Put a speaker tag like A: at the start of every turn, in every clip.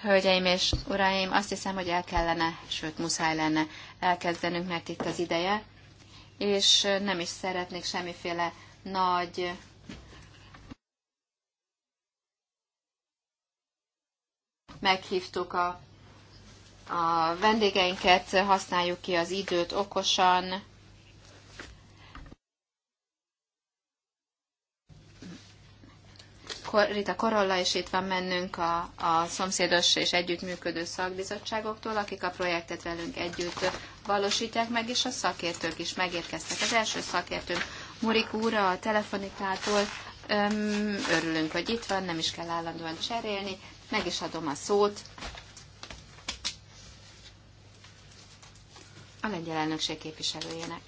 A: Hölgyeim és uraim, azt hiszem, hogy el kellene, sőt muszáj lenne elkezdenünk, mert itt az ideje, és nem is szeretnék semmiféle nagy meghívtuk a, a vendégeinket, használjuk ki az időt okosan, Rita Korolla, és itt van mennünk a, a szomszédos és együttműködő szakbizottságoktól, akik a projektet velünk együtt valósítják meg, és a szakértők is megérkeztek. Az első szakértőnk Murik úra a telefonikától, örülünk, hogy itt van, nem is kell állandóan cserélni, meg is adom a szót. A lengyel elnökség képviselőjének.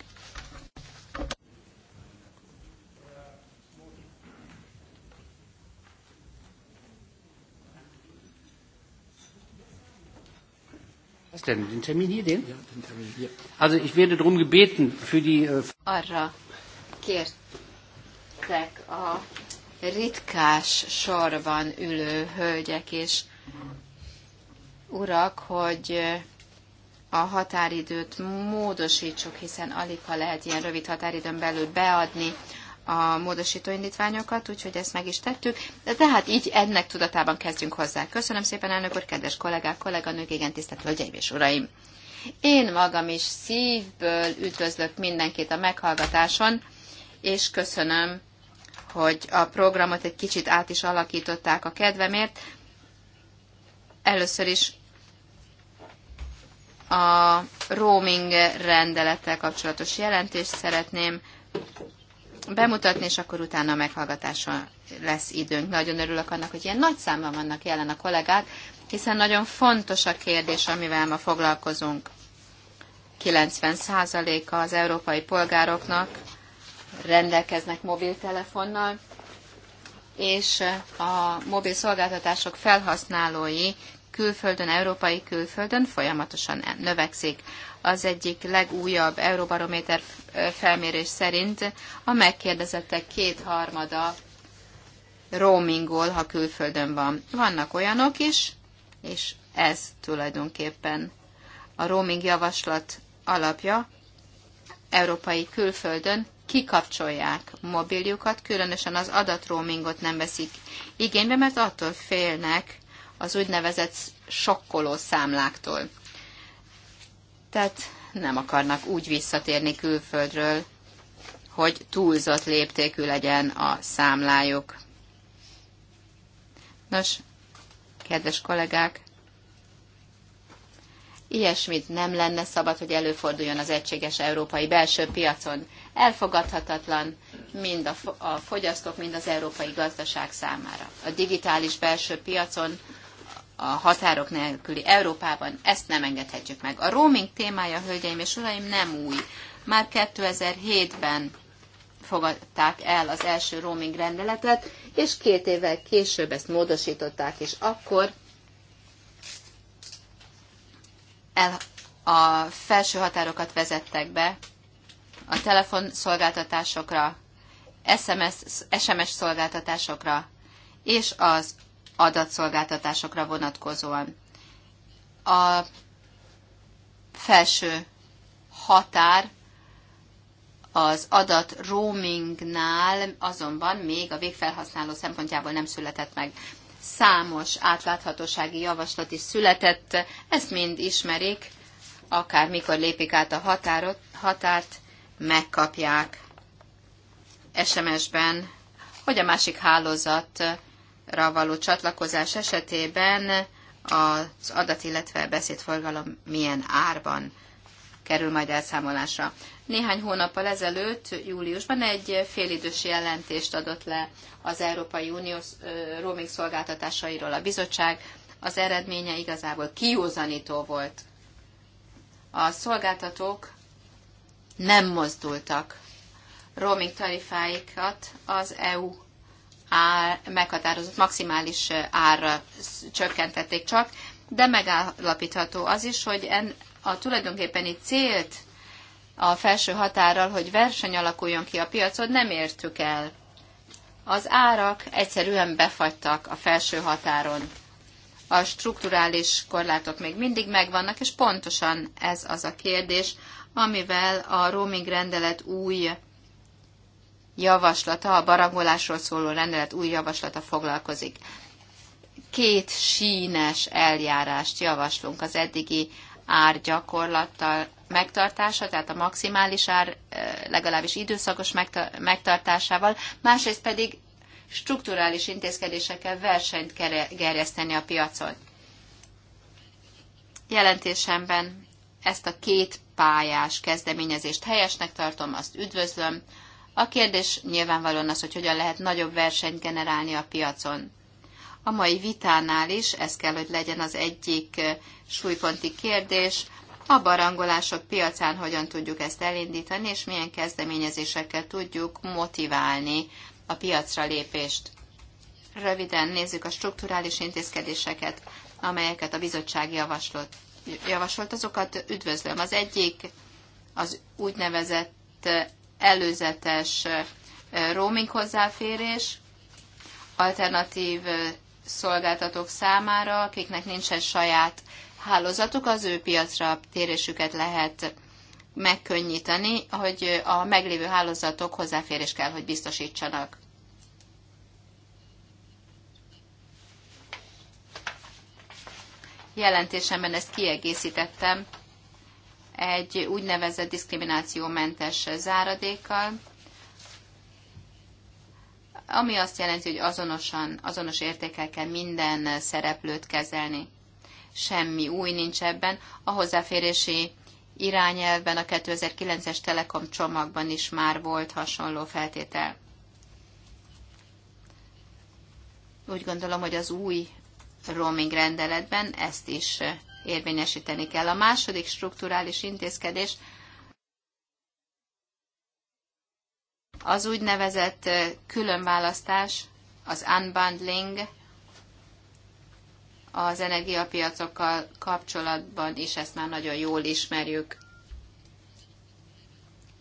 B: Was denn? Den Termin hier, den? Ja, den Termin hier. Also ich werde darum gebeten für die... Äh
A: Arra kértek a ritkás sorban ülő hölgyek és urak, hogy a határidőt módosítsuk, hiszen alig ha lehet ilyen rövid határidőn belül beadni a módosító indítványokat, úgyhogy ezt meg is tettük. De tehát így ennek tudatában kezdjünk hozzá. Köszönöm szépen, elnök úr, kedves kollégák, kolléganők, igen, tisztelt hölgyeim és uraim! Én magam is szívből üdvözlök mindenkit a meghallgatáson, és köszönöm, hogy a programot egy kicsit át is alakították a kedvemért. Először is a roaming rendelettel kapcsolatos jelentést szeretném bemutatni, és akkor utána a meghallgatásra lesz időnk. Nagyon örülök annak, hogy ilyen nagy számban vannak jelen a kollégák, hiszen nagyon fontos a kérdés, amivel ma foglalkozunk. 90%-a az európai polgároknak rendelkeznek mobiltelefonnal, és a mobil szolgáltatások felhasználói külföldön, európai külföldön folyamatosan növekszik az egyik legújabb Euróbarométer felmérés szerint a megkérdezettek kétharmada roamingol, ha külföldön van. Vannak olyanok is, és ez tulajdonképpen a roaming javaslat alapja, európai külföldön kikapcsolják mobiljukat, különösen az adatroamingot nem veszik igénybe, mert attól félnek az úgynevezett sokkoló számláktól. Tehát nem akarnak úgy visszatérni külföldről, hogy túlzott léptékű legyen a számlájuk. Nos, kedves kollégák, ilyesmit nem lenne szabad, hogy előforduljon az egységes európai belső piacon. Elfogadhatatlan mind a, a fogyasztók, mind az európai gazdaság számára. A digitális belső piacon a határok nélküli Európában. Ezt nem engedhetjük meg. A roaming témája, hölgyeim és uraim, nem új. Már 2007-ben fogadták el az első roaming rendeletet, és két évvel később ezt módosították, és akkor el, a felső határokat vezettek be a telefonszolgáltatásokra, SMS, SMS szolgáltatásokra és az adatszolgáltatásokra vonatkozóan. A felső határ az adat roamingnál azonban még a végfelhasználó szempontjából nem született meg. Számos átláthatósági javaslat is született, ezt mind ismerik, akár mikor lépik át a határot, határt, megkapják SMS-ben, hogy a másik hálózat való csatlakozás esetében az adat, illetve beszédforgalom milyen árban kerül majd elszámolásra. Néhány hónappal ezelőtt, júliusban egy félidős jelentést adott le az Európai Unió roaming szolgáltatásairól a bizottság. Az eredménye igazából kiúzanító volt. A szolgáltatók nem mozdultak roaming tarifáikat az EU ár, meghatározott maximális árra csökkentették csak, de megállapítható az is, hogy en, a tulajdonképpeni célt a felső határral, hogy verseny alakuljon ki a piacon, nem értük el. Az árak egyszerűen befagytak a felső határon. A strukturális korlátok még mindig megvannak, és pontosan ez az a kérdés, amivel a roaming rendelet új javaslata, a barangolásról szóló rendelet új javaslata foglalkozik. Két sínes eljárást javaslunk az eddigi árgyakorlattal megtartása, tehát a maximális ár eh, legalábbis időszakos megtartásával, másrészt pedig strukturális intézkedésekkel versenyt gerjeszteni a piacon. Jelentésemben ezt a két pályás kezdeményezést helyesnek tartom, azt üdvözlöm, a kérdés nyilvánvalóan az, hogy hogyan lehet nagyobb versenyt generálni a piacon. A mai vitánál is ez kell, hogy legyen az egyik súlyponti kérdés, a barangolások piacán hogyan tudjuk ezt elindítani, és milyen kezdeményezésekkel tudjuk motiválni a piacra lépést. Röviden nézzük a strukturális intézkedéseket, amelyeket a bizottság javaslott. javasolt. Azokat üdvözlöm. Az egyik az úgynevezett előzetes roaming hozzáférés, alternatív szolgáltatók számára, akiknek nincsen saját hálózatuk, az ő piacra térésüket lehet megkönnyíteni, hogy a meglévő hálózatok hozzáférés kell, hogy biztosítsanak. Jelentésemben ezt kiegészítettem egy úgynevezett diszkriminációmentes záradékkal, ami azt jelenti, hogy azonosan, azonos értékkel kell minden szereplőt kezelni. Semmi új nincs ebben. A hozzáférési irányelvben, a 2009-es Telekom csomagban is már volt hasonló feltétel. Úgy gondolom, hogy az új roaming rendeletben ezt is érvényesíteni kell. A második strukturális intézkedés az úgynevezett különválasztás, az unbundling, az energiapiacokkal kapcsolatban is ezt már nagyon jól ismerjük.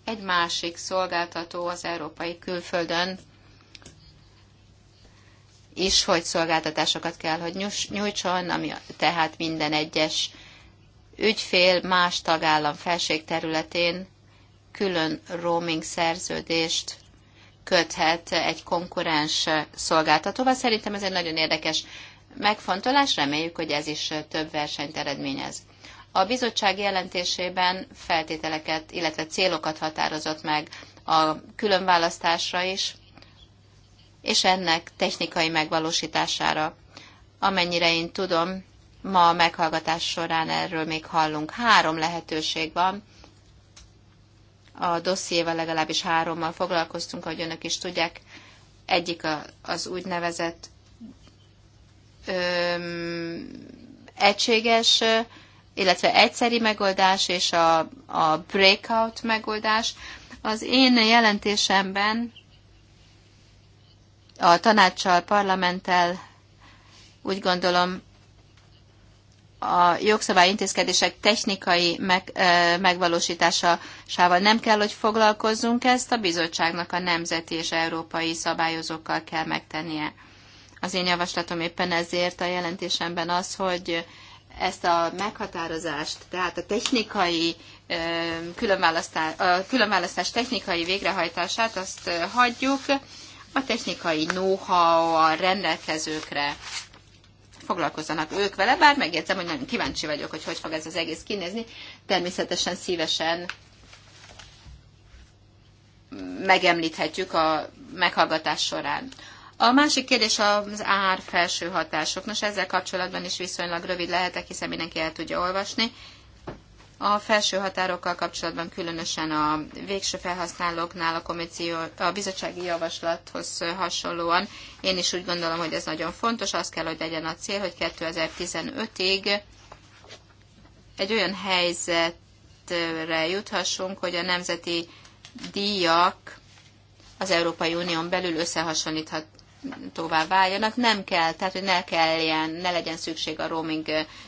A: Egy másik szolgáltató az európai külföldön is, hogy szolgáltatásokat kell, hogy nyújtson, ami tehát minden egyes ügyfél más tagállam felség területén külön roaming szerződést köthet egy konkurens szolgáltatóval. Szerintem ez egy nagyon érdekes megfontolás, reméljük, hogy ez is több versenyt eredményez. A bizottság jelentésében feltételeket, illetve célokat határozott meg a különválasztásra is, és ennek technikai megvalósítására. Amennyire én tudom, ma a meghallgatás során erről még hallunk. Három lehetőség van. A dossziéval legalábbis hárommal foglalkoztunk, ahogy önök is tudják. Egyik az úgynevezett öm, egységes, illetve egyszeri megoldás és a, a breakout megoldás. Az én jelentésemben a tanácssal, parlamenttel úgy gondolom a jogszabály intézkedések technikai meg, e, megvalósításával nem kell, hogy foglalkozzunk ezt, a bizottságnak a nemzeti és európai szabályozókkal kell megtennie. Az én javaslatom éppen ezért a jelentésemben az, hogy ezt a meghatározást, tehát a technikai különválasztás, a különválasztás technikai végrehajtását azt hagyjuk, a technikai know-how-a rendelkezőkre foglalkozzanak ők vele, bár megértem, hogy nagyon kíváncsi vagyok, hogy hogy fog ez az egész kinézni. Természetesen szívesen megemlíthetjük a meghallgatás során. A másik kérdés az ár felső hatások. Nos, ezzel kapcsolatban is viszonylag rövid lehetek, hiszen mindenki el tudja olvasni. A felső határokkal kapcsolatban különösen a végső felhasználóknál a, komíció, a bizottsági javaslathoz hasonlóan én is úgy gondolom, hogy ez nagyon fontos. Az kell, hogy legyen a cél, hogy 2015-ig egy olyan helyzetre juthassunk, hogy a nemzeti díjak az Európai Unión belül összehasonlíthat, tovább váljanak, nem kell, tehát hogy ne kelljen, ne legyen szükség a roaming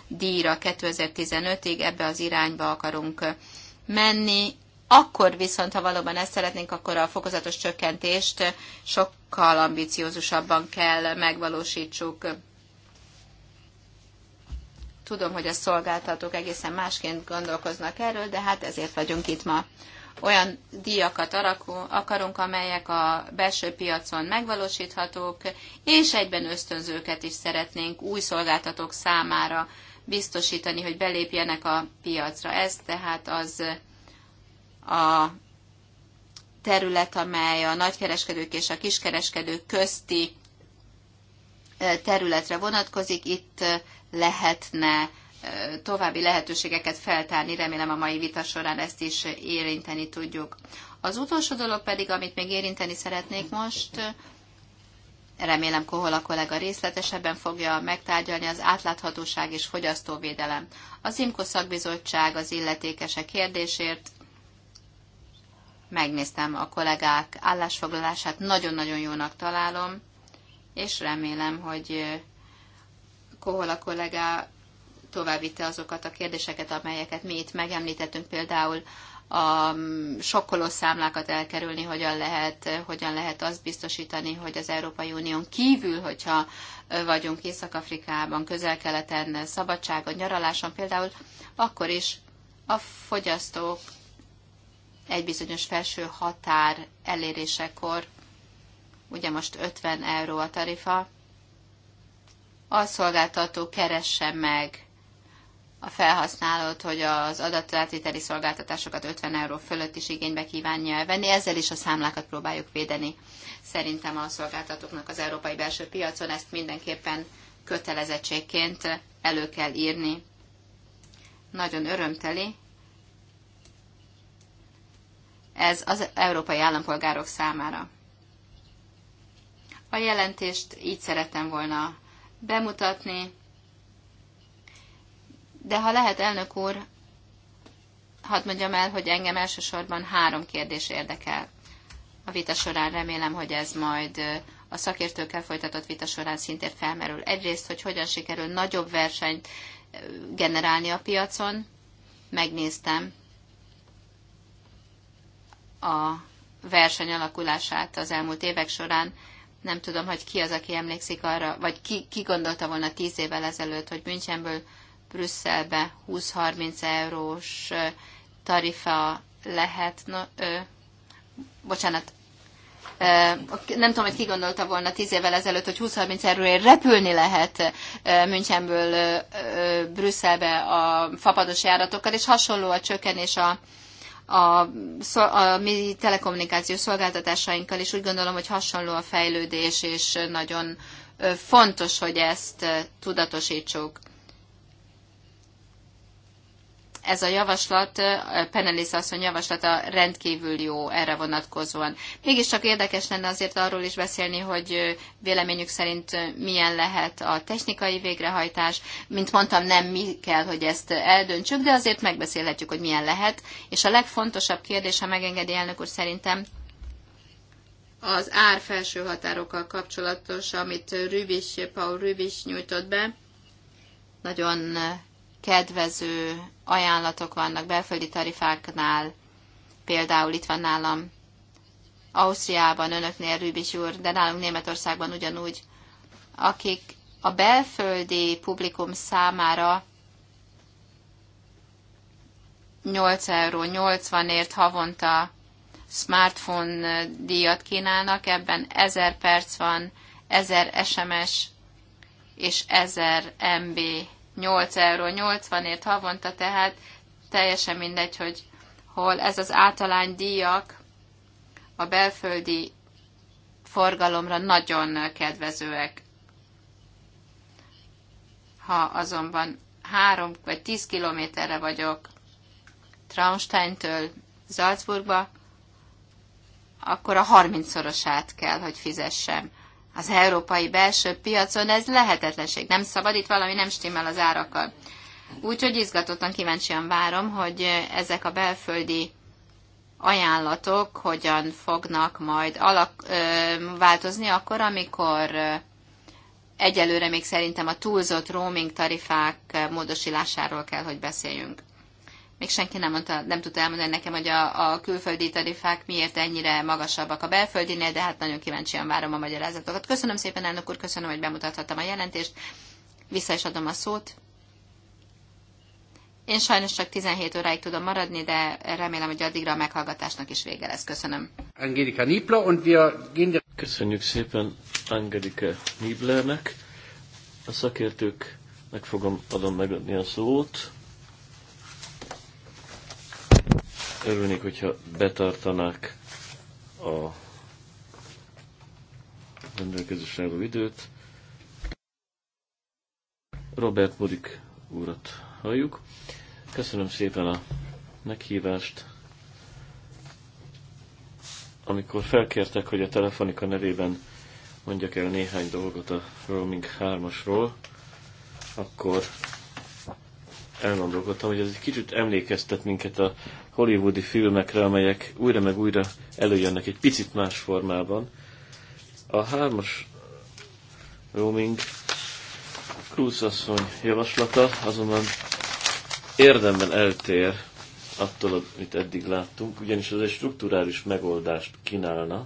A: díjra 2015-ig, ebbe az irányba akarunk menni. Akkor viszont, ha valóban ezt szeretnénk, akkor a fokozatos csökkentést sokkal ambiciózusabban kell megvalósítsuk. Tudom, hogy a szolgáltatók egészen másként gondolkoznak erről, de hát ezért vagyunk itt ma olyan díjakat akarunk, amelyek a belső piacon megvalósíthatók, és egyben ösztönzőket is szeretnénk új szolgáltatók számára biztosítani, hogy belépjenek a piacra. Ez tehát az a terület, amely a nagykereskedők és a kiskereskedők közti területre vonatkozik. Itt lehetne további lehetőségeket feltárni. Remélem a mai vita során ezt is érinteni tudjuk. Az utolsó dolog pedig, amit még érinteni szeretnék most, remélem Kohola kollega részletesebben fogja megtárgyalni az átláthatóság és fogyasztóvédelem. Az IMKO szakbizottság az illetékese kérdésért megnéztem a kollégák állásfoglalását, nagyon-nagyon jónak találom, és remélem, hogy Kohola kollégá továbbvitte azokat a kérdéseket, amelyeket mi itt megemlítettünk, például a mm, sokkoló számlákat elkerülni, hogyan lehet, hogyan lehet azt biztosítani, hogy az Európai Unión kívül, hogyha vagyunk Észak-Afrikában, közel-keleten, szabadságon, nyaraláson például, akkor is a fogyasztók egy bizonyos felső határ elérésekor, ugye most 50 euró a tarifa, a szolgáltató keresse meg a felhasználót, hogy az adatátviteli szolgáltatásokat 50 euró fölött is igénybe kívánja venni, ezzel is a számlákat próbáljuk védeni. Szerintem a szolgáltatóknak az európai belső piacon ezt mindenképpen kötelezettségként elő kell írni. Nagyon örömteli. Ez az európai állampolgárok számára. A jelentést így szerettem volna bemutatni de ha lehet, elnök úr, hadd mondjam el, hogy engem elsősorban három kérdés érdekel. A vita során remélem, hogy ez majd a szakértőkkel folytatott vita során szintén felmerül. Egyrészt, hogy hogyan sikerül nagyobb versenyt generálni a piacon. Megnéztem a verseny alakulását az elmúlt évek során. Nem tudom, hogy ki az, aki emlékszik arra, vagy ki, ki gondolta volna tíz évvel ezelőtt, hogy Münchenből Brüsszelbe 20-30 eurós tarifa lehet, no, ö, bocsánat, ö, nem tudom, hogy ki gondolta volna 10 évvel ezelőtt, hogy 20-30 euróért repülni lehet Münchenből ö, ö, Brüsszelbe a fapados járatokkal, és hasonló a csökkenés a, a, a mi telekommunikációs szolgáltatásainkkal, és úgy gondolom, hogy hasonló a fejlődés, és nagyon fontos, hogy ezt tudatosítsuk ez a javaslat, Penelis asszony javaslata rendkívül jó erre vonatkozóan. Mégiscsak érdekes lenne azért arról is beszélni, hogy véleményük szerint milyen lehet a technikai végrehajtás. Mint mondtam, nem mi kell, hogy ezt eldöntsük, de azért megbeszélhetjük, hogy milyen lehet. És a legfontosabb kérdés, ha megengedi elnök úr, szerintem az ár felső határokkal kapcsolatos, amit Rübis, Paul Rübis nyújtott be. Nagyon kedvező ajánlatok vannak belföldi tarifáknál, például itt van nálam Ausztriában, önöknél Rübis úr, de nálunk Németországban ugyanúgy, akik a belföldi publikum számára 8 euró 80-ért havonta smartphone díjat kínálnak, ebben 1000 perc van, 1000 SMS és 1000 MB 8 euró 80-ért havonta, tehát teljesen mindegy, hogy hol ez az általány díjak a belföldi forgalomra nagyon kedvezőek. Ha azonban három vagy tíz kilométerre vagyok Traunsteintől Salzburgba, akkor a 30-szorosát kell, hogy fizessem az európai belső piacon ez lehetetlenség. Nem szabad, itt valami nem stimmel az árakkal. Úgyhogy izgatottan kíváncsian várom, hogy ezek a belföldi ajánlatok hogyan fognak majd alak, ö, változni akkor, amikor ö, egyelőre még szerintem a túlzott roaming tarifák módosulásáról kell, hogy beszéljünk még senki nem, mondta, nem tudta elmondani nekem, hogy a, a külföldi tarifák miért ennyire magasabbak a belföldinél, de hát nagyon kíváncsian várom a magyarázatokat. Köszönöm szépen, elnök úr, köszönöm, hogy bemutathattam a jelentést. Vissza is adom a szót. Én sajnos csak 17 óráig tudom maradni, de remélem, hogy addigra a meghallgatásnak is vége lesz. Köszönöm.
C: Angelika Nibler, und wir gehen... Köszönjük szépen Angelika Niblernek. A szakértőknek fogom adom megadni a szót. Örülnék, hogyha betartanák a rendelkezésre álló időt. Robert Borik úrat halljuk. Köszönöm szépen a meghívást. Amikor felkértek, hogy a telefonika nevében mondjak el néhány dolgot a Roaming 3-asról, akkor elgondolkodtam, hogy ez egy kicsit emlékeztet minket a hollywoodi filmekre, amelyek újra meg újra előjönnek egy picit más formában. A hármas roaming Krúz asszony javaslata azonban érdemben eltér attól, amit eddig láttunk, ugyanis az egy strukturális megoldást kínálna.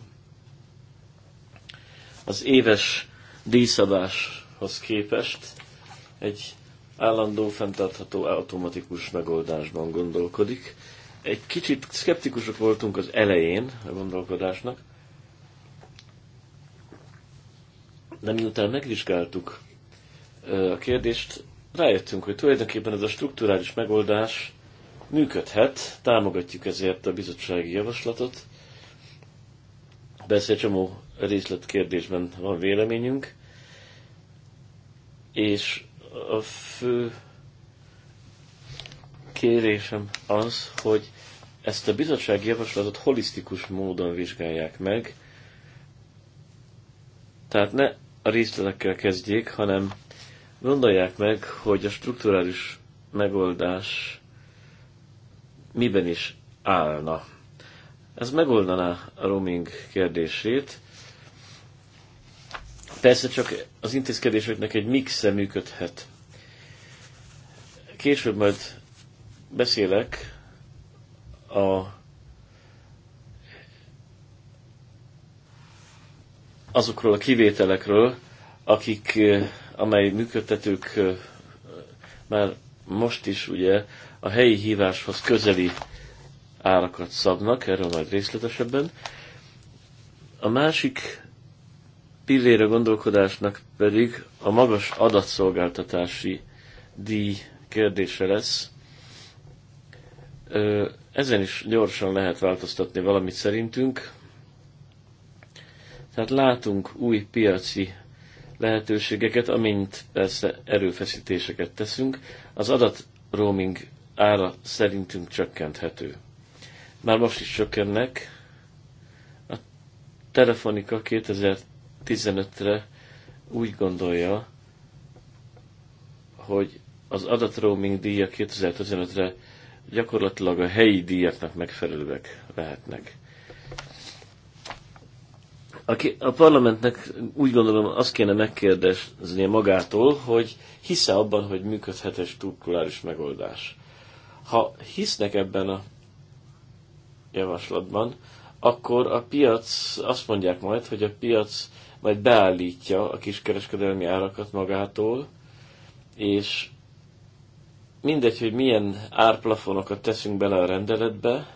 C: Az éves díszabáshoz képest egy állandó, fenntartható, automatikus megoldásban gondolkodik, egy kicsit szkeptikusok voltunk az elején a gondolkodásnak, de miután megvizsgáltuk a kérdést, rájöttünk, hogy tulajdonképpen ez a strukturális megoldás működhet, támogatjuk ezért a bizottsági javaslatot. Persze csomó részletkérdésben van véleményünk, és a fő kérésem az, hogy ezt a bizottsági javaslatot holisztikus módon vizsgálják meg, tehát ne a részletekkel kezdjék, hanem gondolják meg, hogy a strukturális megoldás miben is állna. Ez megoldaná a roaming kérdését. Persze csak az intézkedéseknek egy mixe működhet. Később majd beszélek a azokról a kivételekről, akik, eh, amely működtetők eh, már most is ugye a helyi híváshoz közeli árakat szabnak, erről majd részletesebben. A másik pillére gondolkodásnak pedig a magas adatszolgáltatási díj kérdése lesz, ezen is gyorsan lehet változtatni valamit szerintünk. Tehát látunk új piaci lehetőségeket, amint persze erőfeszítéseket teszünk. Az adat roaming ára szerintünk csökkenthető. Már most is csökkennek. A Telefonika 2015-re úgy gondolja, hogy az adat roaming díja 2015-re gyakorlatilag a helyi díjaknak megfelelőek lehetnek. Aki, a parlamentnek úgy gondolom azt kéne megkérdeznie magától, hogy hisze abban, hogy működhet egy strukturális megoldás. Ha hisznek ebben a javaslatban, akkor a piac, azt mondják majd, hogy a piac majd beállítja a kiskereskedelmi árakat magától, és mindegy, hogy milyen árplafonokat teszünk bele a rendeletbe,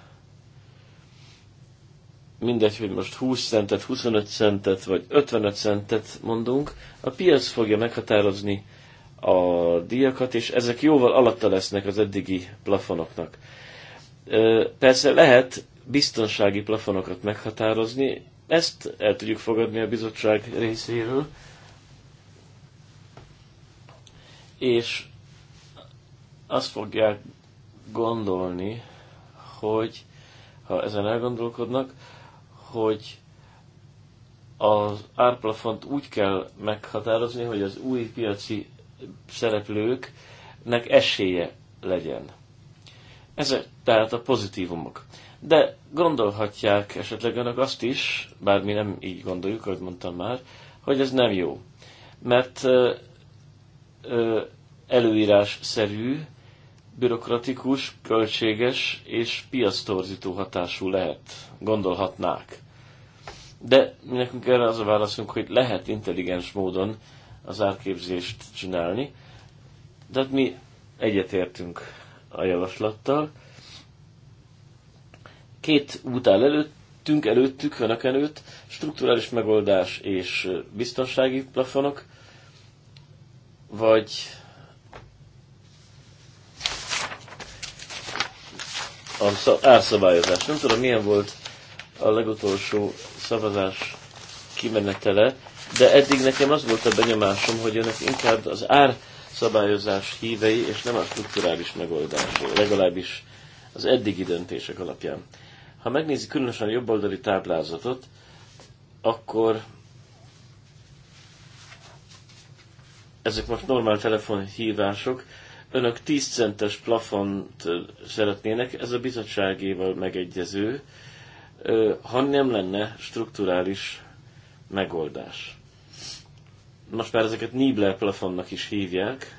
C: mindegy, hogy most 20 centet, 25 centet, vagy 55 centet mondunk, a piac fogja meghatározni a díjakat, és ezek jóval alatta lesznek az eddigi plafonoknak. Persze lehet biztonsági plafonokat meghatározni, ezt el tudjuk fogadni a bizottság részéről, és azt fogják gondolni, hogy ha ezen elgondolkodnak, hogy az árplafont úgy kell meghatározni, hogy az új piaci szereplőknek esélye legyen. Ezek tehát a pozitívumok. De gondolhatják esetleg önök azt is, bár mi nem így gondoljuk, ahogy mondtam már, hogy ez nem jó. Mert ö, ö, előírás szerű bürokratikus, költséges és piasztorzító hatású lehet, gondolhatnák. De mi nekünk erre az a válaszunk, hogy lehet intelligens módon az árképzést csinálni, de hát mi egyetértünk a javaslattal. Két út áll előttünk, előttük, önök előtt, strukturális megoldás és biztonsági plafonok, vagy az árszabályozás. Nem tudom, milyen volt a legutolsó szavazás kimenetele, de eddig nekem az volt a benyomásom, hogy önök inkább az árszabályozás hívei, és nem a strukturális megoldás, legalábbis az eddigi döntések alapján. Ha megnézi különösen a jobboldali táblázatot, akkor ezek most normál telefonhívások, Önök 10 centes plafont szeretnének, ez a bizottságéval megegyező, ha nem lenne strukturális megoldás. Most már ezeket Nibler plafonnak is hívják.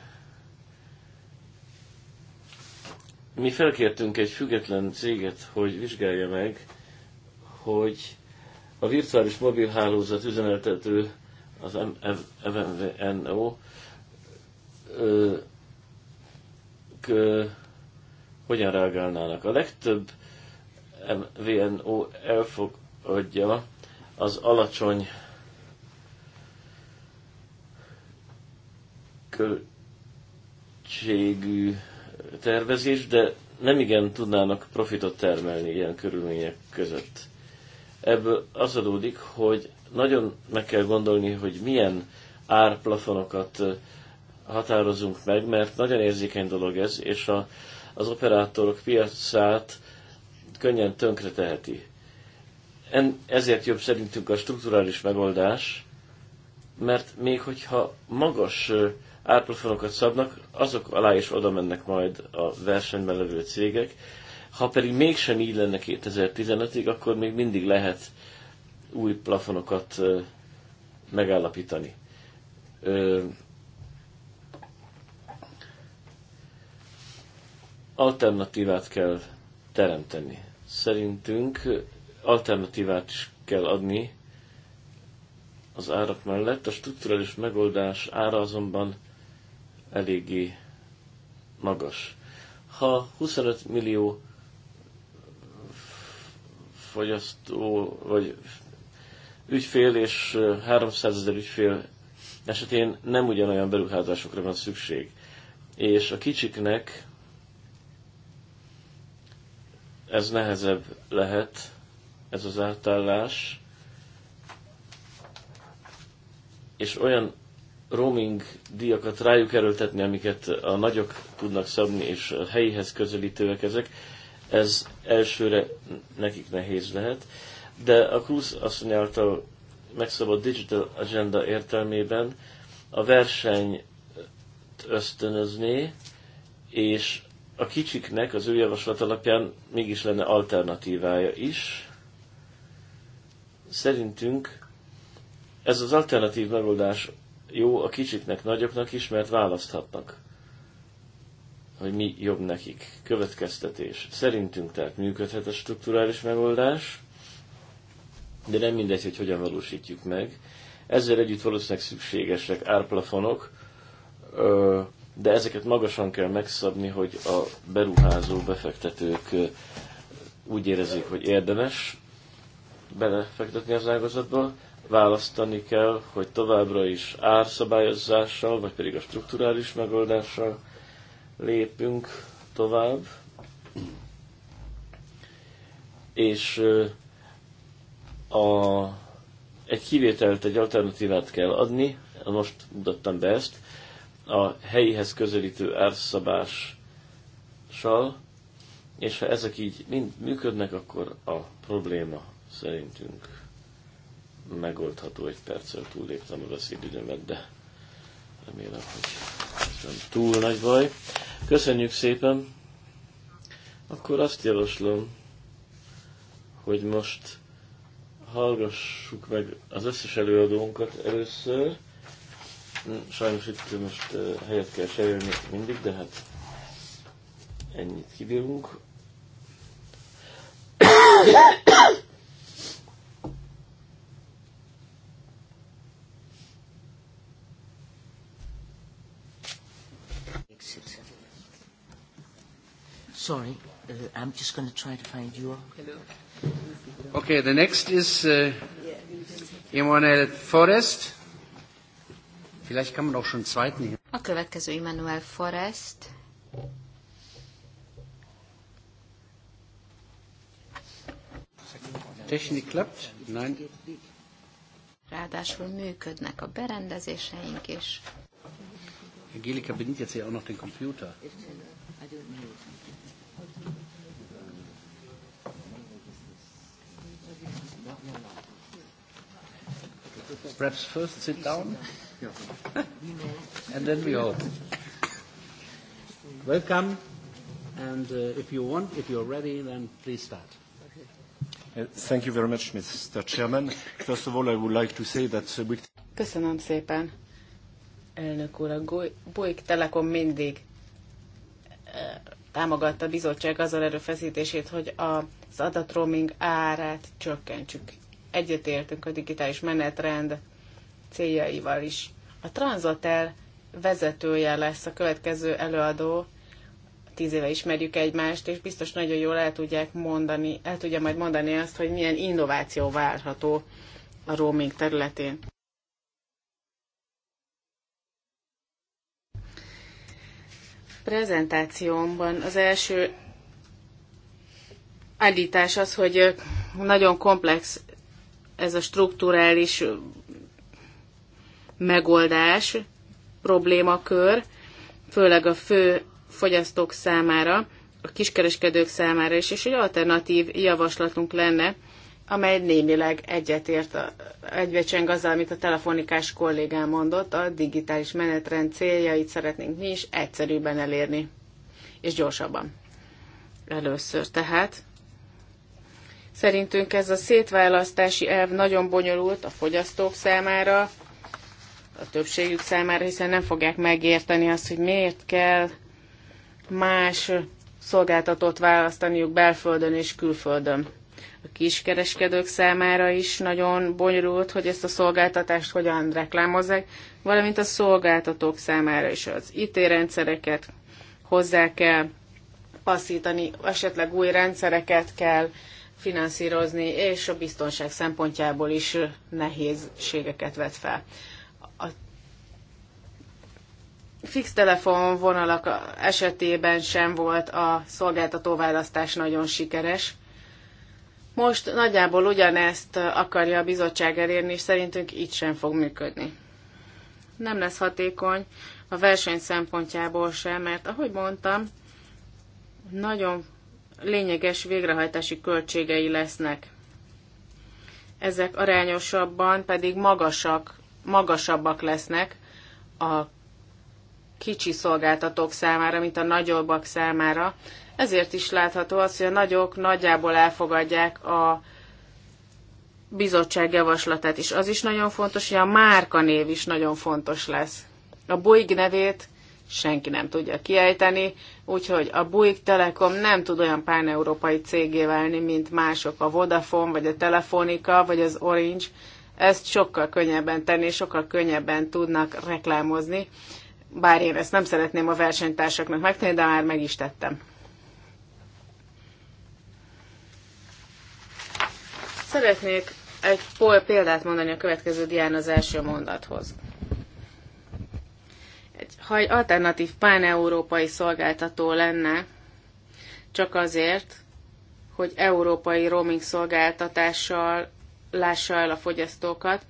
C: Mi felkértünk egy független céget, hogy vizsgálja meg, hogy a virtuális mobilhálózat üzemeltető, az MVNO, hogyan reagálnának. A legtöbb VNO elfogadja az alacsony költségű tervezés, de nem igen tudnának profitot termelni ilyen körülmények között. Ebből az adódik, hogy nagyon meg kell gondolni, hogy milyen árplafonokat határozunk meg, mert nagyon érzékeny dolog ez, és a, az operátorok piacát könnyen tönkre teheti. En, ezért jobb szerintünk a strukturális megoldás, mert még hogyha magas árplafonokat szabnak, azok alá is oda mennek majd a versenyben levő cégek. Ha pedig mégsem így lenne 2015-ig, akkor még mindig lehet új plafonokat megállapítani. alternatívát kell teremteni. Szerintünk alternatívát is kell adni az árak mellett. A strukturális megoldás ára azonban eléggé magas. Ha 25 millió fogyasztó vagy ügyfél és 300 ezer ügyfél esetén nem ugyanolyan beruházásokra van szükség. És a kicsiknek ez nehezebb lehet, ez az átállás, és olyan roaming díjakat rájuk erőltetni, amiket a nagyok tudnak szabni, és a helyihez közelítőek ezek, ez elsőre nekik nehéz lehet. De a Cruz asszony által megszabott digital agenda értelmében a verseny ösztönözné, és a kicsiknek az ő javaslat alapján mégis lenne alternatívája is. Szerintünk ez az alternatív megoldás jó a kicsiknek, nagyoknak is, mert választhatnak, hogy mi jobb nekik. Következtetés. Szerintünk tehát működhet a strukturális megoldás, de nem mindegy, hogy hogyan valósítjuk meg. Ezzel együtt valószínűleg szükségesek árplafonok, de ezeket magasan kell megszabni, hogy a beruházó befektetők úgy érezzék, hogy érdemes belefektetni az ágazatba, választani kell, hogy továbbra is árszabályozással, vagy pedig a strukturális megoldással lépünk tovább, és a, egy kivételt, egy alternatívát kell adni, most mutattam be ezt, a helyihez közelítő árszabással, és ha ezek így mind működnek, akkor a probléma szerintünk megoldható. Egy perccel túlléptem a veszélyidőmet, de remélem, hogy ez nem túl nagy baj. Köszönjük szépen! Akkor azt javaslom, hogy most hallgassuk meg az összes előadónkat először, Sajnos itt most helyet kell serélni mindig, de hát ennyit kibírunk.
B: Sorry, uh, I'm just going to try to find you all. Hello. Okay, the next is uh, Emmanuel Forest. Vielleicht kann man auch schon zweiten
A: A következő Immanuel Forrest.
B: Technik klappt? Nein.
A: Ráadásul működnek a berendezéseink is.
B: Angelika bedient jetzt hier auch noch den Computer. Perhaps first sit down and then we all Welcome, and uh, if you want, if you're ready, then please start.
C: Uh, thank you very much, Mr. Chairman. First of all, I would like to say that... Uh,
D: Köszönöm szépen, elnök úr. A Bolyk Telekom mindig uh, támogatta a bizottság azzal erőfeszítését, hogy az adatroaming árát csökkentsük. Egyetértünk a digitális menetrend céljaival is. A Transatel vezetője lesz a következő előadó, tíz éve ismerjük egymást, és biztos nagyon jól el tudják mondani, el tudja majd mondani azt, hogy milyen innováció várható a roaming területén. prezentációmban az első állítás az, hogy nagyon komplex ez a strukturális megoldás, problémakör, főleg a fő fogyasztók számára, a kiskereskedők számára is, és egy alternatív javaslatunk lenne, amely némileg egyetért, a, egyvecseng azzal, amit a telefonikás kollégám mondott, a digitális menetrend céljait szeretnénk mi is egyszerűbben elérni, és gyorsabban. Először tehát. Szerintünk ez a szétválasztási elv nagyon bonyolult a fogyasztók számára, a többségük számára, hiszen nem fogják megérteni azt, hogy miért kell más szolgáltatót választaniuk belföldön és külföldön. A kiskereskedők számára is nagyon bonyolult, hogy ezt a szolgáltatást hogyan reklámozzák, valamint a szolgáltatók számára is az IT rendszereket hozzá kell passzítani, esetleg új rendszereket kell finanszírozni, és a biztonság szempontjából is nehézségeket vet fel fix telefonvonalak esetében sem volt a szolgáltatóválasztás nagyon sikeres. Most nagyjából ugyanezt akarja a bizottság elérni, és szerintünk így sem fog működni. Nem lesz hatékony a verseny szempontjából sem, mert ahogy mondtam, nagyon lényeges végrehajtási költségei lesznek. Ezek arányosabban pedig magasak, magasabbak lesznek a kicsi szolgáltatók számára, mint a nagyobbak számára. Ezért is látható az, hogy a nagyok nagyjából elfogadják a bizottság javaslatát is. Az is nagyon fontos, hogy a márkanév is nagyon fontos lesz. A Boeing nevét senki nem tudja kiejteni, úgyhogy a Bouygues Telekom nem tud olyan páneurópai cégé válni, mint mások, a Vodafone, vagy a Telefonica, vagy az Orange. Ezt sokkal könnyebben tenni, sokkal könnyebben tudnak reklámozni, bár én ezt nem szeretném a versenytársaknak megtenni, de már meg is tettem. Szeretnék egy pol példát mondani a következő dián az első mondathoz. Egy, ha egy alternatív páneurópai szolgáltató lenne, csak azért, hogy európai roaming szolgáltatással lássa el a fogyasztókat,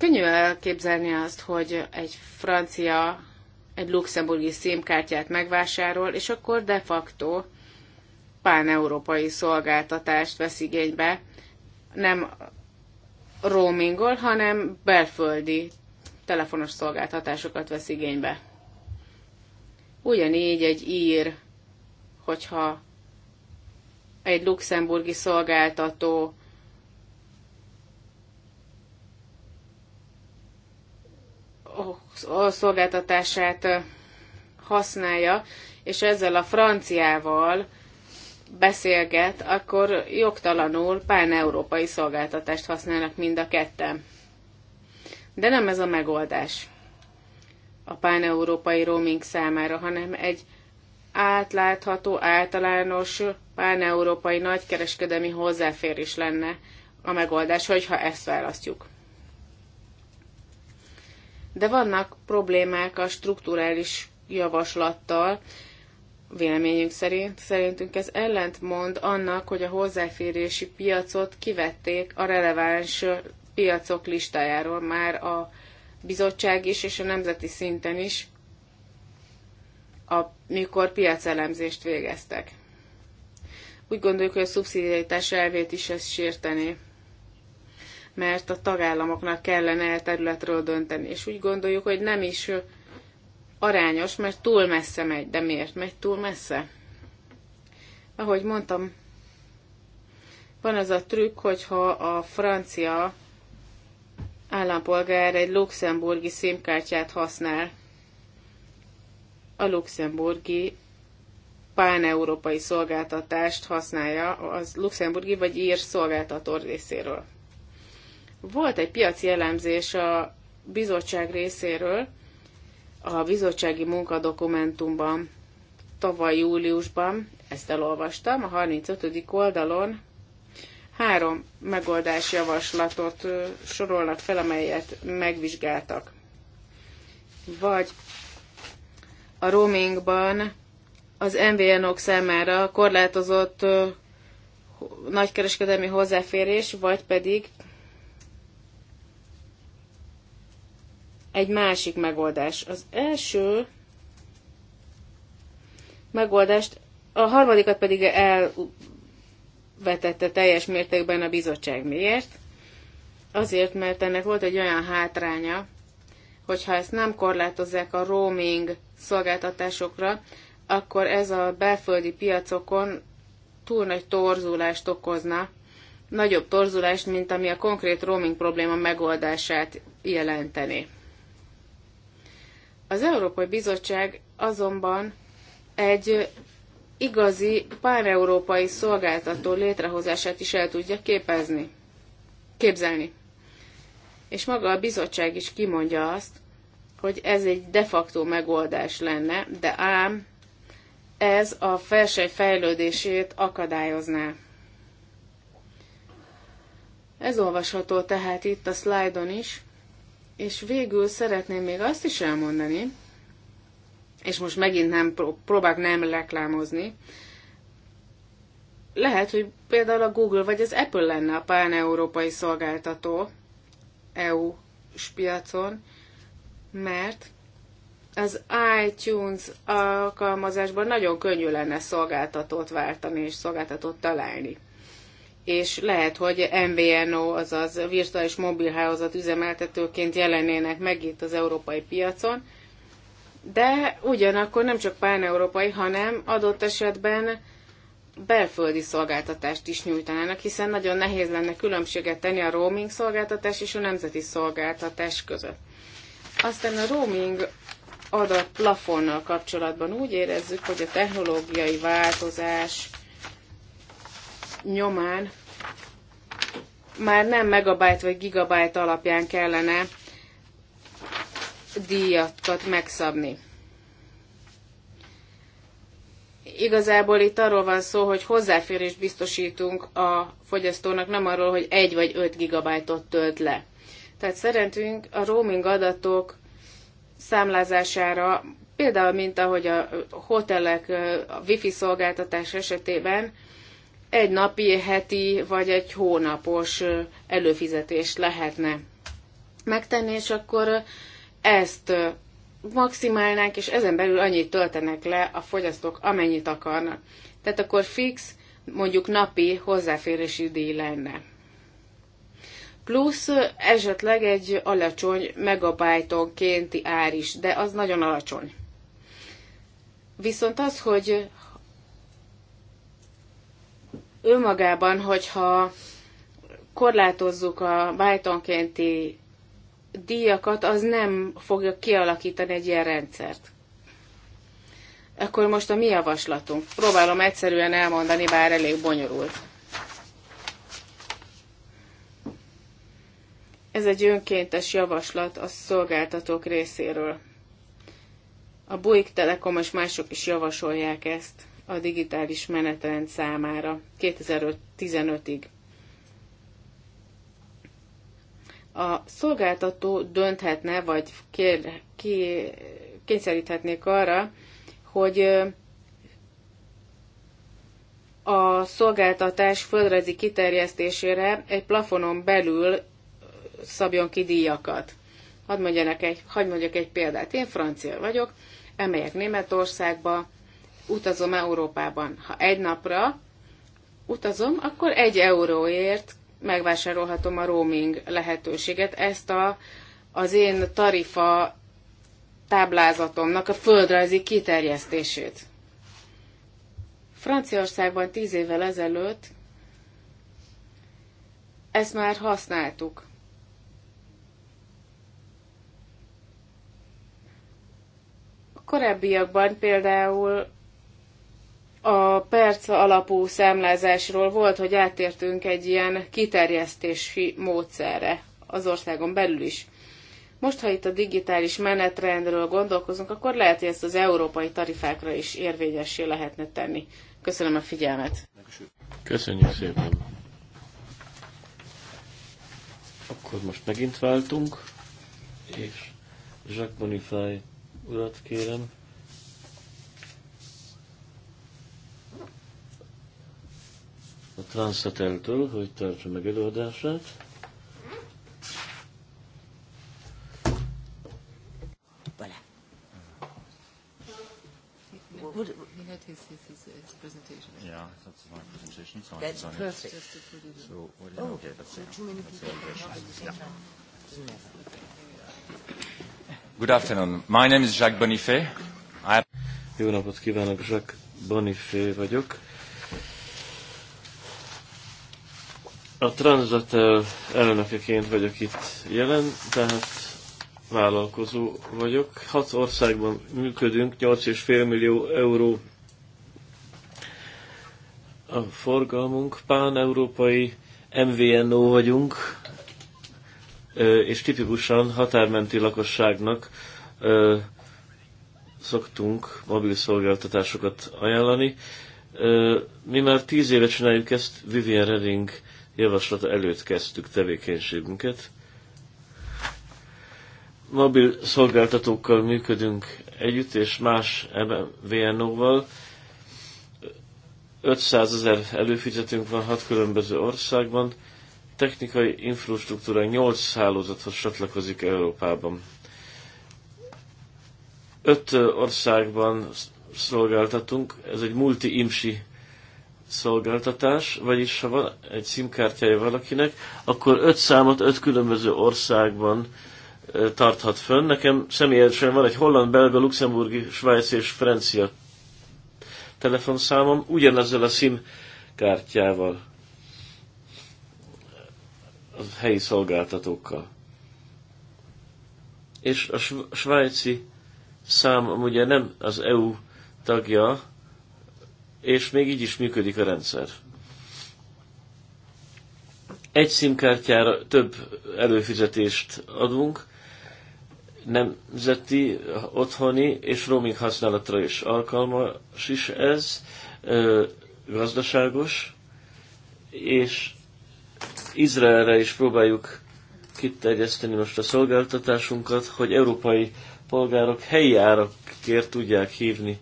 D: Könnyű elképzelni azt, hogy egy francia, egy luxemburgi szímkártyát megvásárol, és akkor de facto pán-európai szolgáltatást vesz igénybe, nem roamingol, hanem belföldi telefonos szolgáltatásokat vesz igénybe. Ugyanígy egy ír, hogyha egy luxemburgi szolgáltató szolgáltatását használja, és ezzel a franciával beszélget, akkor jogtalanul pán-európai szolgáltatást használnak mind a ketten. De nem ez a megoldás a pán-európai roaming számára, hanem egy átlátható, általános, pán-európai nagykereskedemi hozzáférés lenne a megoldás, hogyha ezt választjuk de vannak problémák a strukturális javaslattal, véleményünk szerint. Szerintünk ez ellentmond annak, hogy a hozzáférési piacot kivették a releváns piacok listájáról már a bizottság is, és a nemzeti szinten is, amikor piacelemzést végeztek. Úgy gondoljuk, hogy a szubszidiaritás elvét is ez sértené mert a tagállamoknak kellene e területről dönteni. És úgy gondoljuk, hogy nem is arányos, mert túl messze megy. De miért megy túl messze? Ahogy mondtam, van az a trükk, hogyha a francia állampolgár egy luxemburgi szimkártyát használ, a luxemburgi páneurópai szolgáltatást használja az luxemburgi vagy ír szolgáltató részéről. Volt egy piaci elemzés a bizottság részéről, a bizottsági munkadokumentumban tavaly júliusban, ezt elolvastam, a 35. oldalon három megoldás javaslatot sorolnak fel, amelyet megvizsgáltak. Vagy a roamingban az MVNO-k számára korlátozott nagykereskedelmi hozzáférés, vagy pedig egy másik megoldás. Az első megoldást, a harmadikat pedig elvetette teljes mértékben a bizottság. Miért? Azért, mert ennek volt egy olyan hátránya, hogyha ezt nem korlátozzák a roaming szolgáltatásokra, akkor ez a belföldi piacokon túl nagy torzulást okozna, nagyobb torzulást, mint ami a konkrét roaming probléma megoldását jelenteni. Az Európai Bizottság azonban egy igazi páneurópai szolgáltató létrehozását is el tudja képezni, képzelni. És maga a bizottság is kimondja azt, hogy ez egy de facto megoldás lenne, de ám ez a felsej fejlődését akadályozná. Ez olvasható tehát itt a szlájdon is, és végül szeretném még azt is elmondani, és most megint nem próbálok nem reklámozni, lehet, hogy például a Google vagy az Apple lenne a pán-európai szolgáltató eu piacon, mert az iTunes alkalmazásban nagyon könnyű lenne szolgáltatót váltani és szolgáltatót találni és lehet, hogy MVNO, azaz virtuális mobilhálózat üzemeltetőként jelenének meg itt az európai piacon, de ugyanakkor nem csak pán-európai, hanem adott esetben belföldi szolgáltatást is nyújtanának, hiszen nagyon nehéz lenne különbséget tenni a roaming szolgáltatás és a nemzeti szolgáltatás között. Aztán a roaming adat plafonnal kapcsolatban úgy érezzük, hogy a technológiai változás nyomán már nem megabyte vagy gigabyte alapján kellene díjakat megszabni. Igazából itt arról van szó, hogy hozzáférést biztosítunk a fogyasztónak, nem arról, hogy 1 vagy 5 gigabajtot tölt le. Tehát szerintünk a roaming adatok számlázására, például mint ahogy a hotelek a wifi szolgáltatás esetében, egy napi, heti vagy egy hónapos előfizetést lehetne megtenni, és akkor ezt maximálnánk, és ezen belül annyit töltenek le a fogyasztók, amennyit akarnak. Tehát akkor fix, mondjuk napi hozzáférési díj lenne. Plusz esetleg egy alacsony megabájtonkénti ár is, de az nagyon alacsony. Viszont az, hogy önmagában, hogyha korlátozzuk a bájtonkénti díjakat, az nem fogja kialakítani egy ilyen rendszert. Akkor most a mi javaslatunk? Próbálom egyszerűen elmondani, bár elég bonyolult. Ez egy önkéntes javaslat a szolgáltatók részéről. A Buick Telekom és mások is javasolják ezt a digitális menetrend számára 2015-ig. A szolgáltató dönthetne, vagy kér, ki, kényszeríthetnék arra, hogy a szolgáltatás földrajzi kiterjesztésére egy plafonon belül szabjon ki díjakat. Hadd, mondjanak egy, hadd mondjak egy példát. Én francia vagyok, emelyek Németországba, utazom Európában. Ha egy napra utazom, akkor egy euróért megvásárolhatom a roaming lehetőséget. Ezt a, az én tarifa táblázatomnak a földrajzi kiterjesztését. Franciaországban tíz évvel ezelőtt ezt már használtuk. A korábbiakban például a perc alapú számlázásról volt, hogy átértünk egy ilyen kiterjesztési módszerre az országon belül is. Most, ha itt a digitális menetrendről gondolkozunk, akkor lehet, hogy ezt az európai tarifákra is érvényessé lehetne tenni. Köszönöm a figyelmet.
C: Köszönjük szépen. Akkor most megint váltunk, és Jacques Bonifay urat kérem. a Transzateltől, hogy tartsa meg előadását.
A: Voilà. he had his, his, his, presentation. Yeah,
B: that's my presentation. that's perfect. Oh,
C: Good afternoon. My name is Jacques Bonifay. I... Jó napot kívánok, Jacques Bonifay vagyok A Transatel elnökeként vagyok itt jelen, tehát vállalkozó vagyok. Hat országban működünk, 8,5 millió euró a forgalmunk, pán-európai MVNO vagyunk, és tipikusan határmenti lakosságnak szoktunk mobil szolgáltatásokat ajánlani. Mi már tíz éve csináljuk ezt Vivian Redding javaslata előtt kezdtük tevékenységünket. Mobil szolgáltatókkal működünk együtt, és más VNO-val. 500 ezer előfizetünk van hat különböző országban. Technikai infrastruktúra 8 hálózathoz csatlakozik Európában. 5 országban szolgáltatunk, ez egy multi-imsi szolgáltatás, vagyis ha van egy sim valakinek, akkor öt számot öt különböző országban tarthat fönn. Nekem személyesen van egy holland, belga, luxemburgi, svájci és francia telefonszámom ugyanezzel a SIM kártyával, a helyi szolgáltatókkal. És a svájci szám ugye nem az EU tagja, és még így is működik a rendszer. Egy szimkártyára több előfizetést adunk, nemzeti, otthoni és roaming használatra is alkalmas is ez, gazdaságos, és Izraelre is próbáljuk kiterjeszteni most a szolgáltatásunkat, hogy európai polgárok helyi árakért tudják hívni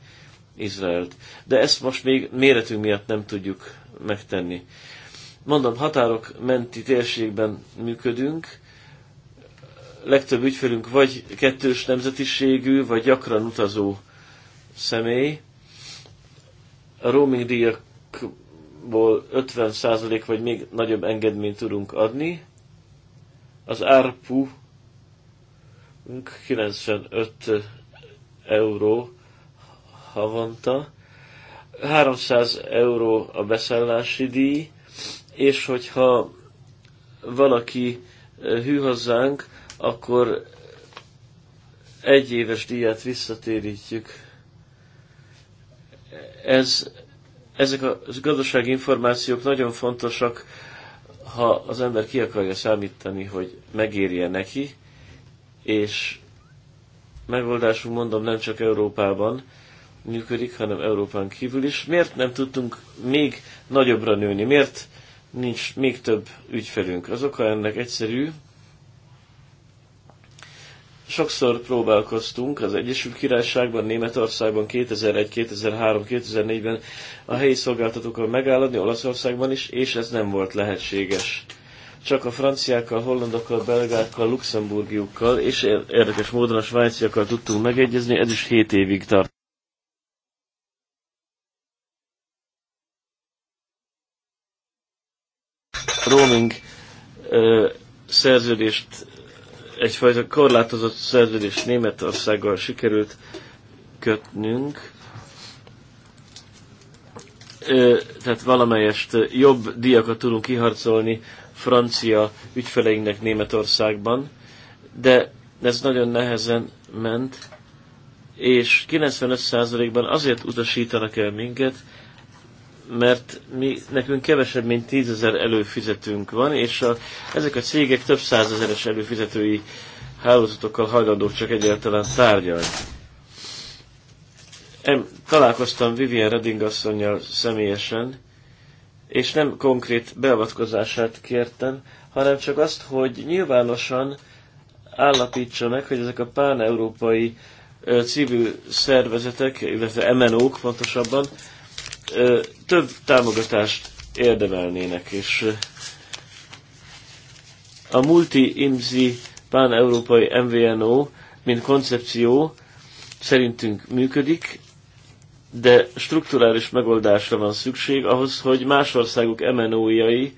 C: Izraelt. De ezt most még méretünk miatt nem tudjuk megtenni. Mondom, határok menti térségben működünk, legtöbb ügyfelünk vagy kettős nemzetiségű, vagy gyakran utazó személy. A roaming díjakból 50% vagy még nagyobb engedményt tudunk adni. Az ARPU 95 euró havonta, 300 euró a beszállási díj, és hogyha valaki hű hozzánk, akkor egy éves díját visszatérítjük. Ez, ezek a gazdasági információk nagyon fontosak, ha az ember ki akarja számítani, hogy megérje neki, és megoldásunk mondom nem csak Európában, működik, hanem Európán kívül is. Miért nem tudtunk még nagyobbra nőni? Miért nincs még több ügyfelünk? Az oka ennek egyszerű. Sokszor próbálkoztunk az Egyesült Királyságban, Németországban 2001, 2003, 2004-ben a helyi szolgáltatókkal megállni Olaszországban is, és ez nem volt lehetséges csak a franciákkal, hollandokkal, belgákkal, luxemburgiukkal és érdekes módon a svájciakkal tudtunk megegyezni, ez is 7 évig tart. roaming ö, szerződést, egyfajta korlátozott szerződést Németországgal sikerült kötnünk. Ö, tehát valamelyest jobb diakat tudunk kiharcolni francia ügyfeleinknek Németországban, de ez nagyon nehezen ment, és 95%-ban azért utasítanak el minket, mert mi, nekünk kevesebb, mint tízezer előfizetünk van, és a, ezek a cégek több százezeres előfizetői hálózatokkal hajlandók csak egyáltalán tárgyalni. Em, találkoztam Vivian Redding asszonynal személyesen, és nem konkrét beavatkozását kértem, hanem csak azt, hogy nyilvánosan állapítsa meg, hogy ezek a pán-európai civil szervezetek, illetve MNO-k pontosabban, több támogatást érdemelnének, és a multi-IMSI pán-európai MVNO, mint koncepció szerintünk működik, de strukturális megoldásra van szükség ahhoz, hogy más országok MNO-jai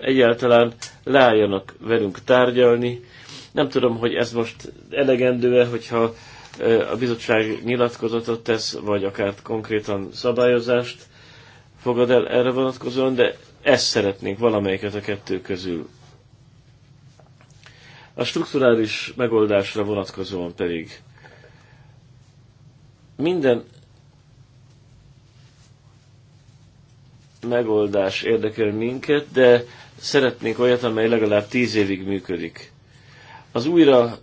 C: egyáltalán leálljanak velünk tárgyalni. Nem tudom, hogy ez most elegendő-e, hogyha a bizottság nyilatkozatot tesz, vagy akár konkrétan szabályozást fogad el erre vonatkozóan, de ezt szeretnénk valamelyiket a kettő közül. A strukturális megoldásra vonatkozóan pedig minden megoldás érdekel minket, de szeretnénk olyat, amely legalább tíz évig működik. Az újra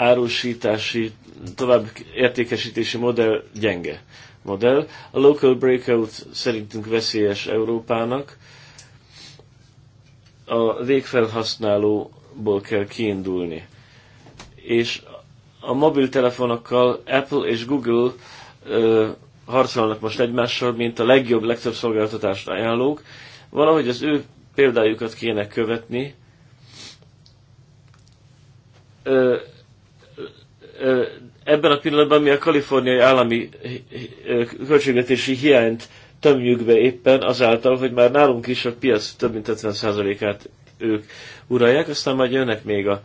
C: árusítási, tovább értékesítési modell gyenge modell. A local breakout szerintünk veszélyes Európának. A végfelhasználóból kell kiindulni. És a mobiltelefonokkal Apple és Google ö, harcolnak most egymással, mint a legjobb, legtöbb szolgáltatást ajánlók. Valahogy az ő példájukat kéne követni. Ö, ebben a pillanatban mi a kaliforniai állami költségvetési hiányt tömjük be éppen azáltal, hogy már nálunk is a piac több mint 50%-át ők uralják, aztán majd jönnek még a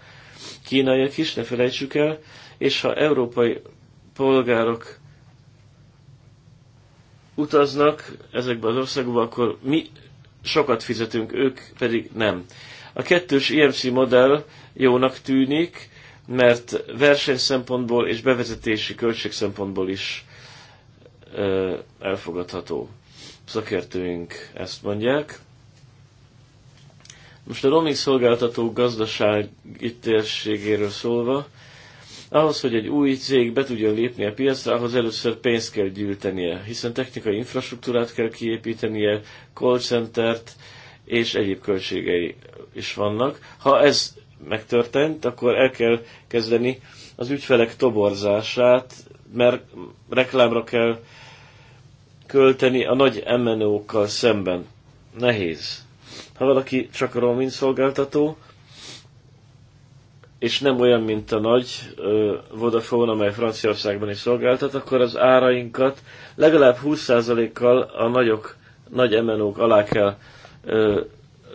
C: kínaiak is, ne felejtsük el, és ha európai polgárok utaznak ezekbe az országokba, akkor mi sokat fizetünk, ők pedig nem. A kettős IMC modell jónak tűnik, mert verseny szempontból és bevezetési költség szempontból is elfogadható. Szakértőink ezt mondják. Most a roaming szolgáltató gazdasági térségéről szólva, ahhoz, hogy egy új cég be tudjon lépni a piacra, ahhoz először pénzt kell gyűjtenie, hiszen technikai infrastruktúrát kell kiépítenie, call centert és egyéb költségei is vannak. Ha ez megtörtént, akkor el kell kezdeni az ügyfelek toborzását, mert reklámra kell költeni a nagy MNO-kkal szemben. Nehéz. Ha valaki csak a roaming szolgáltató, és nem olyan, mint a nagy ö, Vodafone, amely Franciaországban is szolgáltat, akkor az árainkat legalább 20%-kal a nagyok, nagy MNO-k alá kell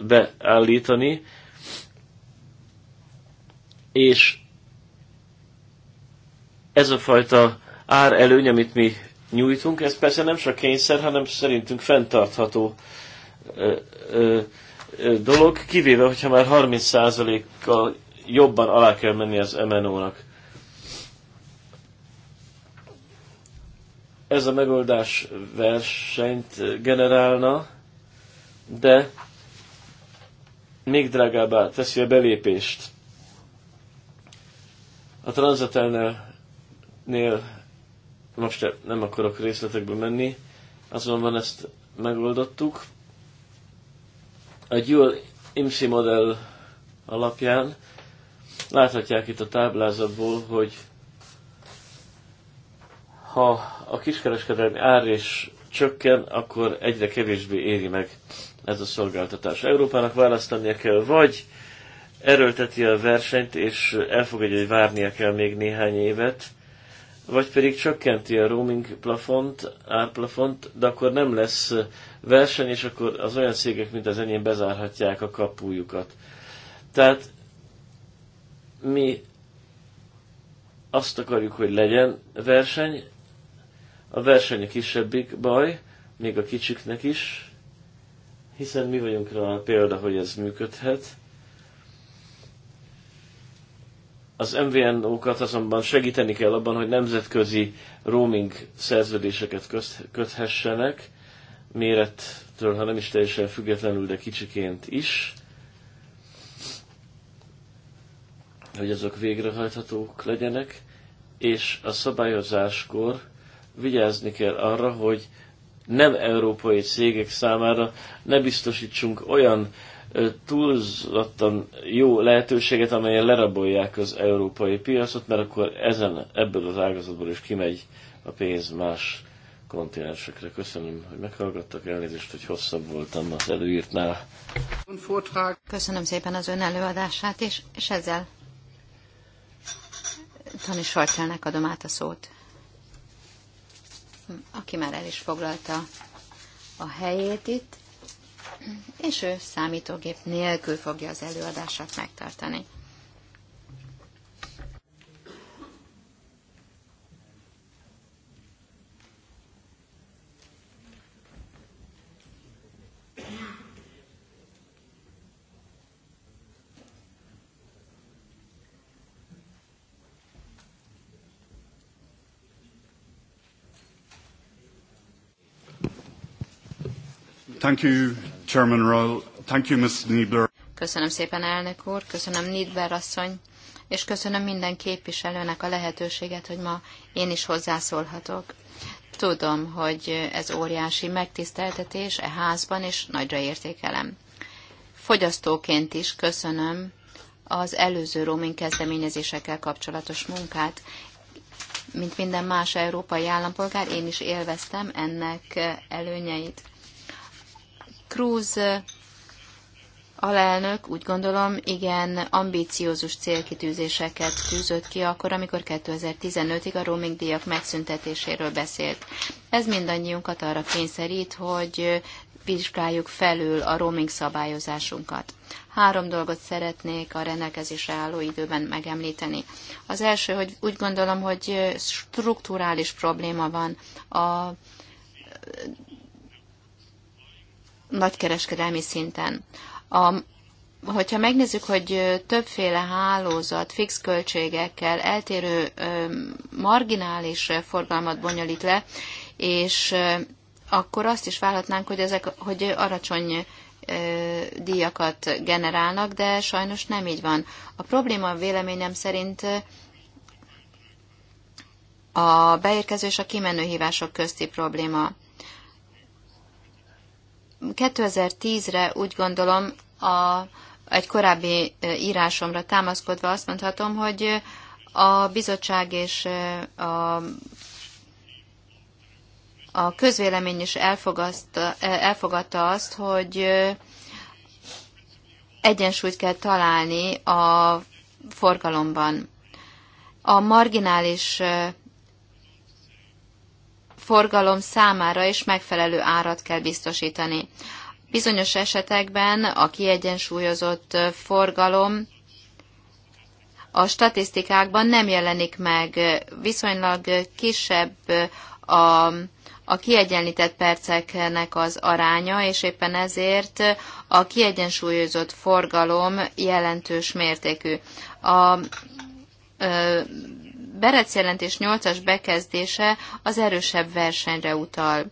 C: beállítani, és ez a fajta előny, amit mi nyújtunk, ez persze nem csak kényszer, hanem szerintünk fenntartható ö, ö, ö, dolog, kivéve, hogyha már 30%-kal jobban alá kell menni az MNO-nak. Ez a megoldás versenyt generálna, de még drágábbá teszi a belépést a transzatelnél most nem akarok részletekbe menni, azonban ezt megoldottuk. A Dual IMSI modell alapján láthatják itt a táblázatból, hogy ha a kiskereskedelmi ár és csökken, akkor egyre kevésbé éri meg ez a szolgáltatás. Európának választania kell, vagy erőlteti a versenyt, és elfogadja, hogy várnia kell még néhány évet, vagy pedig csökkenti a roaming plafont, árplafont, de akkor nem lesz verseny, és akkor az olyan cégek, mint az enyém bezárhatják a kapujukat. Tehát mi azt akarjuk, hogy legyen verseny, a verseny a kisebbik baj, még a kicsiknek is, hiszen mi vagyunk rá a példa, hogy ez működhet, Az MVNO-kat azonban segíteni kell abban, hogy nemzetközi roaming szerződéseket köthessenek, mérettől, ha nem is teljesen függetlenül, de kicsiként is, hogy azok végrehajthatók legyenek, és a szabályozáskor vigyázni kell arra, hogy nem európai cégek számára ne biztosítsunk olyan túlzottan jó lehetőséget, amelyen lerabolják az európai piacot, mert akkor ezen, ebből az ágazatból is kimegy a pénz más kontinensekre. Köszönöm, hogy meghallgattak, elnézést, hogy hosszabb voltam az előírtnál.
A: Köszönöm szépen az ön előadását, és, és ezzel Tani Sajtelnek adom át a szót, aki már el is foglalta a helyét itt és ő számítógép nélkül fogja az előadását megtartani.
B: Thank you, Chairman Thank you, Ms. Niebler.
A: Köszönöm szépen, elnök úr, köszönöm Niebler asszony, és köszönöm minden képviselőnek a lehetőséget, hogy ma én is hozzászólhatok. Tudom, hogy ez óriási megtiszteltetés e házban, és nagyra értékelem. Fogyasztóként is köszönöm az előző roaming kezdeményezésekkel kapcsolatos munkát. Mint minden más európai állampolgár, én is élveztem ennek előnyeit. Cruz alelnök úgy gondolom igen ambíciózus célkitűzéseket tűzött ki akkor, amikor 2015-ig a roaming díjak megszüntetéséről beszélt. Ez mindannyiunkat arra kényszerít, hogy vizsgáljuk felül a roaming szabályozásunkat. Három dolgot szeretnék a rendelkezésre álló időben megemlíteni. Az első, hogy úgy gondolom, hogy strukturális probléma van a nagykereskedelmi szinten. A, hogyha megnézzük, hogy többféle hálózat fix költségekkel eltérő marginális forgalmat bonyolít le, és akkor azt is várhatnánk, hogy ezek hogy aracsony díjakat generálnak, de sajnos nem így van. A probléma véleményem szerint a beérkező és a kimenő hívások közti probléma. 2010-re úgy gondolom a, egy korábbi írásomra támaszkodva azt mondhatom, hogy a bizottság és a a közvélemény is elfogadta azt, hogy egyensúlyt kell találni a forgalomban. A marginális forgalom számára is megfelelő árat kell biztosítani. Bizonyos esetekben a kiegyensúlyozott forgalom a statisztikákban nem jelenik meg. Viszonylag kisebb a, a kiegyenlített perceknek az aránya, és éppen ezért a kiegyensúlyozott forgalom jelentős mértékű. A, Berec jelentés 8-as bekezdése az erősebb versenyre utal.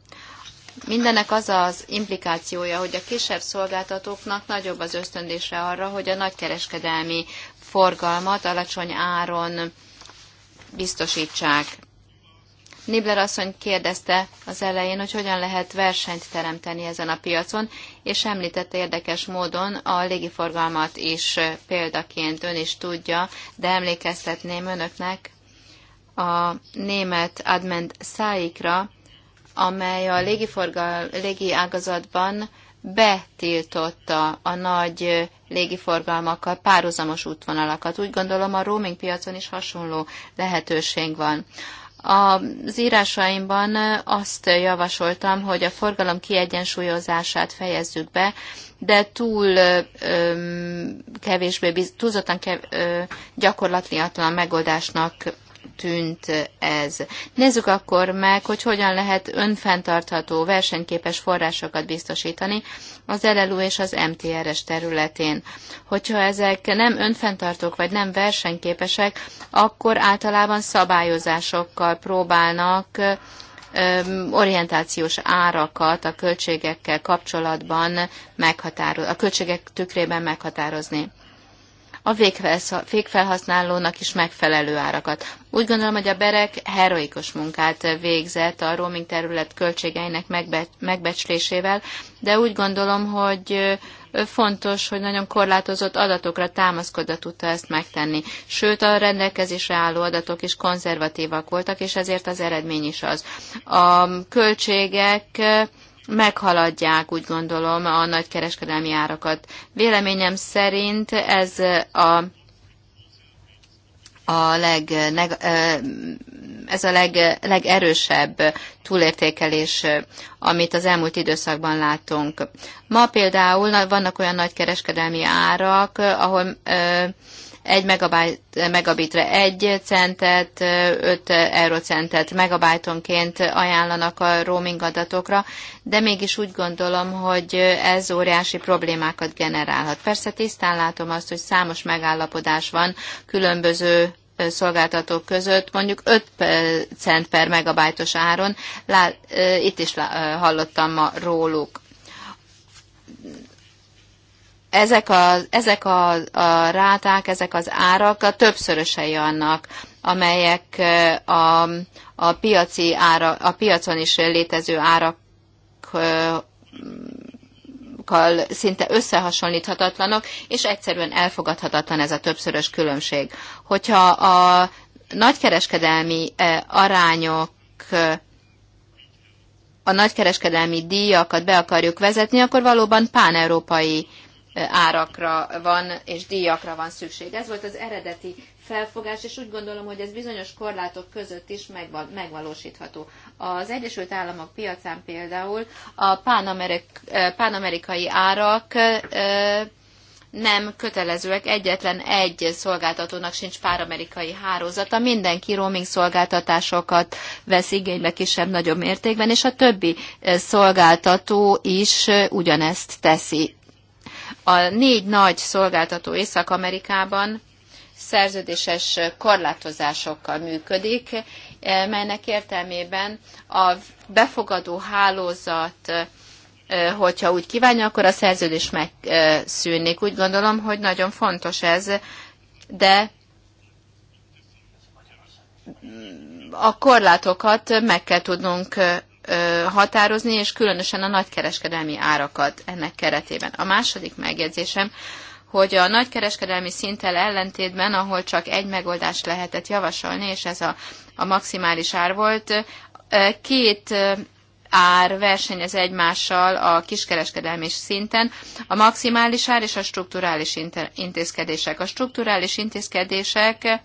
A: Mindenek az az implikációja, hogy a kisebb szolgáltatóknak nagyobb az ösztöndése arra, hogy a nagykereskedelmi forgalmat alacsony áron biztosítsák. Nibler asszony kérdezte az elején, hogy hogyan lehet versenyt teremteni ezen a piacon, és említette érdekes módon a légiforgalmat is példaként ön is tudja, de emlékeztetném önöknek, a német Adment Száikra, amely a légiforgal, légi ágazatban betiltotta a nagy légiforgalmakkal párhuzamos útvonalakat. Úgy gondolom a roaming piacon is hasonló lehetőség van. Az írásaimban azt javasoltam, hogy a forgalom kiegyensúlyozását fejezzük be, de túl öm, kevésbé, túlzottan kev, ö, gyakorlatilatlan megoldásnak tűnt ez. Nézzük akkor meg, hogy hogyan lehet önfenntartható, versenyképes forrásokat biztosítani az LLU és az MTRS területén. Hogyha ezek nem önfenntartók vagy nem versenyképesek, akkor általában szabályozásokkal próbálnak orientációs árakat a költségekkel kapcsolatban meghatároz, a költségek tükrében meghatározni a végfelhasználónak is megfelelő árakat. Úgy gondolom, hogy a Berek heroikus munkát végzett a roaming terület költségeinek megbe- megbecslésével, de úgy gondolom, hogy fontos, hogy nagyon korlátozott adatokra támaszkodva tudta ezt megtenni. Sőt, a rendelkezésre álló adatok is konzervatívak voltak, és ezért az eredmény is az. A költségek meghaladják, úgy gondolom, a nagy kereskedelmi árakat. Véleményem szerint ez a a leg, ez a leg, legerősebb túlértékelés, amit az elmúlt időszakban látunk. Ma például vannak olyan nagy kereskedelmi árak, ahol 1 megabitre 1 centet, 5 eurocentet megabájtonként ajánlanak a roaming adatokra, de mégis úgy gondolom, hogy ez óriási problémákat generálhat. Persze tisztán látom azt, hogy számos megállapodás van különböző szolgáltatók között, mondjuk 5 cent per megabájtos áron. itt is hallottam ma róluk ezek, a, ezek a, a ráták, ezek az árak a többszörösei annak, amelyek a, a, piaci ára, a piacon is létező árakkal szinte összehasonlíthatatlanok, és egyszerűen elfogadhatatlan ez a többszörös különbség. Hogyha a nagykereskedelmi arányok a nagykereskedelmi díjakat be akarjuk vezetni, akkor valóban páneurópai európai árakra van és díjakra van szükség. Ez volt az eredeti felfogás, és úgy gondolom, hogy ez bizonyos korlátok között is megvalósítható. Az Egyesült Államok piacán például a pánamerikai árak nem kötelezőek, egyetlen egy szolgáltatónak sincs páramerikai hálózata, mindenki roaming szolgáltatásokat vesz igénybe kisebb-nagyobb mértékben, és a többi szolgáltató is ugyanezt teszi a négy nagy szolgáltató Észak-Amerikában szerződéses korlátozásokkal működik, e, melynek értelmében a befogadó hálózat e, hogyha úgy kívánja, akkor a szerződés megszűnik. Úgy gondolom, hogy nagyon fontos ez, de a korlátokat meg kell tudnunk határozni, és különösen a nagykereskedelmi árakat ennek keretében. A második megjegyzésem, hogy a nagykereskedelmi szinttel ellentétben, ahol csak egy megoldást lehetett javasolni, és ez a, a maximális ár volt, két ár versenyez egymással a kiskereskedelmi szinten, a maximális ár és a strukturális intézkedések. A strukturális intézkedések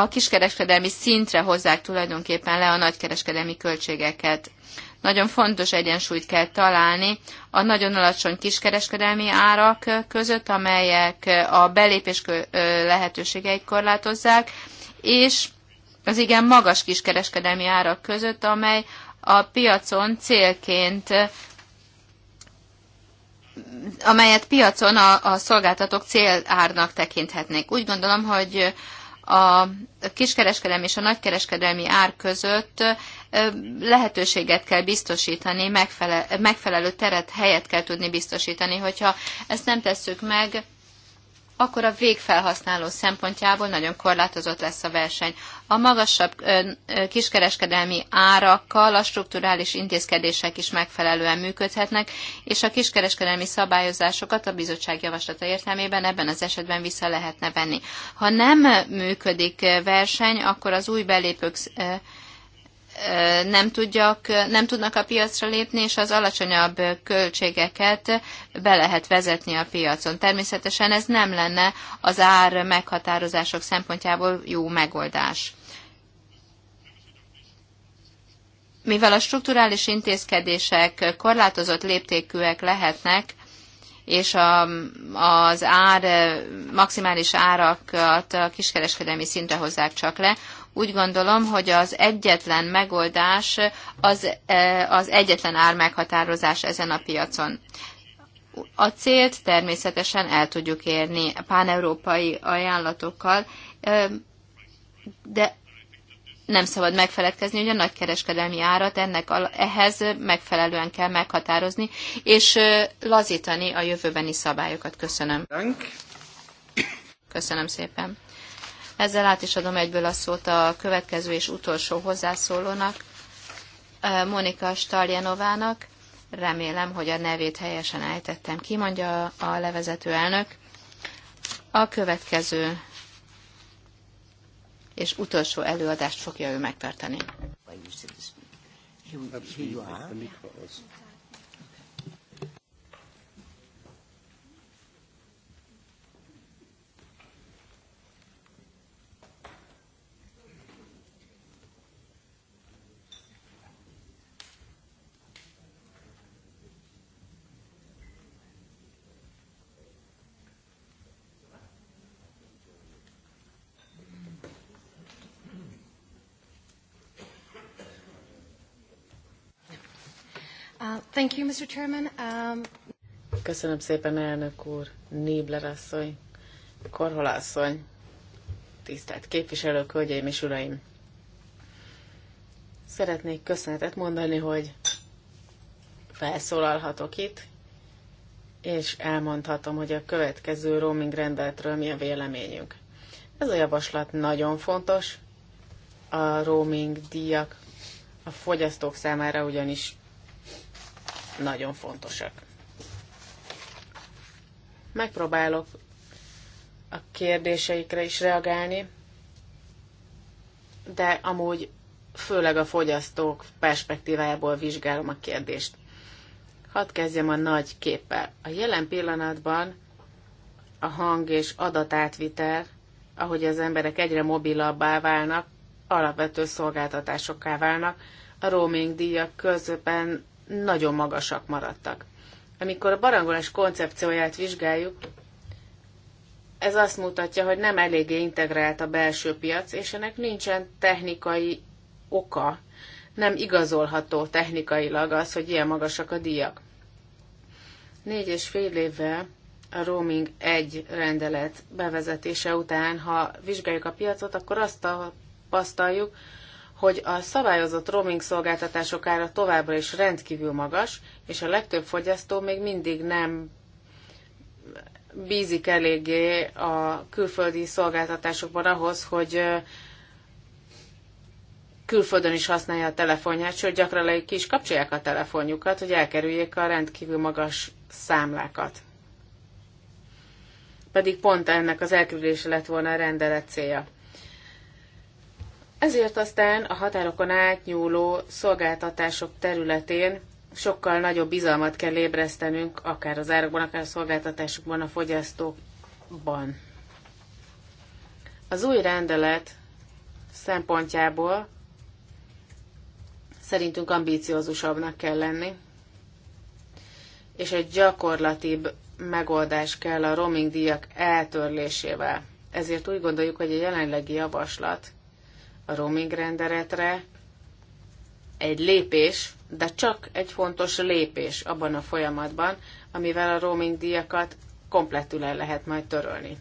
A: a kiskereskedelmi szintre hozzák tulajdonképpen le a nagykereskedelmi költségeket. Nagyon fontos egyensúlyt kell találni a nagyon alacsony kiskereskedelmi árak között, amelyek a belépés lehetőségeit korlátozzák, és az igen magas kiskereskedelmi árak között, amely a piacon célként amelyet piacon a, a szolgáltatók célárnak tekinthetnék. Úgy gondolom, hogy a kiskereskedelmi és a nagykereskedelmi ár között lehetőséget kell biztosítani, megfelelő teret, helyet kell tudni biztosítani. Hogyha ezt nem tesszük meg, akkor a végfelhasználó szempontjából nagyon korlátozott lesz a verseny a magasabb kiskereskedelmi árakkal a strukturális intézkedések is megfelelően működhetnek, és a kiskereskedelmi szabályozásokat a bizottság javaslata értelmében ebben az esetben vissza lehetne venni. Ha nem működik verseny, akkor az új belépők nem, tudjak, nem tudnak a piacra lépni, és az alacsonyabb költségeket be lehet vezetni a piacon. Természetesen ez nem lenne az ár meghatározások szempontjából jó megoldás. Mivel a strukturális intézkedések korlátozott léptékűek lehetnek, és a, az ár, maximális árakat a kiskereskedelmi szintre hozzák csak le, úgy gondolom, hogy az egyetlen megoldás az, e, az egyetlen ár ezen a piacon. A célt természetesen el tudjuk érni páneurópai ajánlatokkal, e, de nem szabad megfeledkezni, hogy a nagykereskedelmi árat ennek ehhez megfelelően kell meghatározni, és e, lazítani a jövőbeni szabályokat. Köszönöm. Köszönöm szépen. Ezzel át is adom egyből a szót a következő és utolsó hozzászólónak, Monika Staljanovának. Remélem, hogy a nevét helyesen ejtettem ki, mondja a levezető elnök. A következő és utolsó előadást fogja ő megtartani. Here we, here you are. Thank you, Mr. Chairman. Um...
D: Köszönöm szépen, elnök úr, Nibler asszony, Korhola asszony, tisztelt képviselők, hölgyeim és uraim! Szeretnék köszönetet mondani, hogy felszólalhatok itt, és elmondhatom, hogy a következő roaming rendeletről mi a véleményünk. Ez a javaslat nagyon fontos. A roaming díjak a fogyasztók számára ugyanis nagyon fontosak. Megpróbálok a kérdéseikre is reagálni, de amúgy főleg a fogyasztók perspektívájából vizsgálom a kérdést. Hadd kezdjem a nagy képpel. A jelen pillanatban a hang és adatátvitel, ahogy az emberek egyre mobilabbá válnak, alapvető szolgáltatásokká válnak, a roaming díjak közben nagyon magasak maradtak. Amikor a barangolás koncepcióját vizsgáljuk, ez azt mutatja, hogy nem eléggé integrált a belső piac, és ennek nincsen technikai oka, nem igazolható technikailag az, hogy ilyen magasak a díjak. Négy és fél évvel a roaming egy rendelet bevezetése után, ha vizsgáljuk a piacot, akkor azt tapasztaljuk, hogy a szabályozott roaming szolgáltatások ára továbbra is rendkívül magas, és a legtöbb fogyasztó még mindig nem bízik eléggé a külföldi szolgáltatásokban ahhoz, hogy külföldön is használja a telefonját, sőt gyakran le is kapcsolják a telefonjukat, hogy elkerüljék a rendkívül magas számlákat. Pedig pont ennek az elkerülése lett volna a rendelet célja. Ezért aztán a határokon átnyúló szolgáltatások területén sokkal nagyobb bizalmat kell ébresztenünk, akár az árakban, akár a szolgáltatásokban, a fogyasztókban. Az új rendelet szempontjából szerintünk ambíciózusabbnak kell lenni, és egy gyakorlatibb megoldás kell a roaming díjak eltörlésével. Ezért úgy gondoljuk, hogy a jelenlegi javaslat a roaming renderetre egy lépés, de csak egy fontos lépés abban a folyamatban, amivel a roaming díjakat komplettül el lehet majd törölni.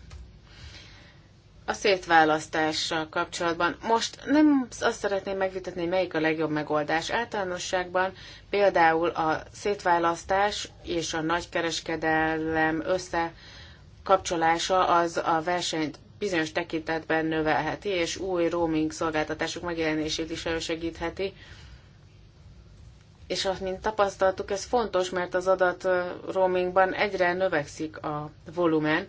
D: A szétválasztással kapcsolatban most nem azt szeretném megvitatni, melyik a legjobb megoldás. Általánosságban például a szétválasztás és a nagykereskedelem összekapcsolása az a versenyt bizonyos tekintetben növelheti, és új roaming szolgáltatások megjelenését is elősegítheti. És azt, mint tapasztaltuk, ez fontos, mert az adat roamingban egyre növekszik a volumen,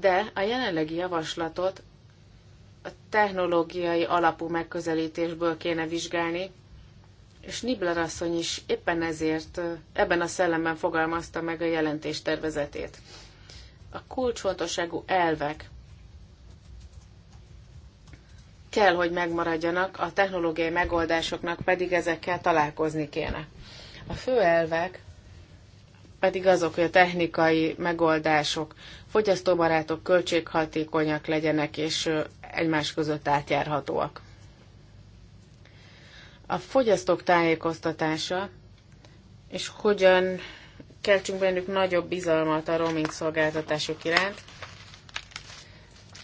D: de a jelenlegi javaslatot a technológiai alapú megközelítésből kéne vizsgálni, és Nibler asszony is éppen ezért ebben a szellemben fogalmazta meg a jelentés tervezetét. A kulcsfontosságú elvek, kell, hogy megmaradjanak, a technológiai megoldásoknak pedig ezekkel találkozni kéne. A fő elvek pedig azok, hogy a technikai megoldások fogyasztóbarátok, költséghatékonyak legyenek és egymás között átjárhatóak. A fogyasztók tájékoztatása, és hogyan keltsünk bennük nagyobb bizalmat a roaming szolgáltatások iránt,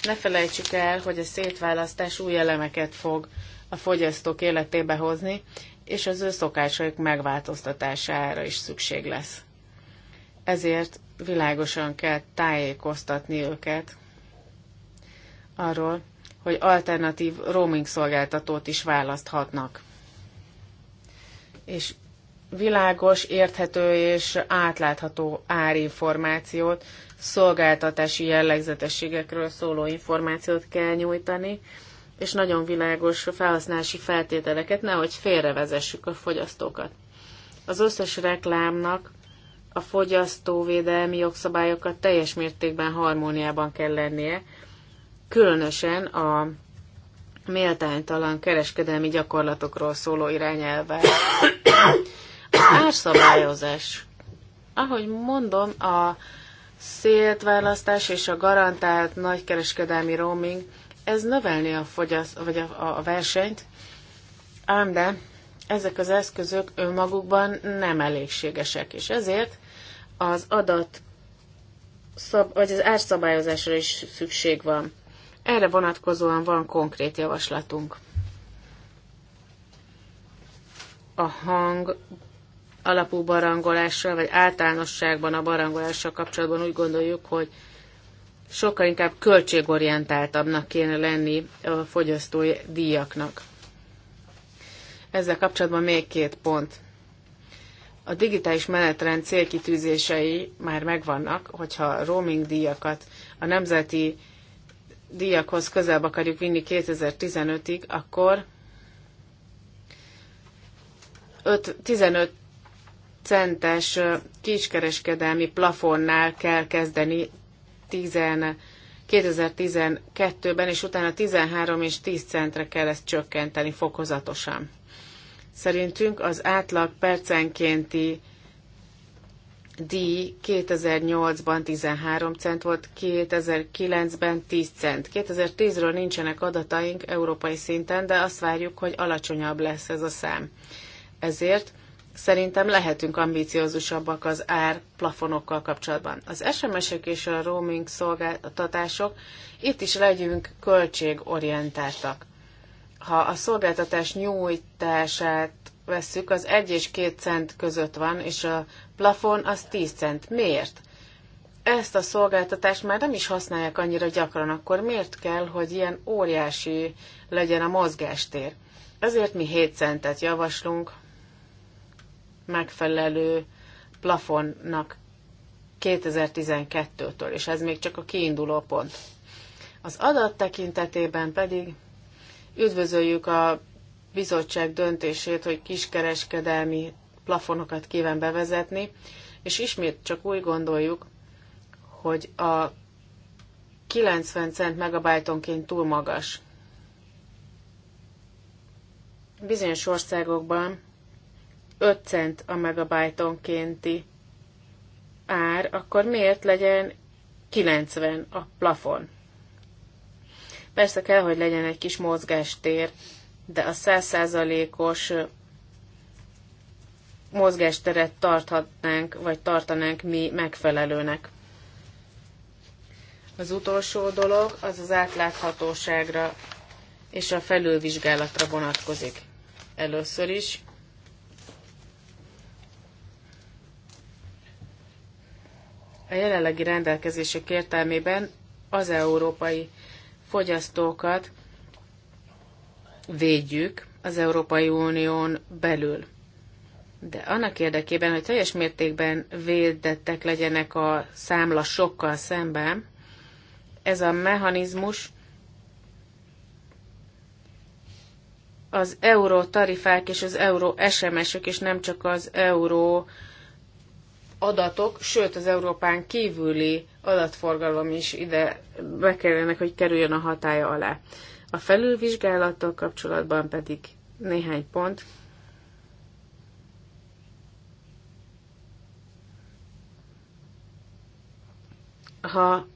D: ne felejtsük el, hogy a szétválasztás új elemeket fog a fogyasztók életébe hozni, és az ő szokásaik megváltoztatására is szükség lesz. Ezért világosan kell tájékoztatni őket arról, hogy alternatív roaming szolgáltatót is választhatnak. És világos, érthető és átlátható árinformációt szolgáltatási jellegzetességekről szóló információt kell nyújtani, és nagyon világos felhasználási feltételeket, nehogy félrevezessük a fogyasztókat. Az összes reklámnak a fogyasztóvédelmi jogszabályokat teljes mértékben harmóniában kell lennie, különösen a méltánytalan kereskedelmi gyakorlatokról szóló irányelvvel. Az árszabályozás. Ahogy mondom, a választás és a garantált nagykereskedelmi roaming, ez növelni a, fogyasz, vagy a, a versenyt, ám de ezek az eszközök önmagukban nem elégségesek, és ezért az adat szab, vagy az árszabályozásra is szükség van. Erre vonatkozóan van konkrét javaslatunk. A hang alapú barangolással, vagy általánosságban a barangolással kapcsolatban úgy gondoljuk, hogy sokkal inkább költségorientáltabbnak kéne lenni a fogyasztói díjaknak. Ezzel kapcsolatban még két pont. A digitális menetrend célkitűzései már megvannak, hogyha roaming díjakat a nemzeti díjakhoz közelebb akarjuk vinni 2015-ig, akkor 5, 15 centes kiskereskedelmi plafonnál kell kezdeni 10, 2012-ben, és utána 13 és 10 centre kell ezt csökkenteni fokozatosan. Szerintünk az átlag percenkénti díj 2008-ban 13 cent volt, 2009-ben 10 cent. 2010-ről nincsenek adataink európai szinten, de azt várjuk, hogy alacsonyabb lesz ez a szám. Ezért szerintem lehetünk ambíciózusabbak az ár plafonokkal kapcsolatban. Az SMS-ek és a roaming szolgáltatások itt is legyünk költségorientáltak. Ha a szolgáltatás nyújtását vesszük, az 1 és 2 cent között van, és a plafon az 10 cent. Miért? Ezt a szolgáltatást már nem is használják annyira gyakran, akkor miért kell, hogy ilyen óriási legyen a mozgástér? Ezért mi 7 centet javaslunk, megfelelő plafonnak 2012-től, és ez még csak a kiinduló pont. Az adat tekintetében pedig üdvözöljük a bizottság döntését, hogy kiskereskedelmi plafonokat kíván bevezetni, és ismét csak úgy gondoljuk, hogy a 90 cent megabájtonként túl magas. Bizonyos országokban 5 cent a megabajtonkénti ár, akkor miért legyen 90 a plafon? Persze kell, hogy legyen egy kis mozgástér, de a 100%-os mozgásteret tarthatnánk, vagy tartanánk mi megfelelőnek. Az utolsó dolog az az átláthatóságra és a felülvizsgálatra vonatkozik. Először is a jelenlegi rendelkezések értelmében az európai fogyasztókat védjük az Európai Unión belül. De annak érdekében, hogy teljes mértékben védettek legyenek a számla sokkal szemben, ez a mechanizmus az euró tarifák és az euró SMS-ök, és nem csak az euró adatok, sőt az Európán kívüli adatforgalom is ide be kellene, hogy kerüljön a hatája alá. A felülvizsgálattal kapcsolatban pedig néhány pont. Ha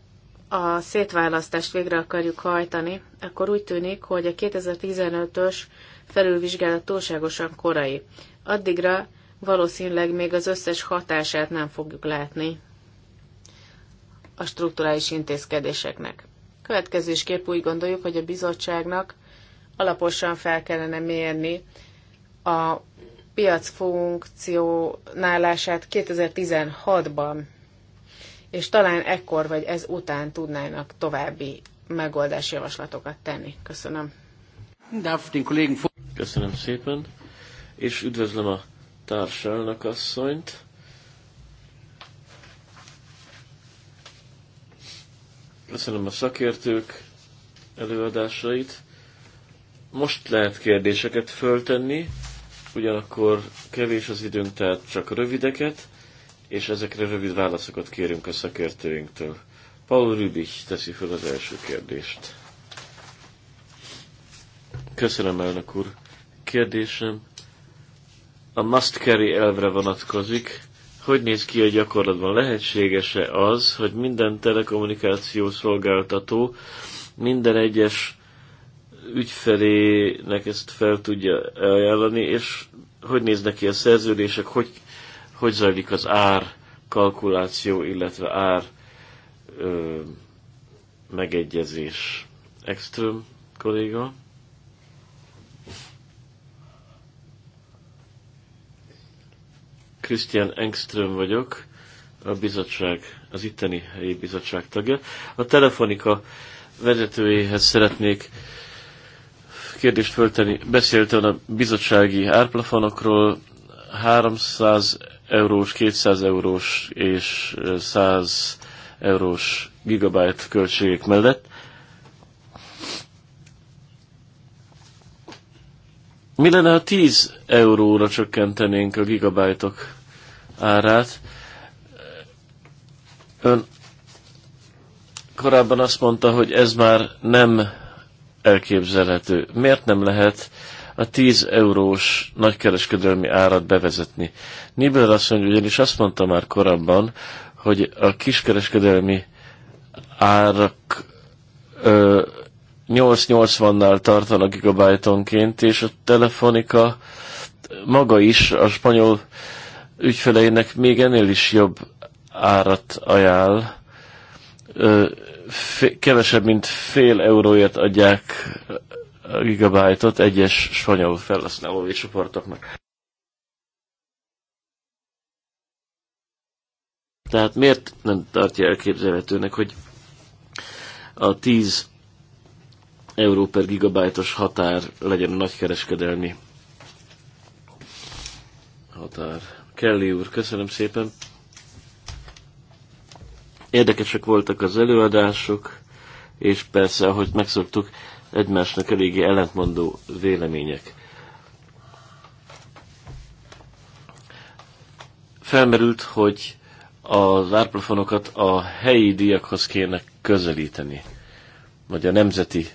D: a szétválasztást végre akarjuk hajtani, akkor úgy tűnik, hogy a 2015-ös felülvizsgálat túlságosan korai. Addigra valószínűleg még az összes hatását nem fogjuk látni a strukturális intézkedéseknek. Következésképp úgy gondoljuk, hogy a bizottságnak alaposan fel kellene mérni a piac funkcionálását 2016-ban, és talán ekkor vagy ez után tudnának további megoldási javaslatokat tenni. Köszönöm.
C: Köszönöm szépen, és üdvözlöm a társelnök asszonyt. Köszönöm a szakértők előadásait. Most lehet kérdéseket föltenni, ugyanakkor kevés az időnk, tehát csak rövideket, és ezekre rövid válaszokat kérünk a szakértőinktől. Paul Rübich teszi fel az első kérdést. Köszönöm, elnök úr. Kérdésem a must carry elvre vonatkozik. Hogy néz ki a gyakorlatban? Lehetséges-e az, hogy minden telekommunikáció szolgáltató minden egyes ügyfelének ezt fel tudja ajánlani, és hogy néznek ki a szerződések, hogy, hogy zajlik az ár kalkuláció, illetve ár ö, megegyezés. Extrém kolléga. Christian Engström vagyok, a bizottság, az itteni helyi bizottság tagja. A telefonika vezetőjéhez szeretnék kérdést fölteni. Beszélt a bizottsági árplafonokról, 300 eurós, 200 eurós és 100 eurós gigabyte költségek mellett. Mi lenne, ha 10 euróra csökkentenénk a gigabajtok árát. Ön korábban azt mondta, hogy ez már nem elképzelhető. Miért nem lehet a 10 eurós nagykereskedelmi árat bevezetni? azt mondja, ugyanis azt mondta már korábban, hogy a kiskereskedelmi árak 8 80 nál tartanak gigabájtonként, és a telefonika maga is a spanyol ügyfeleinek még ennél is jobb árat ajánl. Kevesebb, mint fél euróért adják a gigabájtot egyes spanyol felhasználói csoportoknak. Tehát miért nem tartja elképzelhetőnek, hogy a 10 euró per gigabájtos határ legyen a nagykereskedelmi határ? Kelly úr, köszönöm szépen. Érdekesek voltak az előadások, és persze, ahogy megszoktuk, egymásnak eléggé ellentmondó vélemények. Felmerült, hogy az árplafonokat a helyi díjakhoz kéne közelíteni, vagy a nemzeti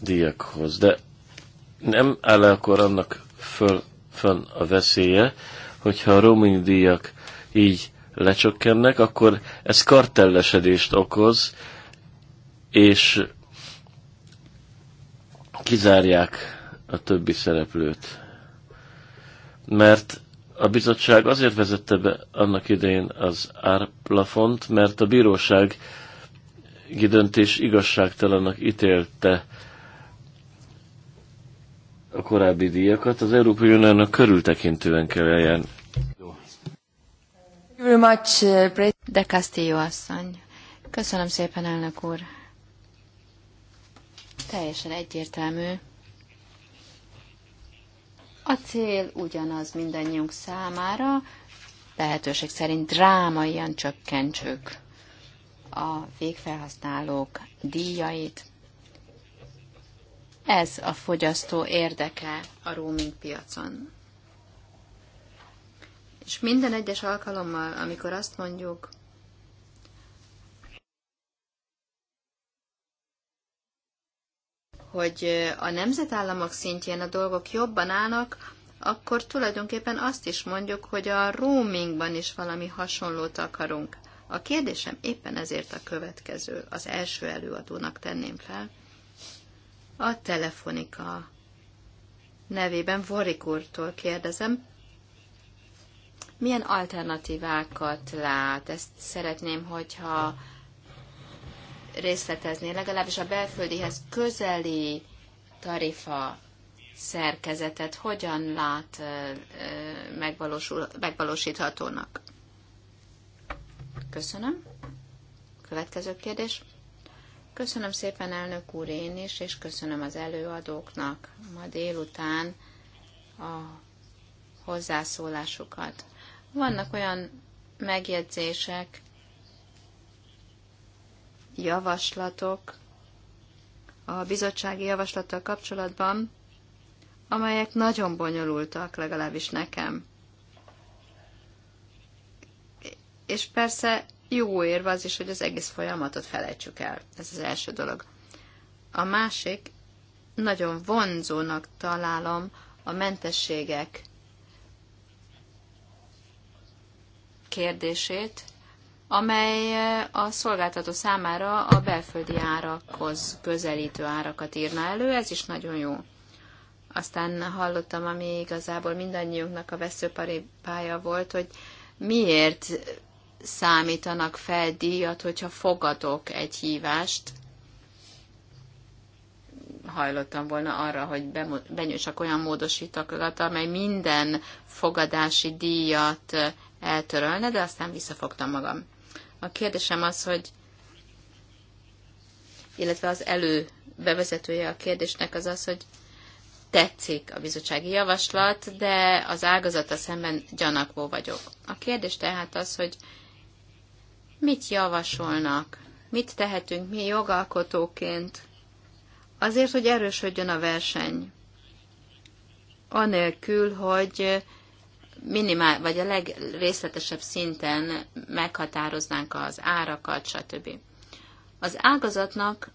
C: díjakhoz, de nem áll akkor annak föl, fönn a veszélye, hogyha a roaming díjak így lecsökkennek, akkor ez kartellesedést okoz, és kizárják a többi szereplőt. Mert a bizottság azért vezette be annak idején az árplafont, mert a bíróság döntés igazságtalannak ítélte a korábbi díjakat, az Európai Uniónak körültekintően kell eljárni.
A: Uh, De Castillo asszony. Köszönöm szépen, elnök úr. Teljesen egyértelmű. A cél ugyanaz mindannyiunk számára, lehetőség szerint drámaian csökkentsük a végfelhasználók díjait, ez a fogyasztó érdeke a roaming piacon. És minden egyes alkalommal, amikor azt mondjuk, hogy a nemzetállamok szintjén a dolgok jobban állnak, akkor tulajdonképpen azt is mondjuk, hogy a roamingban is valami hasonlót akarunk. A kérdésem éppen ezért a következő, az első előadónak tenném fel. A Telefonika nevében Vorik úrtól kérdezem, milyen alternatívákat lát? Ezt szeretném, hogyha részletezné, legalábbis a belföldihez közeli tarifa szerkezetet hogyan lát megvalósul, megvalósíthatónak? Köszönöm. Következő kérdés. Köszönöm szépen, elnök úr, én is, és köszönöm az előadóknak ma délután a hozzászólásukat. Vannak olyan megjegyzések, javaslatok a bizottsági javaslattal kapcsolatban, amelyek nagyon bonyolultak, legalábbis nekem. És persze jó érv az is, hogy az egész folyamatot felejtsük el. Ez az első dolog. A másik, nagyon vonzónak találom a mentességek kérdését, amely eh, a szolgáltató számára a belföldi árakhoz közelítő árakat írna elő, ez is nagyon jó. Aztán hallottam, ami igazából mindannyiunknak a veszőparipája volt, hogy miért számítanak fel díjat, hogyha fogadok egy hívást. Hajlottam volna arra, hogy benyújtsak olyan módosítókat, amely minden fogadási díjat eh, eltörölne, de aztán visszafogtam magam. A kérdésem az, hogy illetve az elő bevezetője a kérdésnek az az, hogy tetszik a bizottsági javaslat, de az ágazata szemben gyanakvó vagyok. A kérdés tehát az, hogy Mit javasolnak? Mit tehetünk mi jogalkotóként azért, hogy erősödjön a verseny? Anélkül, hogy minimál, vagy a legrészletesebb szinten meghatároznánk az árakat, stb. Az ágazatnak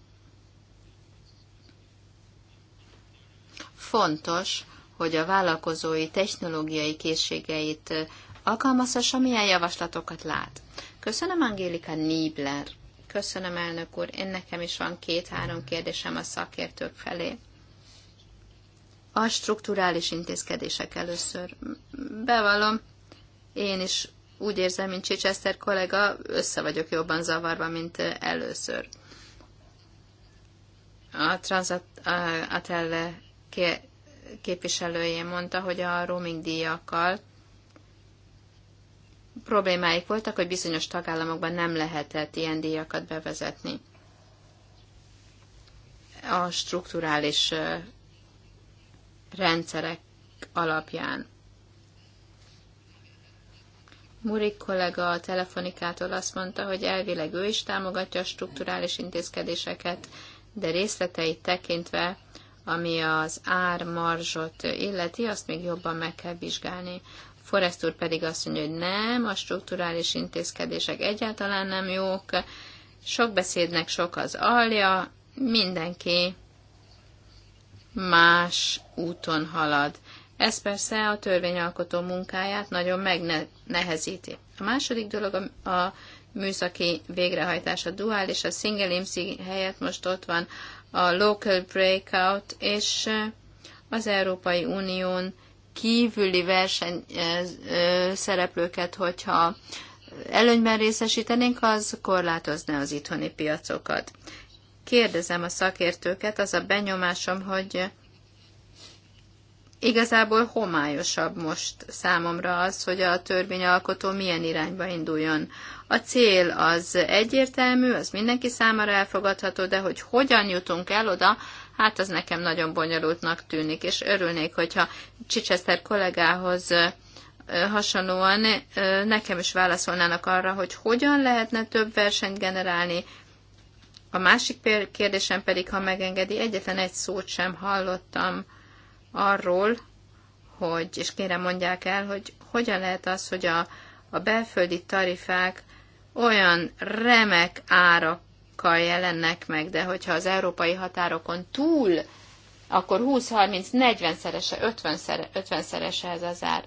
A: fontos, hogy a vállalkozói technológiai készségeit alkalmazhassa, milyen javaslatokat lát. Köszönöm, Angélika Niebler. Köszönöm, elnök úr. Én nekem is van két-három kérdésem a szakértők felé. A strukturális intézkedések először. Bevallom, én is úgy érzem, mint Chichester kollega, össze vagyok jobban zavarva, mint először. A Transatel képviselője mondta, hogy a roaming díjakkal problémáik voltak, hogy bizonyos tagállamokban nem lehetett ilyen díjakat bevezetni. A strukturális rendszerek alapján. Murik kollega a telefonikától azt mondta, hogy elvileg ő is támogatja a strukturális intézkedéseket, de részleteit tekintve, ami az ármarzsot illeti, azt még jobban meg kell vizsgálni. Forrest úr pedig azt mondja, hogy nem, a strukturális intézkedések egyáltalán nem jók, sok beszédnek sok az alja, mindenki más úton halad. Ez persze a törvényalkotó munkáját nagyon megnehezíti. A második dolog a, a műszaki végrehajtás, a és a single IMSI helyett most ott van a local breakout, és az Európai Unión kívüli verseny szereplőket, hogyha előnyben részesítenénk, az korlátozna az itthoni piacokat. Kérdezem a szakértőket, az a benyomásom, hogy igazából homályosabb most számomra az, hogy a törvényalkotó milyen irányba induljon. A cél az egyértelmű, az mindenki számára elfogadható, de hogy hogyan jutunk el oda, hát az nekem nagyon bonyolultnak tűnik, és örülnék, hogyha Csicseszter kollégához hasonlóan nekem is válaszolnának arra, hogy hogyan lehetne több versenyt generálni. A másik kérdésem pedig, ha megengedi, egyetlen egy szót sem hallottam arról, hogy, és kérem mondják el, hogy hogyan lehet az, hogy a, a belföldi tarifák olyan remek árak kal jelennek meg, de hogyha az európai határokon túl, akkor 20-30-40 szerese, 50, szere, 50 szerese ez az ár.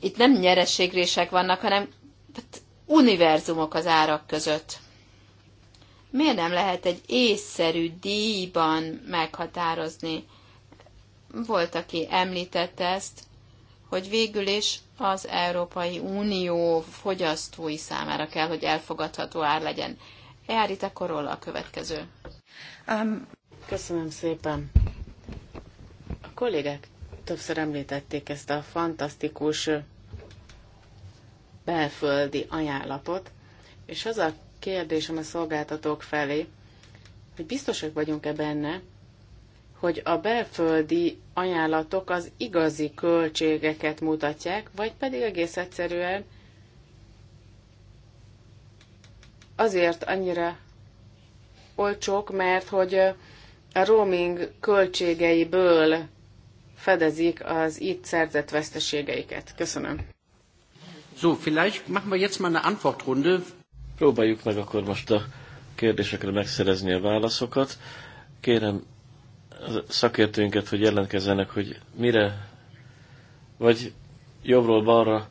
A: Itt nem nyerességrések vannak, hanem tehát univerzumok az árak között. Miért nem lehet egy észszerű díjban meghatározni? Volt, aki említette ezt, hogy végül is az Európai Unió fogyasztói számára kell, hogy elfogadható ár legyen. Eárite Korolla a következő.
B: Um,
D: köszönöm szépen. A kollégák többször említették ezt a fantasztikus belföldi ajánlatot, és az a kérdésem a szolgáltatók felé, hogy biztosak vagyunk-e benne, hogy a belföldi ajánlatok az igazi költségeket mutatják, vagy pedig egész egyszerűen azért annyira olcsók, mert hogy a roaming költségeiből fedezik az itt szerzett veszteségeiket. Köszönöm.
C: So, vielleicht machen wir jetzt mal eine Antwortrunde. Próbáljuk meg akkor most a kérdésekre megszerezni a válaszokat. Kérem, szakértőinket, hogy jelentkezzenek, hogy mire, vagy jobbról balra,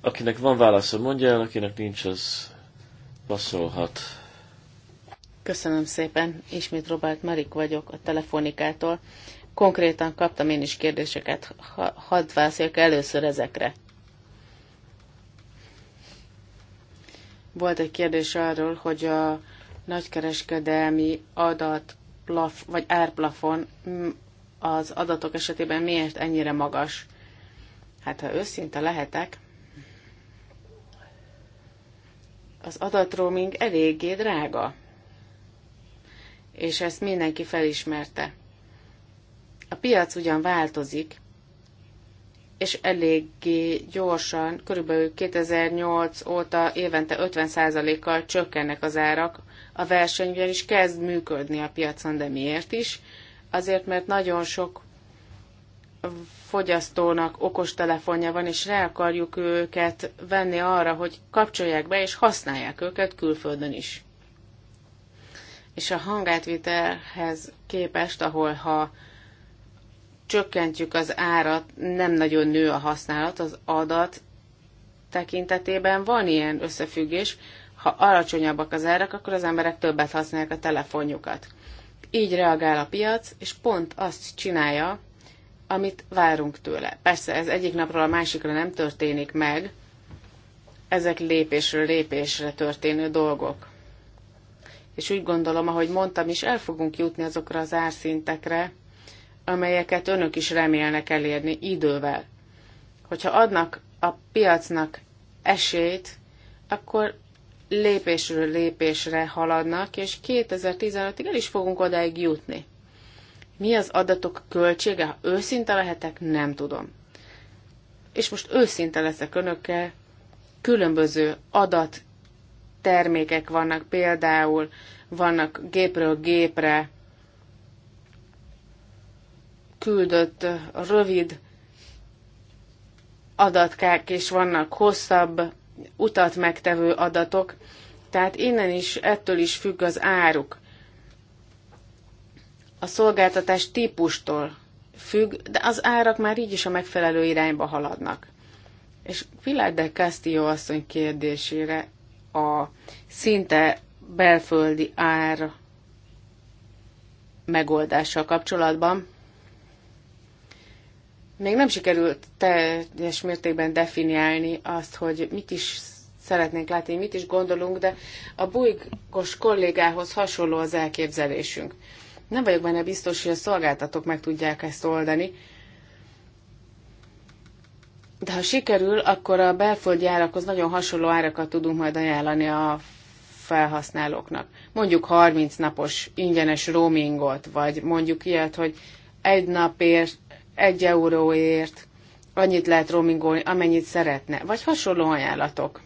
C: akinek van válasza, mondja el, akinek nincs, az passzolhat.
D: Köszönöm szépen, ismét Robert Marik vagyok a telefonikától. Konkrétan kaptam én is kérdéseket, hadd válaszoljak először ezekre. Volt egy kérdés arról, hogy a nagykereskedelmi adat plaf, vagy árplafon az adatok esetében miért ennyire magas? Hát ha őszinte lehetek, az adatroaming eléggé drága. És ezt mindenki felismerte. A piac ugyan változik, és eléggé gyorsan, körülbelül 2008 óta évente 50%-kal csökkennek az árak, a verseny ugyanis kezd működni a piacon, de miért is? Azért, mert nagyon sok fogyasztónak okostelefonja van, és rá akarjuk őket venni arra, hogy kapcsolják be, és használják őket külföldön is. És a hangátvitelhez képest, ahol ha csökkentjük az árat, nem nagyon nő a használat az adat tekintetében. Van ilyen összefüggés, ha alacsonyabbak az árak, akkor az emberek többet használják a telefonjukat. Így reagál a piac, és pont azt csinálja, amit várunk tőle. Persze ez egyik napról a másikra nem történik meg, ezek lépésről lépésre történő dolgok. És úgy gondolom, ahogy mondtam is, el fogunk jutni azokra az árszintekre, amelyeket önök is remélnek elérni idővel. Hogyha adnak a piacnak esélyt, akkor lépésről lépésre haladnak, és 2015-ig el is fogunk odáig jutni. Mi az adatok költsége? Ha őszinte lehetek, nem tudom. És most őszinte leszek önökkel, különböző adat termékek vannak, például vannak gépről gépre küldött rövid adatkák, és vannak hosszabb utat megtevő adatok, tehát innen is, ettől is függ az áruk. A szolgáltatás típustól függ, de az árak már így is a megfelelő irányba haladnak. És Pilar de Castillo asszony kérdésére a szinte belföldi ár megoldással kapcsolatban még nem sikerült teljes mértékben definiálni azt, hogy mit is szeretnénk látni, mit is gondolunk, de a bujkos kollégához hasonló az elképzelésünk. Nem vagyok benne biztos, hogy a szolgáltatók meg tudják ezt oldani, de ha sikerül, akkor a belföldi árakhoz nagyon hasonló árakat tudunk majd ajánlani a felhasználóknak. Mondjuk 30 napos ingyenes roamingot, vagy mondjuk ilyet, hogy egy napért egy euróért annyit lehet roamingolni, amennyit szeretne, vagy hasonló ajánlatok.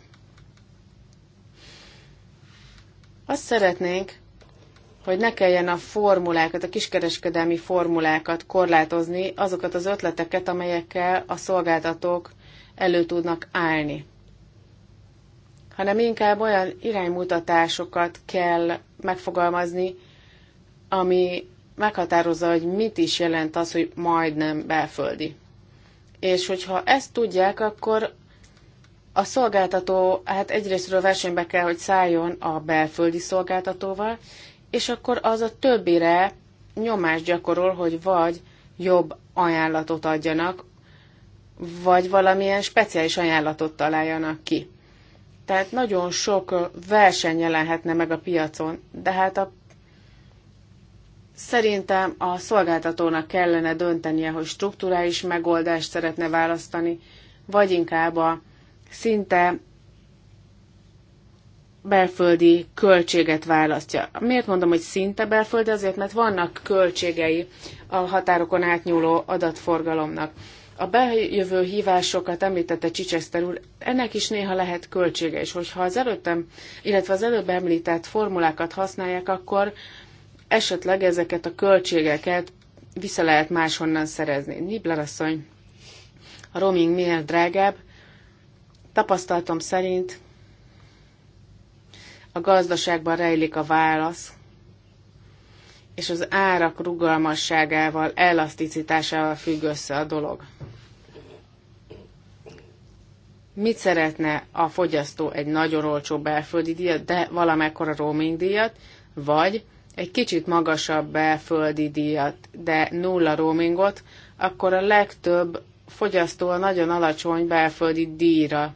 D: Azt szeretnénk, hogy ne kelljen a formulákat, a kiskereskedelmi formulákat korlátozni, azokat az ötleteket, amelyekkel a szolgáltatók elő tudnak állni hanem inkább olyan iránymutatásokat kell megfogalmazni, ami meghatározza, hogy mit is jelent az, hogy majdnem belföldi. És hogyha ezt tudják, akkor a szolgáltató hát egyrésztről versenybe kell, hogy szálljon a belföldi szolgáltatóval, és akkor az a többire nyomást gyakorol, hogy vagy jobb ajánlatot adjanak, vagy valamilyen speciális ajánlatot találjanak ki. Tehát nagyon sok verseny jelenhetne meg a piacon, de hát a Szerintem a szolgáltatónak kellene döntenie, hogy strukturális megoldást szeretne választani, vagy inkább a szinte belföldi költséget választja. Miért mondom, hogy szinte belföldi? Azért, mert vannak költségei a határokon átnyúló adatforgalomnak. A bejövő hívásokat említette Csicseszter úr, ennek is néha lehet költsége, és hogyha az előttem, illetve az előbb említett formulákat használják, akkor esetleg ezeket a költségeket vissza lehet máshonnan szerezni. Nibler asszony, a roaming miért drágább? Tapasztalatom szerint a gazdaságban rejlik a válasz, és az árak rugalmasságával, elaszticitásával függ össze a dolog. Mit szeretne a fogyasztó egy nagyon olcsó belföldi díjat, de valamekkora roaming díjat, vagy egy kicsit magasabb belföldi díjat, de nulla roamingot, akkor a legtöbb fogyasztó a nagyon alacsony belföldi díjra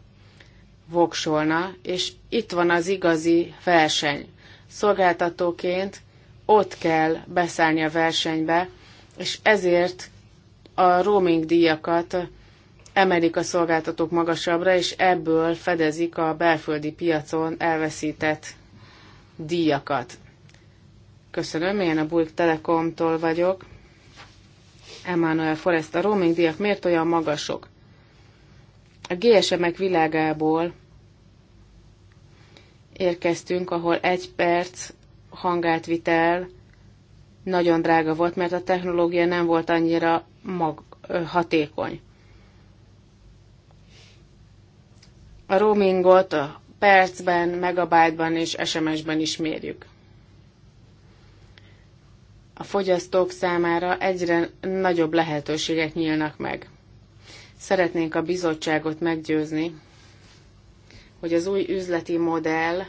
D: voksolna, és itt van az igazi verseny. Szolgáltatóként ott kell beszállni a versenybe, és ezért a roaming díjakat emelik a szolgáltatók magasabbra, és ebből fedezik a belföldi piacon elveszített díjakat. Köszönöm, én a Bulk Telekomtól vagyok. Emmanuel Forrest, a roaming díjak miért olyan magasok? A GSM-ek világából érkeztünk, ahol egy perc hangátvitel nagyon drága volt, mert a technológia nem volt annyira mag, hatékony. A roamingot a percben, megabájtban és SMS-ben is mérjük a fogyasztók számára egyre nagyobb lehetőségek nyílnak meg. Szeretnénk a bizottságot meggyőzni, hogy az új üzleti modell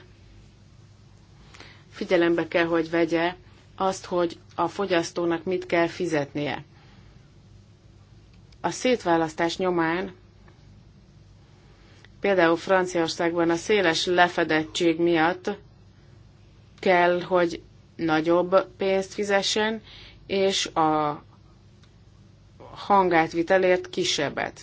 D: figyelembe kell, hogy vegye azt, hogy a fogyasztónak mit kell fizetnie. A szétválasztás nyomán például Franciaországban a széles lefedettség miatt kell, hogy nagyobb pénzt fizessen, és a hangátvitelért kisebbet.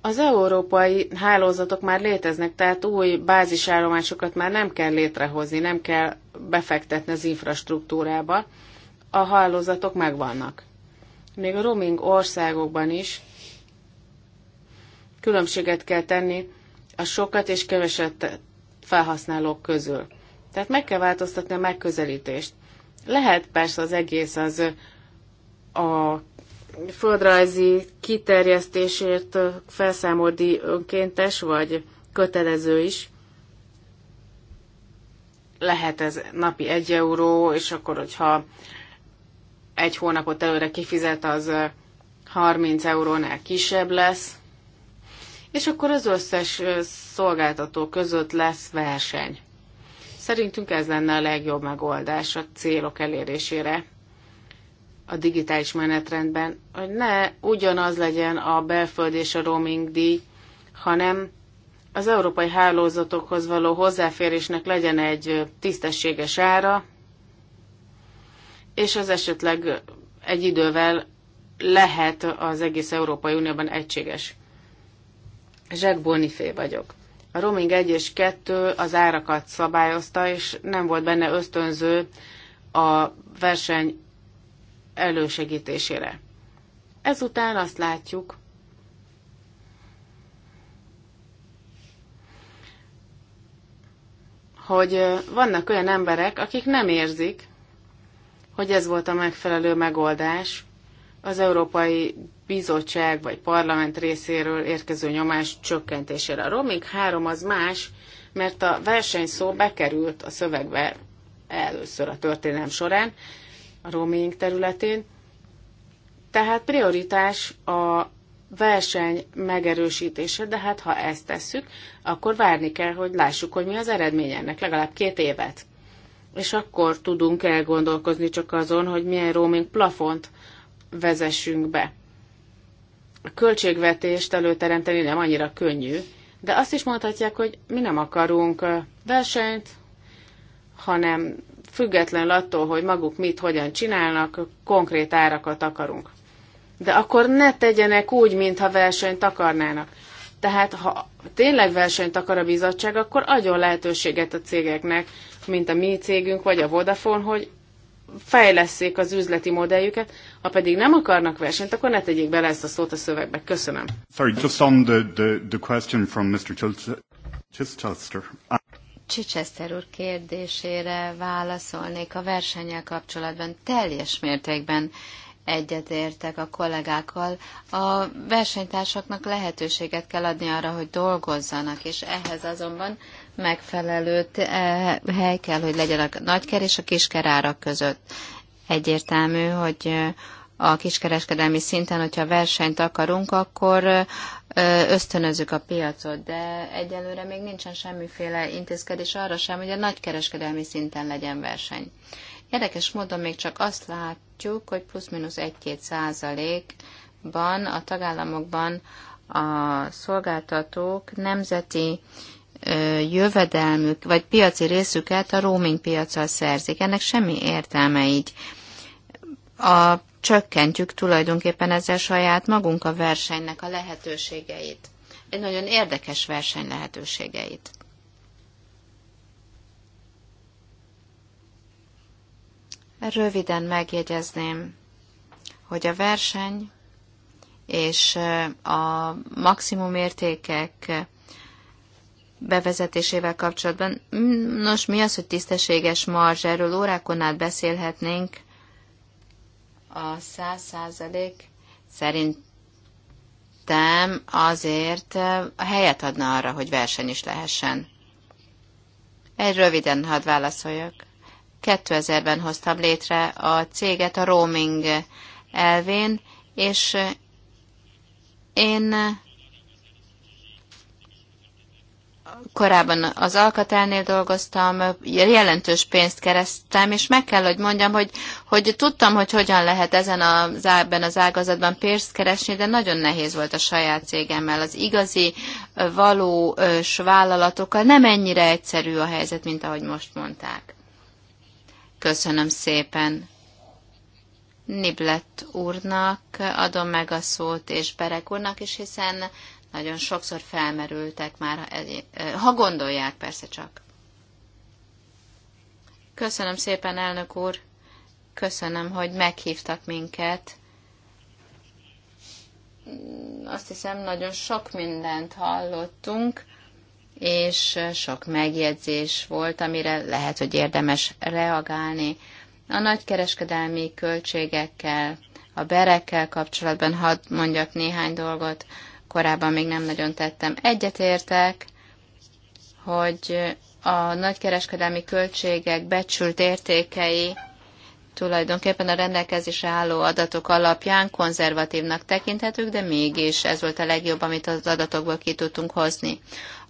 D: Az európai hálózatok már léteznek, tehát új bázisállomásokat már nem kell létrehozni, nem kell befektetni az infrastruktúrába. A hálózatok megvannak. Még a roaming országokban is különbséget kell tenni a sokat és keveset felhasználók közül. Tehát meg kell változtatni a megközelítést. Lehet persze az egész az a földrajzi kiterjesztésért felszámolni önkéntes, vagy kötelező is. Lehet ez napi egy euró, és akkor, hogyha egy hónapot előre kifizet, az 30 eurónál kisebb lesz és akkor az összes szolgáltató között lesz verseny. Szerintünk ez lenne a legjobb megoldás a célok elérésére a digitális menetrendben, hogy ne ugyanaz legyen a belföld és a roaming díj, hanem az európai hálózatokhoz való hozzáférésnek legyen egy tisztességes ára, és az esetleg egy idővel lehet az egész Európai Unióban egységes. Zsek Bonifé vagyok. A roaming 1 és 2 az árakat szabályozta, és nem volt benne ösztönző a verseny elősegítésére. Ezután azt látjuk, hogy vannak olyan emberek, akik nem érzik, hogy ez volt a megfelelő megoldás az európai bizottság vagy parlament részéről érkező nyomás csökkentésére. A roaming 3 az más, mert a versenyszó bekerült a szövegbe először a történelem során, a roaming területén, tehát prioritás a verseny megerősítése, de hát ha ezt tesszük, akkor várni kell, hogy lássuk, hogy mi az eredmény ennek, legalább két évet. És akkor tudunk elgondolkozni csak azon, hogy milyen roaming plafont vezessünk be a költségvetést előteremteni nem annyira könnyű, de azt is mondhatják, hogy mi nem akarunk versenyt, hanem független attól, hogy maguk mit, hogyan csinálnak, konkrét árakat akarunk. De akkor ne tegyenek úgy, mintha versenyt akarnának. Tehát ha tényleg versenyt akar a bizottság, akkor adjon lehetőséget a cégeknek, mint a mi cégünk vagy a Vodafone, hogy fejleszék az üzleti modelljüket, ha pedig nem akarnak versenyt, akkor ne
A: tegyék bele ezt a szót a szövegbe. Köszönöm.
B: Sorry, just on the, the, the question from Mr.
A: Chichester. Chichester úr kérdésére válaszolnék a versennyel kapcsolatban. Teljes mértékben egyetértek a kollégákkal. A versenytársaknak lehetőséget kell adni arra, hogy dolgozzanak, és ehhez azonban megfelelő eh, hely kell, hogy legyen a nagyker és a kisker árak között. Egyértelmű, hogy a kiskereskedelmi szinten, hogyha versenyt akarunk, akkor ösztönözzük a piacot, de egyelőre még nincsen semmiféle intézkedés arra sem, hogy a nagykereskedelmi szinten legyen verseny. Érdekes módon még csak azt látjuk, hogy plusz-minusz 1-2 százalékban a tagállamokban a szolgáltatók nemzeti jövedelmük vagy piaci részüket a roaming piacsal szerzik. Ennek semmi értelme így a, csökkentjük tulajdonképpen ezzel saját magunk a versenynek a lehetőségeit. Egy nagyon érdekes verseny lehetőségeit. Röviden megjegyezném, hogy a verseny és a maximum értékek bevezetésével kapcsolatban. Nos, mi az, hogy tisztességes marzs? Erről órákon át beszélhetnénk, a száz százalék szerintem azért a helyet adna arra, hogy verseny is lehessen. Egy röviden hadd válaszoljak. 2000-ben hoztam létre a céget a roaming elvén, és én korábban az Alkatelnél dolgoztam, jelentős pénzt kerestem, és meg kell, hogy mondjam, hogy, hogy tudtam, hogy hogyan lehet ezen a ebben az ágazatban pénzt keresni, de nagyon nehéz volt a saját cégemmel. Az igazi, valós vállalatokkal nem ennyire egyszerű a helyzet, mint ahogy most mondták. Köszönöm szépen. Niblett úrnak adom meg a szót, és Berek úrnak is, hiszen nagyon sokszor felmerültek már, ha, egy, ha gondolják persze csak. Köszönöm szépen, elnök úr. Köszönöm, hogy meghívtak minket. Azt hiszem, nagyon sok mindent hallottunk, és sok megjegyzés volt, amire lehet, hogy érdemes reagálni. A nagykereskedelmi költségekkel, a berekkel kapcsolatban hadd mondjak néhány dolgot korábban még nem nagyon tettem. Egyetértek, hogy a nagykereskedelmi költségek becsült értékei tulajdonképpen a rendelkezésre álló adatok alapján konzervatívnak tekinthetők, de mégis ez volt a legjobb, amit az adatokból ki tudtunk hozni.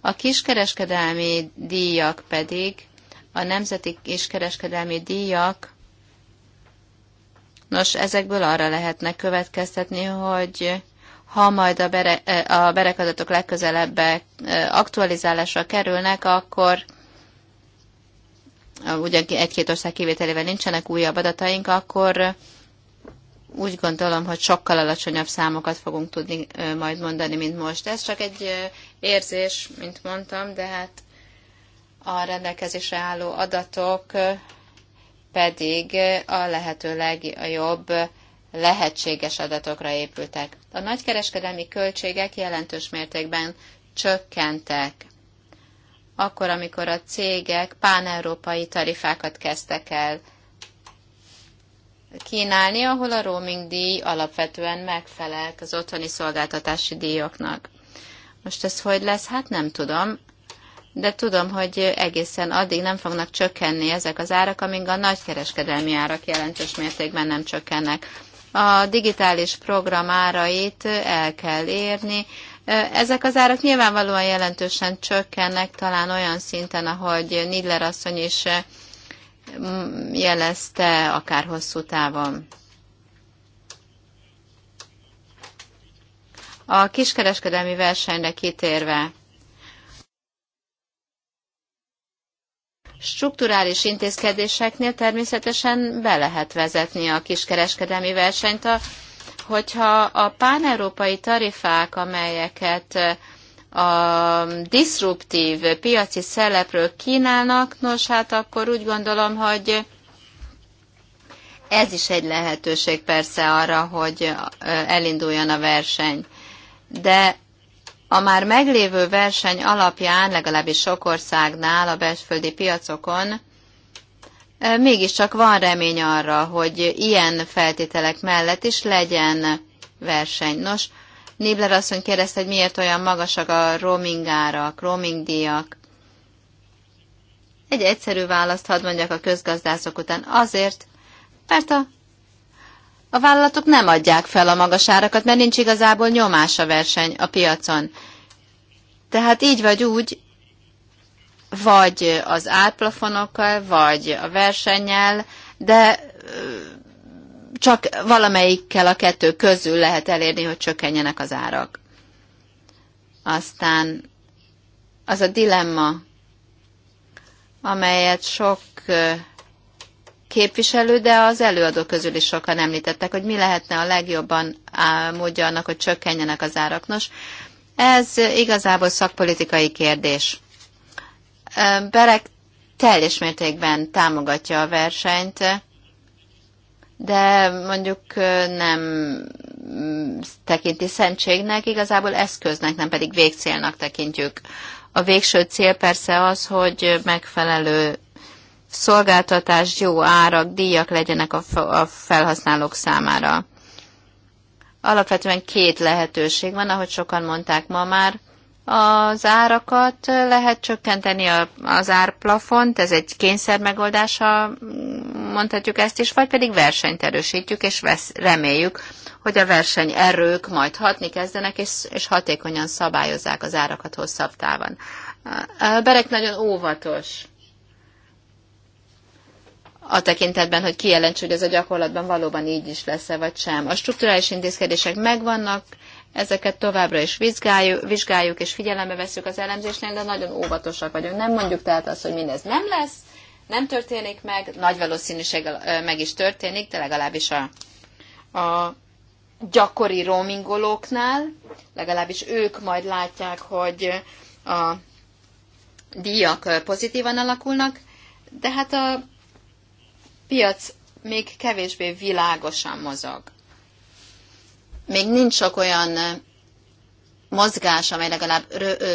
A: A kiskereskedelmi díjak pedig, a nemzeti kiskereskedelmi díjak, nos, ezekből arra lehetne következtetni, hogy ha majd a, bere, eh, a berekadatok legközelebb eh, aktualizálásra kerülnek, akkor eh, ugye egy-két ország kivételével nincsenek újabb adataink, akkor úgy gondolom, hogy sokkal alacsonyabb számokat fogunk tudni majd mondani, mint most. Ez csak egy érzés, mint mondtam, de hát a rendelkezésre álló adatok pedig a lehető legjobb lehetséges adatokra épültek. A nagykereskedelmi költségek jelentős mértékben csökkentek. Akkor, amikor a cégek páneurópai tarifákat kezdtek el kínálni, ahol a roaming díj alapvetően megfelelt az otthoni szolgáltatási díjaknak. Most ez hogy lesz? Hát nem tudom. De tudom, hogy egészen addig nem fognak csökkenni ezek az árak, amíg a nagykereskedelmi árak jelentős mértékben nem csökkennek a digitális program árait el kell érni. Ezek az árak nyilvánvalóan jelentősen csökkennek, talán olyan szinten, ahogy Nidler asszony is jelezte, akár hosszú távon. A kiskereskedelmi versenyre kitérve, strukturális intézkedéseknél természetesen be lehet vezetni a kiskereskedelmi versenyt, hogyha a páneurópai tarifák, amelyeket a diszruptív piaci szerepről kínálnak, nos hát akkor úgy gondolom, hogy ez is egy lehetőség persze arra, hogy elinduljon a verseny. De a már meglévő verseny alapján, legalábbis sok országnál a belföldi piacokon, mégiscsak van remény arra, hogy ilyen feltételek mellett is legyen verseny. Nos, Nibler asszony kérdezte, hogy miért olyan magasak a roaming árak, roaming díjak. Egy egyszerű választ hadd mondjak a közgazdászok után. Azért, mert a a vállalatok nem adják fel a magas árakat, mert nincs igazából nyomás a verseny a piacon. Tehát így vagy úgy, vagy az árplafonokkal, vagy a versennyel, de csak valamelyikkel a kettő közül lehet elérni, hogy csökkenjenek az árak. Aztán az a dilemma, amelyet sok képviselő, de az előadó közül is sokan említettek, hogy mi lehetne a legjobban módja annak, hogy csökkenjenek az árak. Nos, ez igazából szakpolitikai kérdés. Berek teljes mértékben támogatja a versenyt, de mondjuk nem mm, tekinti szentségnek, igazából eszköznek, nem pedig végcélnak tekintjük. A végső cél persze az, hogy megfelelő szolgáltatás, jó árak, díjak legyenek a felhasználók számára. Alapvetően két lehetőség van, ahogy sokan mondták ma már. Az árakat lehet csökkenteni az árplafont, ez egy kényszer megoldása, mondhatjuk ezt is, vagy pedig versenyt erősítjük, és vesz, reméljük, hogy a versenyerők majd hatni kezdenek, és, és hatékonyan szabályozzák az árakat hosszabb távon. Berek nagyon óvatos a tekintetben, hogy kijelents, hogy ez a gyakorlatban valóban így is lesz-e vagy sem. A strukturális intézkedések megvannak, ezeket továbbra is vizsgáljuk, vizsgáljuk és figyelembe veszük az elemzésnél, de nagyon óvatosak vagyunk. Nem mondjuk tehát azt, hogy mindez nem lesz, nem történik meg, nagy valószínűséggel meg is történik, de legalábbis a, a gyakori roamingolóknál, legalábbis ők majd látják, hogy a díjak pozitívan alakulnak, de hát a piac még kevésbé világosan mozog. Még nincs sok olyan mozgás, amely legalább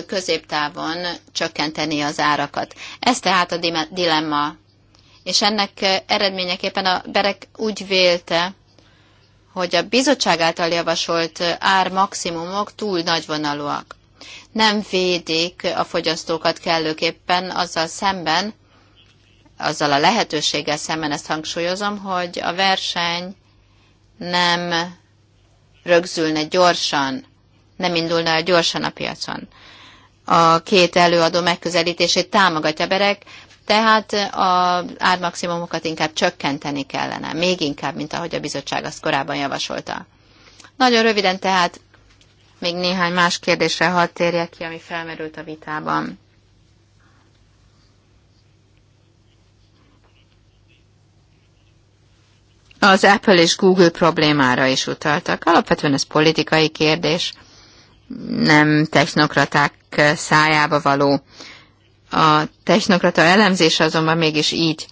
A: középtávon csökkenteni az árakat. Ez tehát a dilemma. És ennek eredményeképpen a Berek úgy vélte, hogy a bizottság által javasolt ár maximumok túl nagyvonalúak. Nem védik a fogyasztókat kellőképpen azzal szemben, azzal a lehetőséggel szemben ezt hangsúlyozom, hogy a verseny nem rögzülne gyorsan, nem indulna el gyorsan a piacon. A két előadó megközelítését támogatja Berek, tehát az ármaximumokat inkább csökkenteni kellene, még inkább, mint ahogy a bizottság azt korábban javasolta. Nagyon röviden tehát még néhány más kérdésre hadd térjek ki, ami felmerült a vitában. Az Apple és Google problémára is utaltak. Alapvetően ez politikai kérdés, nem technokraták szájába való. A technokrata elemzése azonban mégis így,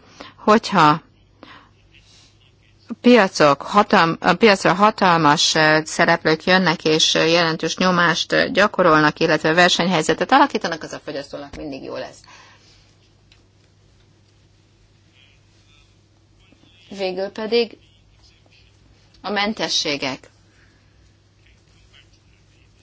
A: hogyha a piacok, hatalm, a piacra hatalmas szereplők jönnek és jelentős nyomást gyakorolnak, illetve versenyhelyzetet alakítanak, az a fogyasztónak mindig jó lesz. Végül pedig a mentességek.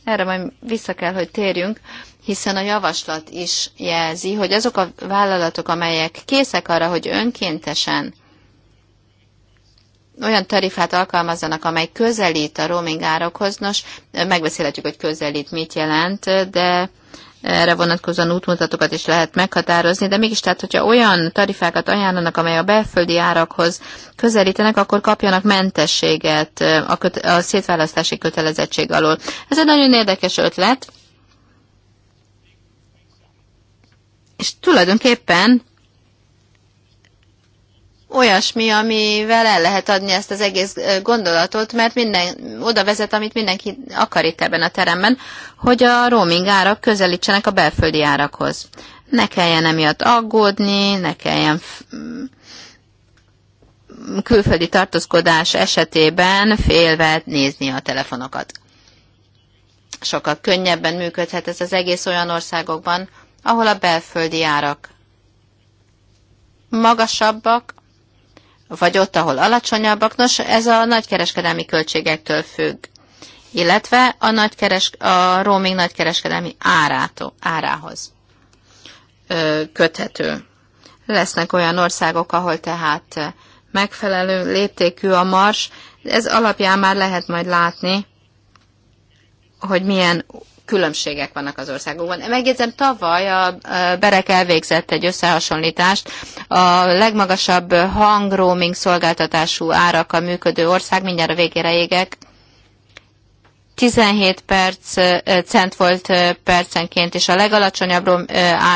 A: Erre majd vissza kell, hogy térjünk, hiszen a javaslat is jelzi, hogy azok a vállalatok, amelyek készek arra, hogy önkéntesen olyan tarifát alkalmazzanak, amely közelít a roaming árakhoz. Nos, megbeszélhetjük, hogy közelít mit jelent, de erre vonatkozóan útmutatókat is lehet meghatározni, de mégis tehát, hogyha olyan tarifákat ajánlanak, amely a belföldi árakhoz közelítenek, akkor kapjanak mentességet a, köt- a szétválasztási kötelezettség alól. Ez egy nagyon érdekes ötlet, és tulajdonképpen olyasmi, amivel el lehet adni ezt az egész gondolatot, mert minden, oda vezet, amit mindenki akar itt ebben a teremben, hogy a roaming árak közelítsenek a belföldi árakhoz. Ne kelljen emiatt aggódni, ne kelljen külföldi tartózkodás esetében félve nézni a telefonokat. Sokkal könnyebben működhet ez az egész olyan országokban, ahol a belföldi árak magasabbak, vagy ott, ahol alacsonyabbak. Nos, ez a nagykereskedelmi költségektől függ, illetve a, nagykeres, a roaming nagykereskedelmi árától, árához ö, köthető. Lesznek olyan országok, ahol tehát megfelelő léptékű a mars, ez alapján már lehet majd látni, hogy milyen különbségek vannak az országokban. Megjegyzem, tavaly a Berek elvégzett egy összehasonlítást a legmagasabb hangroaming szolgáltatású árak a működő ország, mindjárt a végére égek, 17 perc, cent volt percenként, és a legalacsonyabb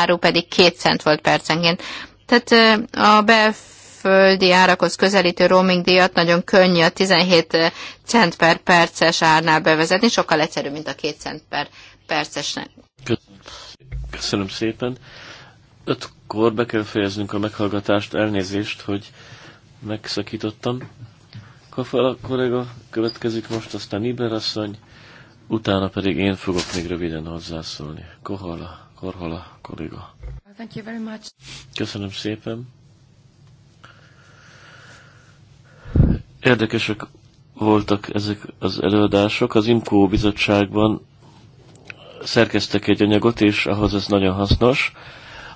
A: áru pedig 2 cent volt percenként. Tehát a bef Földi árakhoz közelítő roaming díjat nagyon könnyű a 17 cent per perces árnál bevezetni, sokkal egyszerűbb, mint a 2 cent per percesnek.
C: Köszönöm, szépen. Ötkor be kell fejeznünk a meghallgatást, elnézést, hogy megszakítottam. a kollega következik most, aztán Iber asszony, utána pedig én fogok még röviden hozzászólni. Kohala, Korhala kolléga. Thank you very much. Köszönöm szépen. Érdekesek voltak ezek az előadások. Az IMCO bizottságban szerkeztek egy anyagot, és ahhoz ez nagyon hasznos.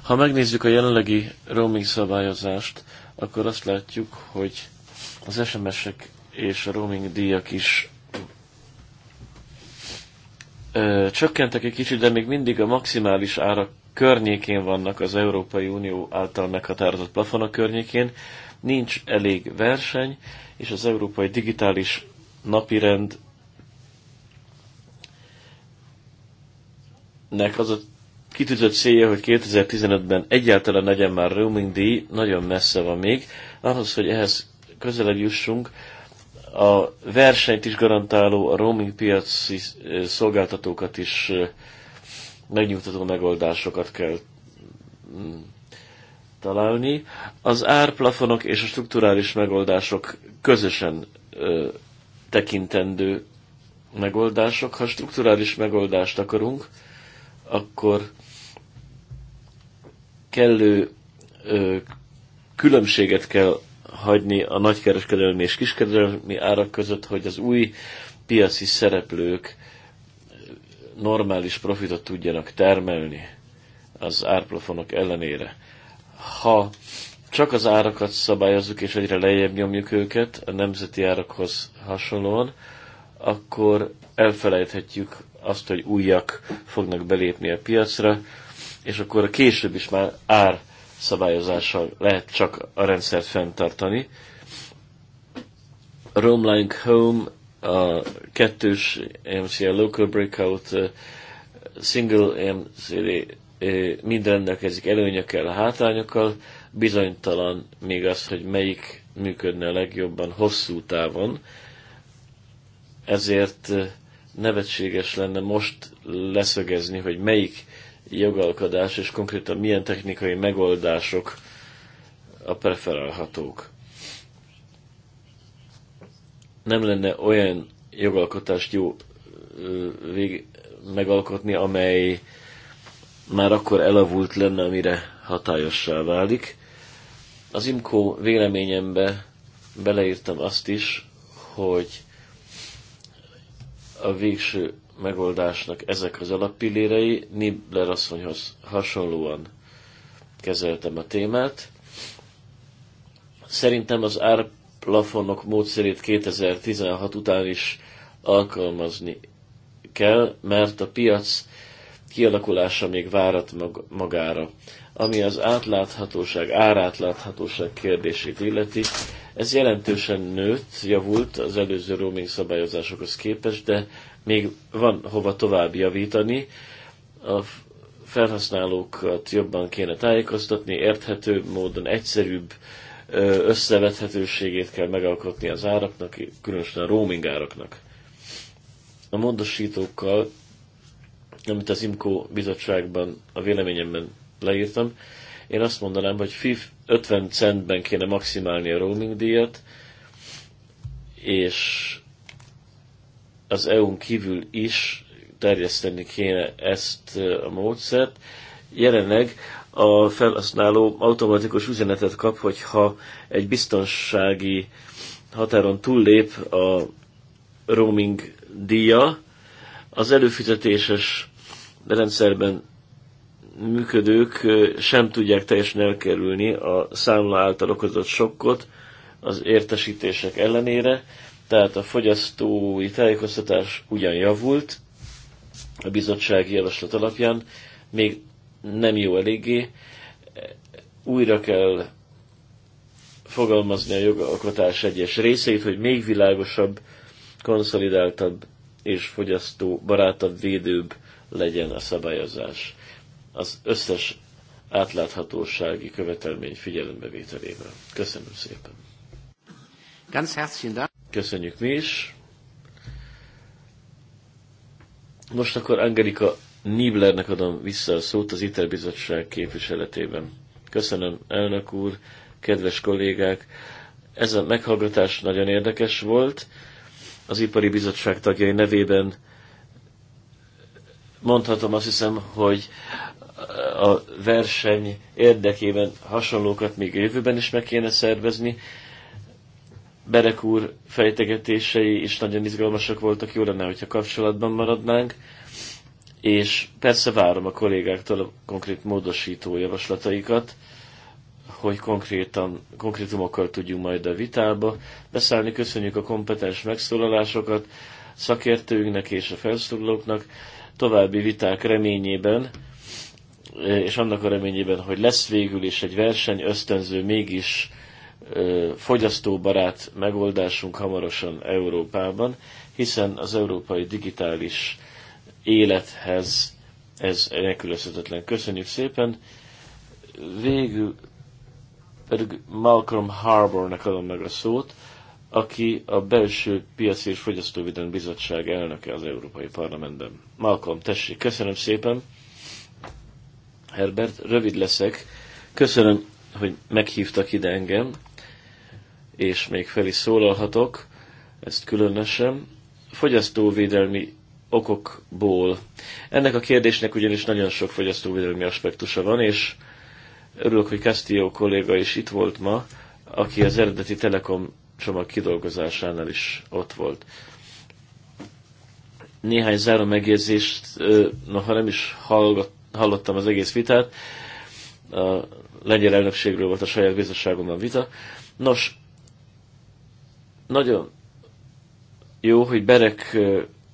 C: Ha megnézzük a jelenlegi roaming szabályozást, akkor azt látjuk, hogy az SMS-ek és a roaming díjak is ö, csökkentek egy kicsit, de még mindig a maximális árak környékén vannak az Európai Unió által meghatározott plafonok környékén nincs elég verseny, és az európai digitális napirend nek az a kitűzött célja, hogy 2015-ben egyáltalán legyen már roaming díj, nagyon messze van még. Ahhoz, hogy ehhez közelebb jussunk, a versenyt is garantáló, a roaming piaci szolgáltatókat is megnyugtató megoldásokat kell mm, találni. Az árplafonok és a strukturális megoldások közösen ö, tekintendő megoldások. Ha strukturális megoldást akarunk, akkor kellő ö, különbséget kell hagyni a nagykereskedelmi és kiskereskedelmi árak között, hogy az új piaci szereplők normális profitot tudjanak termelni az árplafonok ellenére ha csak az árakat szabályozzuk, és egyre lejjebb nyomjuk őket a nemzeti árakhoz hasonlóan, akkor elfelejthetjük azt, hogy újak fognak belépni a piacra, és akkor a később is már ár szabályozással lehet csak a rendszert fenntartani. Rome Line Home, a kettős MCL Local Breakout, Single MCD mind rendelkezik előnyökkel, hátrányokkal, bizonytalan még az, hogy melyik működne a legjobban hosszú távon, ezért nevetséges lenne most leszögezni, hogy melyik jogalkodás és konkrétan milyen technikai megoldások a preferálhatók. Nem lenne olyan jogalkotást jó vég, megalkotni, amely már akkor elavult lenne, amire hatályossá válik. Az imkó véleményembe beleírtam azt is, hogy a végső megoldásnak ezek az alappillérei, Nibler asszonyhoz hasonlóan kezeltem a témát. Szerintem az árplafonok módszerét 2016 után is alkalmazni kell, mert a piac kialakulása még várat magára. Ami az átláthatóság, árátláthatóság kérdését illeti, ez jelentősen nőtt, javult az előző roaming szabályozásokhoz képest, de még van hova tovább javítani. A felhasználókat jobban kéne tájékoztatni, érthető módon egyszerűbb összevethetőségét kell megalkotni az áraknak, különösen a roaming áraknak. A módosítókkal amit az IMCO bizottságban a véleményemben leírtam, én azt mondanám, hogy 50 centben kéne maximálni a roaming díjat, és az EU-n kívül is terjeszteni kéne ezt a módszert. Jelenleg a felhasználó automatikus üzenetet kap, hogyha egy biztonsági határon túllép a roaming díja, az előfizetéses rendszerben működők sem tudják teljesen elkerülni a számla által okozott sokkot az értesítések ellenére, tehát a fogyasztói tájékoztatás ugyan javult a bizottsági javaslat alapján, még nem jó eléggé, újra kell fogalmazni a jogalkotás egyes részeit, hogy még világosabb, konszolidáltabb és fogyasztó barátabb, védőbb legyen a szabályozás az összes átláthatósági követelmény figyelembevételével. Köszönöm szépen. Ganz herzlichen Dank. Köszönjük mi is. Most akkor Angelika Niblernek adom vissza a szót az ITER bizottság képviseletében. Köszönöm, elnök úr, kedves kollégák. Ez a meghallgatás nagyon érdekes volt. Az Ipari Bizottság tagjai nevében mondhatom azt hiszem, hogy a verseny érdekében hasonlókat még jövőben is meg kéne szervezni. Berek úr fejtegetései is nagyon izgalmasak voltak, jó lenne, hogyha kapcsolatban maradnánk, és persze várom a kollégáktól a konkrét módosító javaslataikat, hogy konkrétan, konkrétumokkal tudjunk majd a vitába beszállni. Köszönjük a kompetens megszólalásokat szakértőinknek és a felszólalóknak további viták reményében, és annak a reményében, hogy lesz végül is egy verseny ösztönző, mégis fogyasztóbarát megoldásunk hamarosan Európában, hiszen az európai digitális élethez ez nélkülözhetetlen. Köszönjük szépen. Végül pedig Malcolm Harbournek adom meg a szót, aki a Belső Piaci és Fogyasztóvédelmi Bizottság elnöke az Európai Parlamentben. Malcolm, tessék, köszönöm szépen. Herbert, rövid leszek. Köszönöm, hogy meghívtak ide engem, és még fel is szólalhatok, ezt különösen. Fogyasztóvédelmi okokból. Ennek a kérdésnek ugyanis nagyon sok fogyasztóvédelmi aspektusa van, és örülök, hogy Castillo kolléga is itt volt ma, aki az eredeti Telekom csomag kidolgozásánál is ott volt. Néhány záró megjegyzést, noha nem is hallottam az egész vitát, a lengyel elnökségről volt a saját bizottságomban vita. Nos, nagyon jó, hogy Berek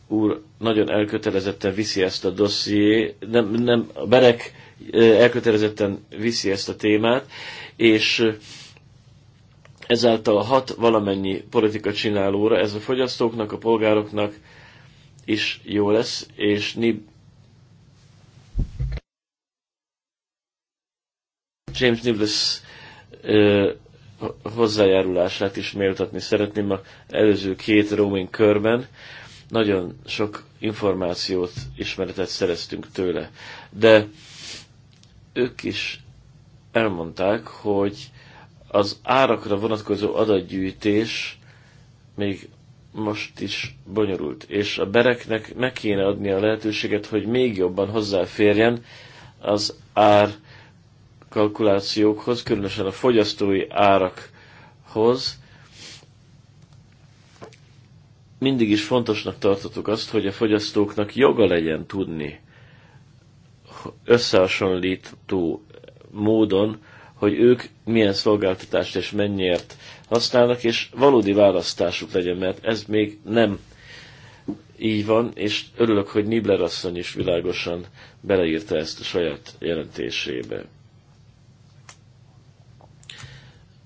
C: úr nagyon elkötelezetten viszi ezt a dosszié, nem, nem, a Berek elkötelezetten viszi ezt a témát, és ezáltal hat valamennyi politika csinálóra, ez a fogyasztóknak, a polgároknak is jó lesz, és ni James Nibbles hozzájárulását is méltatni szeretném a előző két roaming körben. Nagyon sok információt, ismeretet szereztünk tőle. De ők is elmondták, hogy az árakra vonatkozó adatgyűjtés még most is bonyolult, és a bereknek meg kéne adni a lehetőséget, hogy még jobban hozzáférjen az ár kalkulációkhoz, különösen a fogyasztói árakhoz. Mindig is fontosnak tartottuk azt, hogy a fogyasztóknak joga legyen tudni összehasonlító módon hogy ők milyen szolgáltatást és mennyiért használnak, és valódi választásuk legyen, mert ez még nem így van, és örülök, hogy Nibler asszony is világosan beleírta ezt a saját jelentésébe.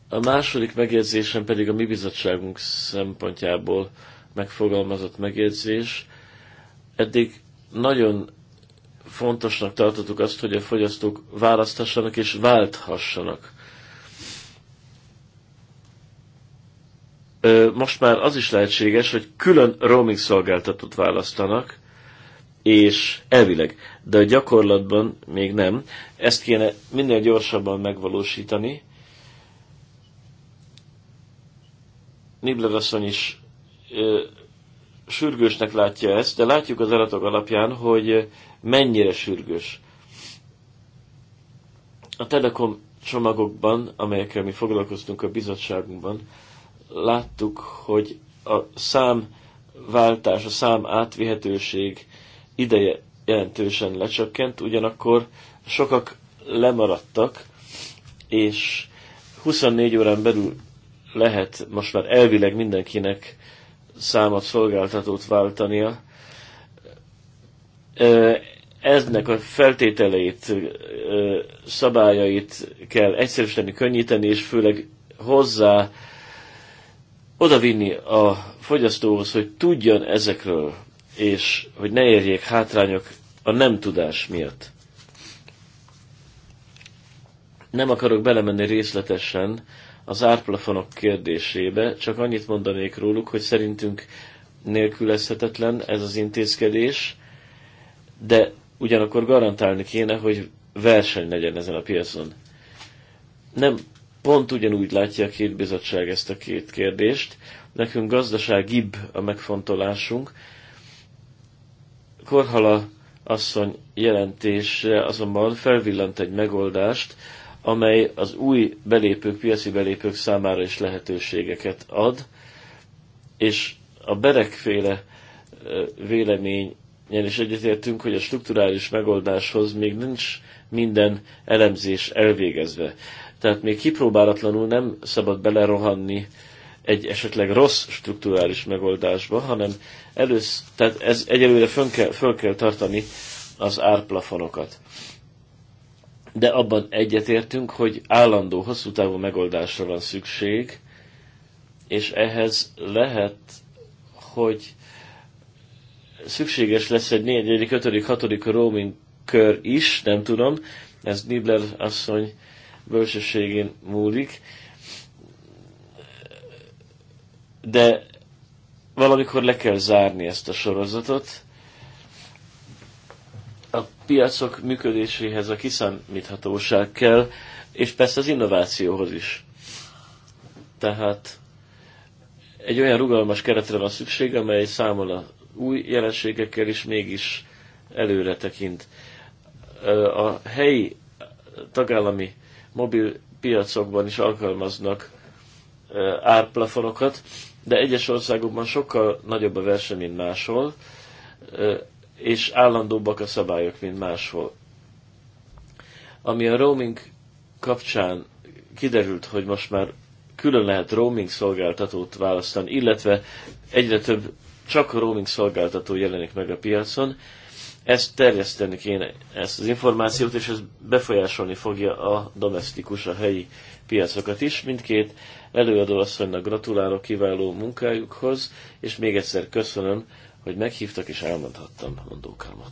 C: A második megjegyzésem pedig a mi bizottságunk szempontjából megfogalmazott megjegyzés. Eddig nagyon fontosnak tartottuk azt, hogy a fogyasztók választhassanak és válthassanak. Most már az is lehetséges, hogy külön roaming szolgáltatót választanak, és elvileg, de a gyakorlatban még nem. Ezt kéne minél gyorsabban megvalósítani. Nibler asszony is ö, sürgősnek látja ezt, de látjuk az adatok alapján, hogy mennyire sürgős. A Telekom csomagokban, amelyekkel mi foglalkoztunk a bizottságunkban, láttuk, hogy a szám a szám átvihetőség ideje jelentősen lecsökkent, ugyanakkor sokak lemaradtak, és 24 órán belül lehet most már elvileg mindenkinek számot szolgáltatót váltania eznek a feltételeit, szabályait kell egyszerűsíteni, könnyíteni, és főleg hozzá odavinni a fogyasztóhoz, hogy tudjon ezekről, és hogy ne érjék hátrányok a nem tudás miatt. Nem akarok belemenni részletesen az árplafonok kérdésébe, csak annyit mondanék róluk, hogy szerintünk nélkülözhetetlen ez az intézkedés, de ugyanakkor garantálni kéne, hogy verseny legyen ezen a piacon. Nem pont ugyanúgy látja a két bizottság ezt a két kérdést. Nekünk gazdaságibb a megfontolásunk. Korhala asszony jelentése azonban felvillant egy megoldást, amely az új belépők, piaci belépők számára is lehetőségeket ad, és a berekféle vélemény én is egyetértünk, hogy a strukturális megoldáshoz még nincs minden elemzés elvégezve. Tehát még kipróbálatlanul nem szabad belerohanni egy esetleg rossz strukturális megoldásba, hanem elősz, tehát ez egyelőre föl kell, föl kell tartani az árplafonokat. De abban egyetértünk, hogy állandó, hosszú távú megoldásra van szükség, és ehhez lehet, hogy szükséges lesz egy 4., 5., 6. roaming kör is, nem tudom, ez Nibler asszony bölcsességén múlik, de valamikor le kell zárni ezt a sorozatot. A piacok működéséhez a kiszámíthatóság kell, és persze az innovációhoz is. Tehát egy olyan rugalmas keretre van szükség, amely számol a új jelenségekkel is mégis előre tekint. A helyi tagállami mobil piacokban is alkalmaznak árplafonokat, de egyes országokban sokkal nagyobb a verseny, mint máshol, és állandóbbak a szabályok, mint máshol. Ami a roaming kapcsán kiderült, hogy most már külön lehet roaming szolgáltatót választani, illetve egyre több csak a roaming szolgáltató jelenik meg a piacon. Ezt terjeszteni kéne, ezt az információt, és ez befolyásolni fogja a domestikus, a helyi piacokat is. Mindkét előadó asszonynak gratulálok kiváló munkájukhoz, és még egyszer köszönöm, hogy meghívtak és elmondhattam mondókámat.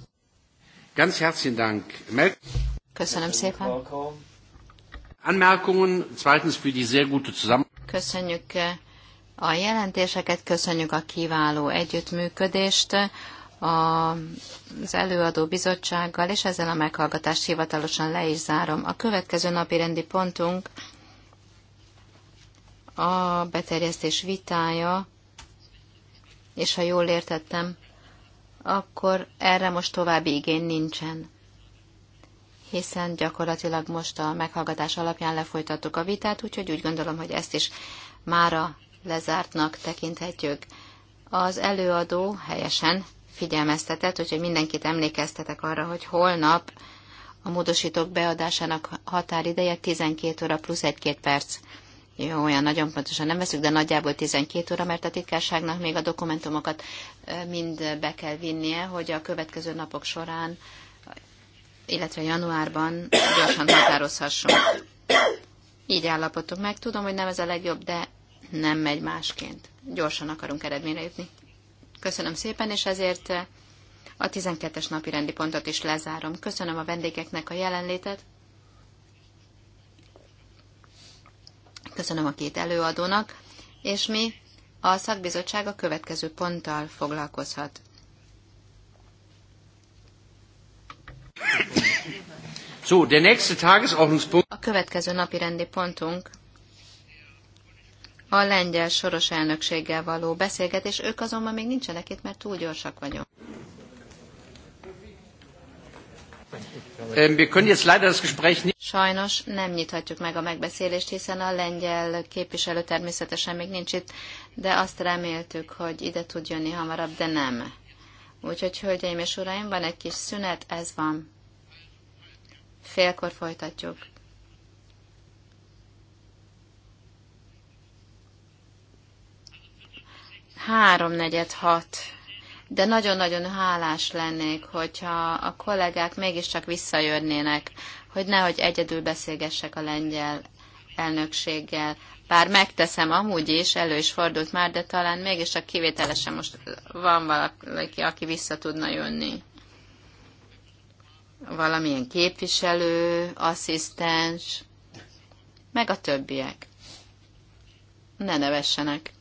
C: Ganz herzlichen Dank. Köszönöm,
A: Köszönöm szépen.
B: Anmerkungen, zweitens für die sehr gute Zusammenarbeit.
A: Köszönjük eh, a jelentéseket, köszönjük a kiváló együttműködést az előadó bizottsággal, és ezzel a meghallgatást hivatalosan le is zárom. A következő napi rendi pontunk a beterjesztés vitája, és ha jól értettem, akkor erre most további igény nincsen hiszen gyakorlatilag most a meghallgatás alapján lefolytattuk a vitát, úgyhogy úgy gondolom, hogy ezt is mára lezártnak tekinthetjük. Az előadó helyesen figyelmeztetett, úgyhogy mindenkit emlékeztetek arra, hogy holnap a módosítók beadásának határideje 12 óra plusz 1-2 perc. Jó, olyan nagyon pontosan nem veszük, de nagyjából 12 óra, mert a titkárságnak még a dokumentumokat mind be kell vinnie, hogy a következő napok során, illetve januárban gyorsan határozhasson. Így állapodtunk meg. Tudom, hogy nem ez a legjobb, de nem megy másként. Gyorsan akarunk eredményre jutni. Köszönöm szépen, és ezért a 12-es napi rendi pontot is lezárom. Köszönöm a vendégeknek a jelenlétet. Köszönöm a két előadónak, és mi a szakbizottság a következő ponttal foglalkozhat.
B: So, the next
A: A következő napi rendi pontunk a lengyel soros elnökséggel való beszélgetés. Ők azonban még nincsenek itt, mert túl gyorsak vagyunk. Ähm, Sajnos nem nyithatjuk meg a megbeszélést, hiszen a lengyel képviselő természetesen még nincs itt, de azt reméltük, hogy ide tud jönni hamarabb, de nem. Úgyhogy, hölgyeim és uraim, van egy kis szünet, ez van. Félkor folytatjuk. háromnegyed hat. De nagyon-nagyon hálás lennék, hogyha a kollégák mégiscsak visszajönnének, hogy nehogy egyedül beszélgessek a lengyel elnökséggel. Bár megteszem amúgy is, elő is fordult már, de talán mégiscsak kivételesen most van valaki, aki vissza tudna jönni. Valamilyen képviselő, asszisztens, meg a többiek. Ne nevessenek.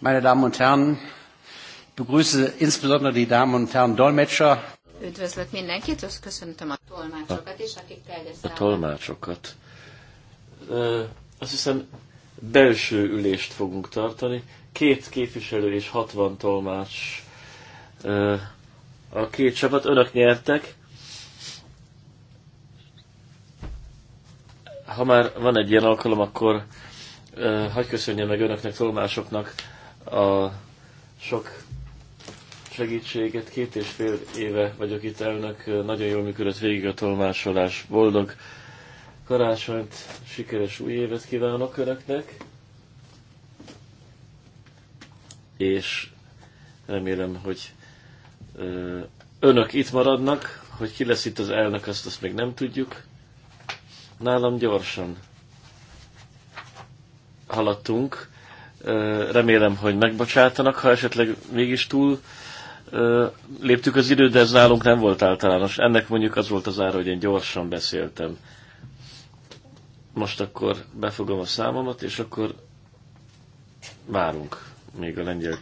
B: meine Damen und Herren. Ich begrüße insbesondere die Damen und Herren Dolmetscher.
A: Üdvözlök mindenkit, és köszöntöm a tolmácsokat is, akik eljöttek. A
C: tolmácsokat. azt hiszem, belső ülést fogunk tartani. Két képviselő és 60 tolmács a két csapat. Önök nyertek. Ha már van egy ilyen alkalom, akkor hagyj köszönjem meg önöknek, tolmásoknak, a sok segítséget. Két és fél éve vagyok itt elnök, nagyon jól működött végig a tolmásolás. Boldog karácsonyt, sikeres új évet kívánok Önöknek, és remélem, hogy Önök itt maradnak, hogy ki lesz itt az elnök, azt, azt még nem tudjuk. Nálam gyorsan haladtunk remélem, hogy megbocsátanak, ha esetleg mégis túl léptük az időt, de ez nálunk nem volt általános. Ennek mondjuk az volt az ára, hogy én gyorsan beszéltem. Most akkor befogom a számomat, és akkor várunk, még a lengyel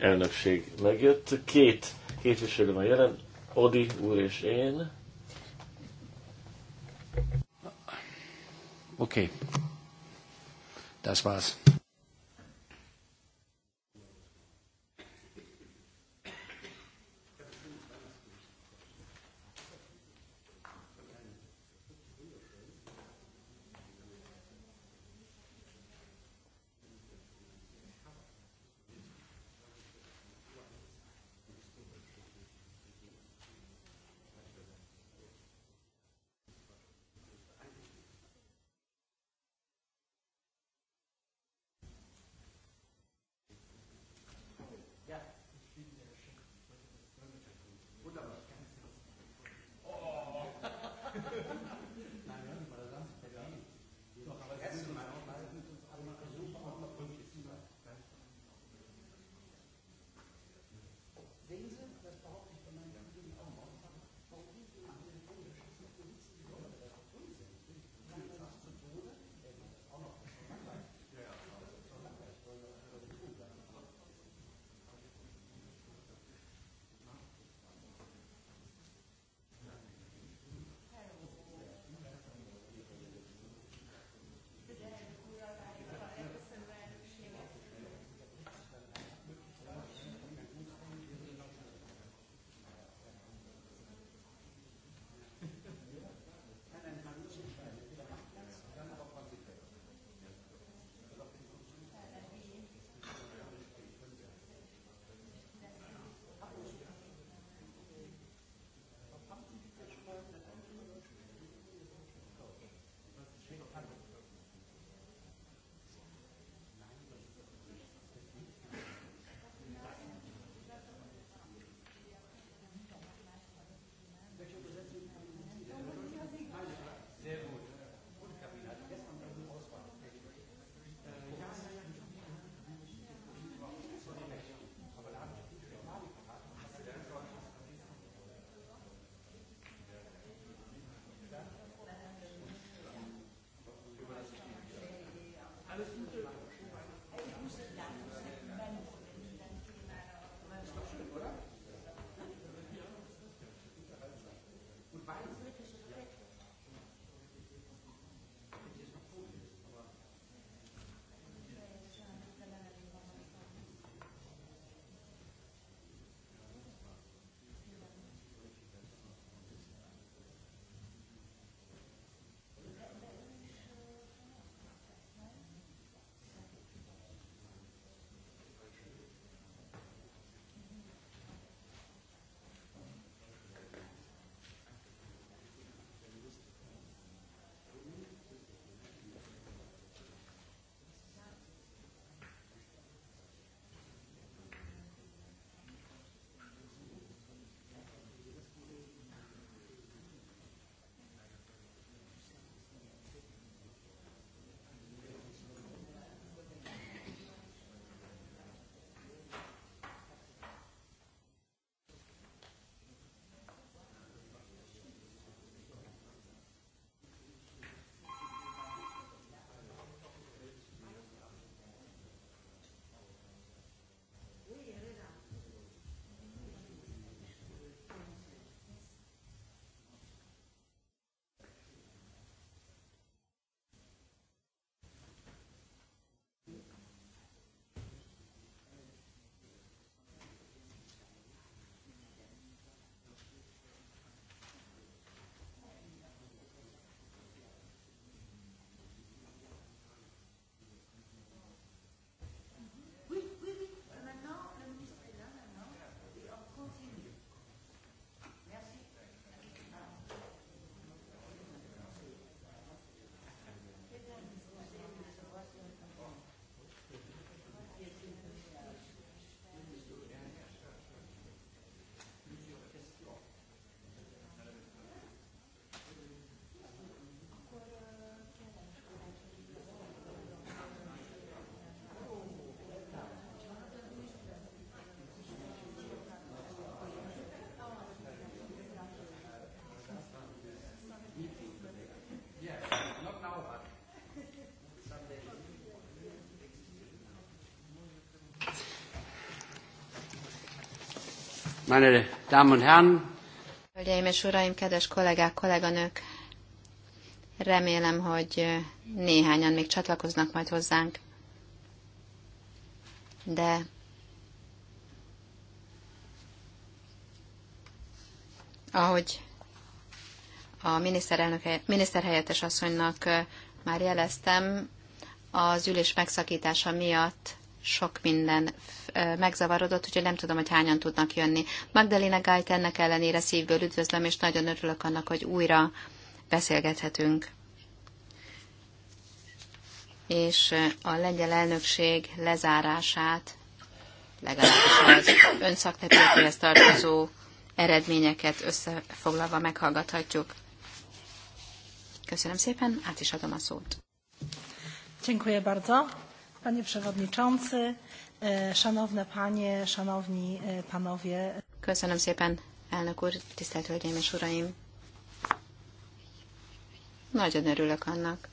C: elnökség megjött. Két képviselő van jelen, Odi úr és én.
B: Oké. Okay. Das war's. meine Damen und Herren!
A: Hölgyeim és uraim, kedves kollégák, kolléganők! Remélem, hogy néhányan még csatlakoznak majd hozzánk. De ahogy a miniszterhelyettes asszonynak már jeleztem, az ülés megszakítása miatt sok minden megzavarodott, úgyhogy nem tudom, hogy hányan tudnak jönni. Magdalena Gájt ennek ellenére szívből üdvözlöm, és nagyon örülök annak, hogy újra beszélgethetünk. És a lengyel elnökség lezárását, legalábbis az önszakterületéhez tartozó eredményeket összefoglalva meghallgathatjuk. Köszönöm szépen, át is adom a szót. Dziękuję bardzo panie przewodniczący, e,
B: szanowne panie, szanowni e, panowie.
A: Köszönöm szépen, elnök úr, tisztelt hölgyeim és uraim. Nagyon örülök annak,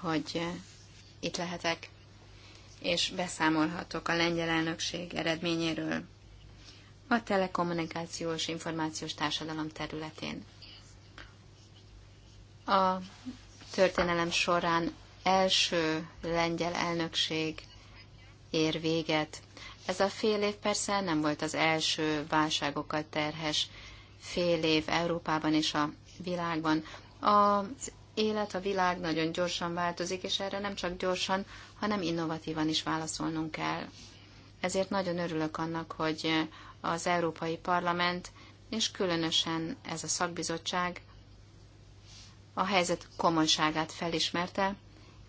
A: hogy e, itt lehetek, és beszámolhatok a lengyel elnökség eredményéről a telekommunikációs információs társadalom területén. A történelem során első lengyel elnökség ér véget. Ez a fél év persze nem volt az első válságokat terhes fél év Európában és a világban. Az élet, a világ nagyon gyorsan változik, és erre nem csak gyorsan, hanem innovatívan is válaszolnunk kell. Ezért nagyon örülök annak, hogy az Európai Parlament, és különösen ez a szakbizottság a helyzet komolyságát felismerte,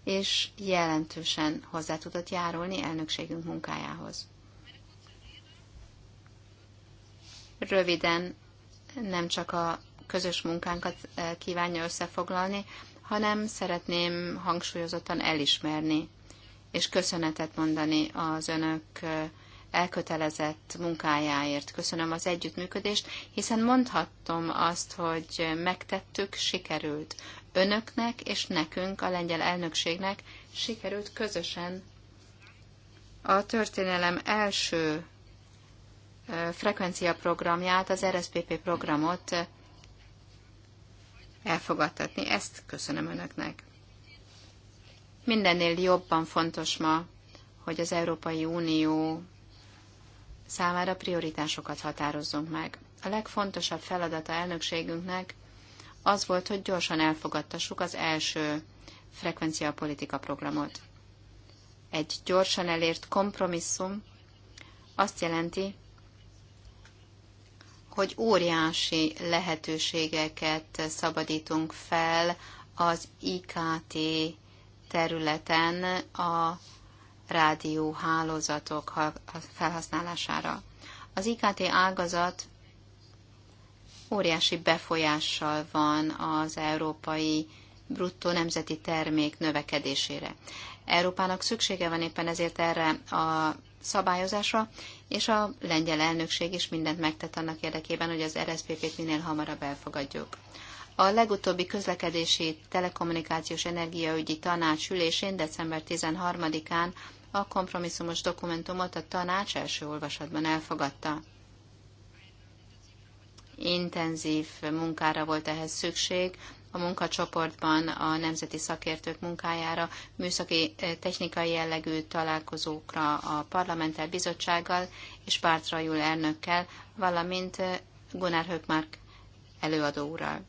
A: és jelentősen hozzá tudott járulni elnökségünk munkájához. Röviden nem csak a közös munkánkat eh, kívánja összefoglalni, hanem szeretném hangsúlyozottan elismerni és köszönetet mondani az önök eh, elkötelezett munkájáért. Köszönöm az együttműködést, hiszen mondhattom azt, hogy megtettük, sikerült önöknek és nekünk, a lengyel elnökségnek sikerült közösen a történelem első frekvencia programját, az RSPP programot elfogadtatni. Ezt köszönöm önöknek. Mindennél jobban fontos ma, hogy az Európai Unió számára prioritásokat határozzunk meg. A legfontosabb feladata elnökségünknek az volt, hogy gyorsan elfogadtassuk az első frekvenciapolitika programot. Egy gyorsan elért kompromisszum azt jelenti, hogy óriási lehetőségeket szabadítunk fel az IKT területen a rádióhálózatok felhasználására. Az IKT ágazat óriási befolyással van az európai bruttó nemzeti termék növekedésére. Európának szüksége van éppen ezért erre a szabályozásra, és a lengyel elnökség is mindent megtett annak érdekében, hogy az RSPP-t minél hamarabb elfogadjuk. A legutóbbi közlekedési telekommunikációs energiaügyi tanács ülésén december 13-án a kompromisszumos dokumentumot a tanács első olvasatban elfogadta intenzív munkára volt ehhez szükség, a munkacsoportban a nemzeti szakértők munkájára, műszaki eh, technikai jellegű találkozókra a parlamenttel, bizottsággal és Bártra Jul elnökkel, valamint eh, Gunnar Hökmark előadó úrral.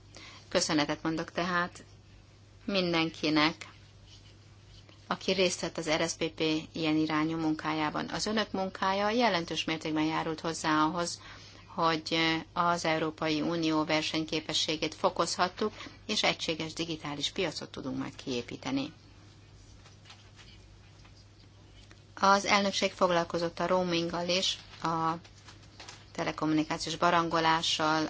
A: Köszönetet mondok tehát mindenkinek, aki részt vett az RSPP ilyen irányú munkájában. Az önök munkája jelentős mértékben járult hozzá ahhoz, hogy az Európai Unió versenyképességét fokozhattuk, és egységes digitális piacot tudunk majd kiépíteni. Az elnökség foglalkozott a roaminggal is, a telekommunikációs barangolással,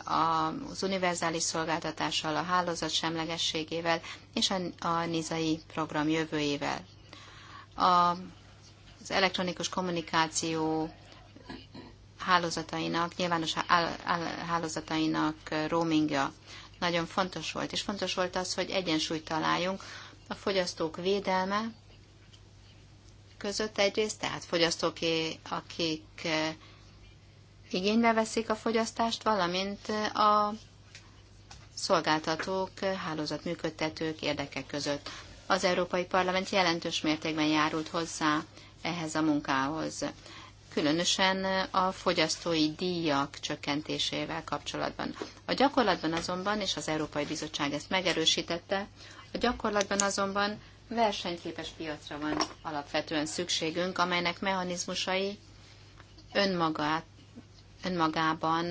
A: az univerzális szolgáltatással, a hálózat semlegességével és a, nizai program jövőjével. az elektronikus kommunikáció hálózatainak, nyilvános hálózatainak roamingja nagyon fontos volt, és fontos volt az, hogy egyensúlyt találjunk a fogyasztók védelme között egyrészt, tehát fogyasztóké, akik eh, igénybe veszik a fogyasztást, valamint eh, a szolgáltatók, eh, hálózat működtetők érdeke között. Az Európai Parlament jelentős mértékben járult hozzá ehhez a munkához különösen a fogyasztói díjak csökkentésével kapcsolatban. A gyakorlatban azonban, és az Európai Bizottság ezt megerősítette, a gyakorlatban azonban versenyképes piacra van alapvetően szükségünk, amelynek mechanizmusai önmagát, önmagában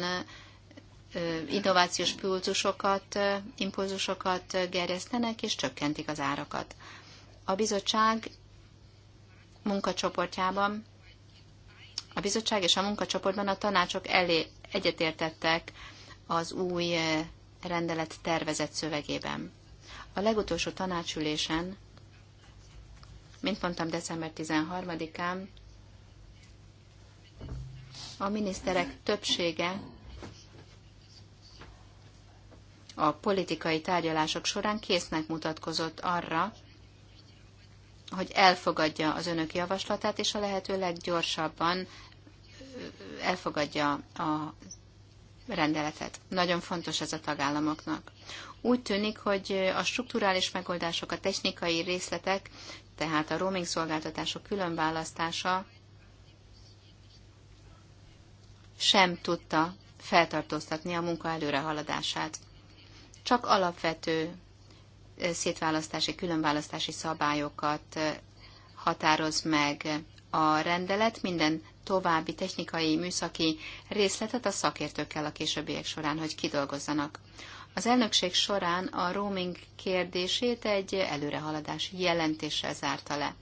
A: innovációs pulzusokat, impulzusokat gerjesztenek és csökkentik az árakat. A bizottság munkacsoportjában a bizottság és a munkacsoportban a tanácsok elé egyetértettek az új eh, rendelet tervezett szövegében. A legutolsó tanácsülésen, mint mondtam, december 13-án, a miniszterek többsége a politikai tárgyalások során késznek mutatkozott arra, hogy elfogadja az önök javaslatát, és a lehető leggyorsabban elfogadja a rendeletet. Nagyon fontos ez a tagállamoknak. Úgy tűnik, hogy a strukturális megoldások, a technikai részletek, tehát a roaming szolgáltatások különválasztása sem tudta feltartóztatni a munka előrehaladását. Csak alapvető szétválasztási, különválasztási szabályokat határoz meg a rendelet, minden további technikai, műszaki részletet a szakértőkkel a későbbiek során, hogy kidolgozzanak. Az elnökség során a roaming kérdését egy előrehaladás jelentéssel zárta le.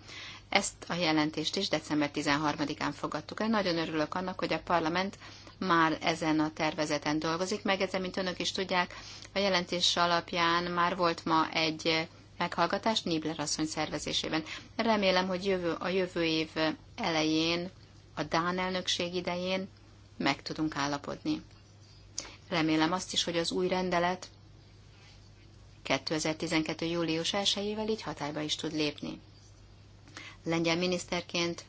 A: Ezt a jelentést is december 13-án fogadtuk el. Nagyon örülök annak, hogy a parlament már ezen a tervezeten dolgozik. Meg ezen, mint önök is tudják, a jelentés alapján már volt ma egy meghallgatás Nibler asszony szervezésében. Remélem, hogy jövő, a jövő év elején, a Dán elnökség idején meg tudunk állapodni. Remélem azt is, hogy az új rendelet 2012. július 1-ével így hatályba is tud lépni. Lengyel miniszterként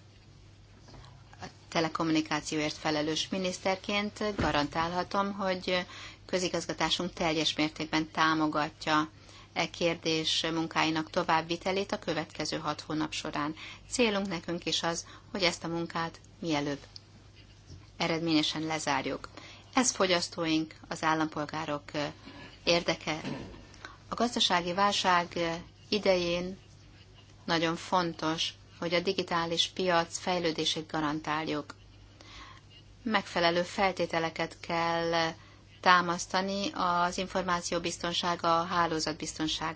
A: telekommunikációért felelős miniszterként garantálhatom, hogy közigazgatásunk teljes mértékben támogatja e kérdés munkáinak továbbvitelét a következő hat hónap során. Célunk nekünk is az, hogy ezt a munkát mielőbb eredményesen lezárjuk. Ez fogyasztóink, az állampolgárok érdeke. A gazdasági válság idején nagyon fontos, hogy a digitális piac fejlődését garantáljuk. Megfelelő feltételeket kell támasztani az információ a hálózat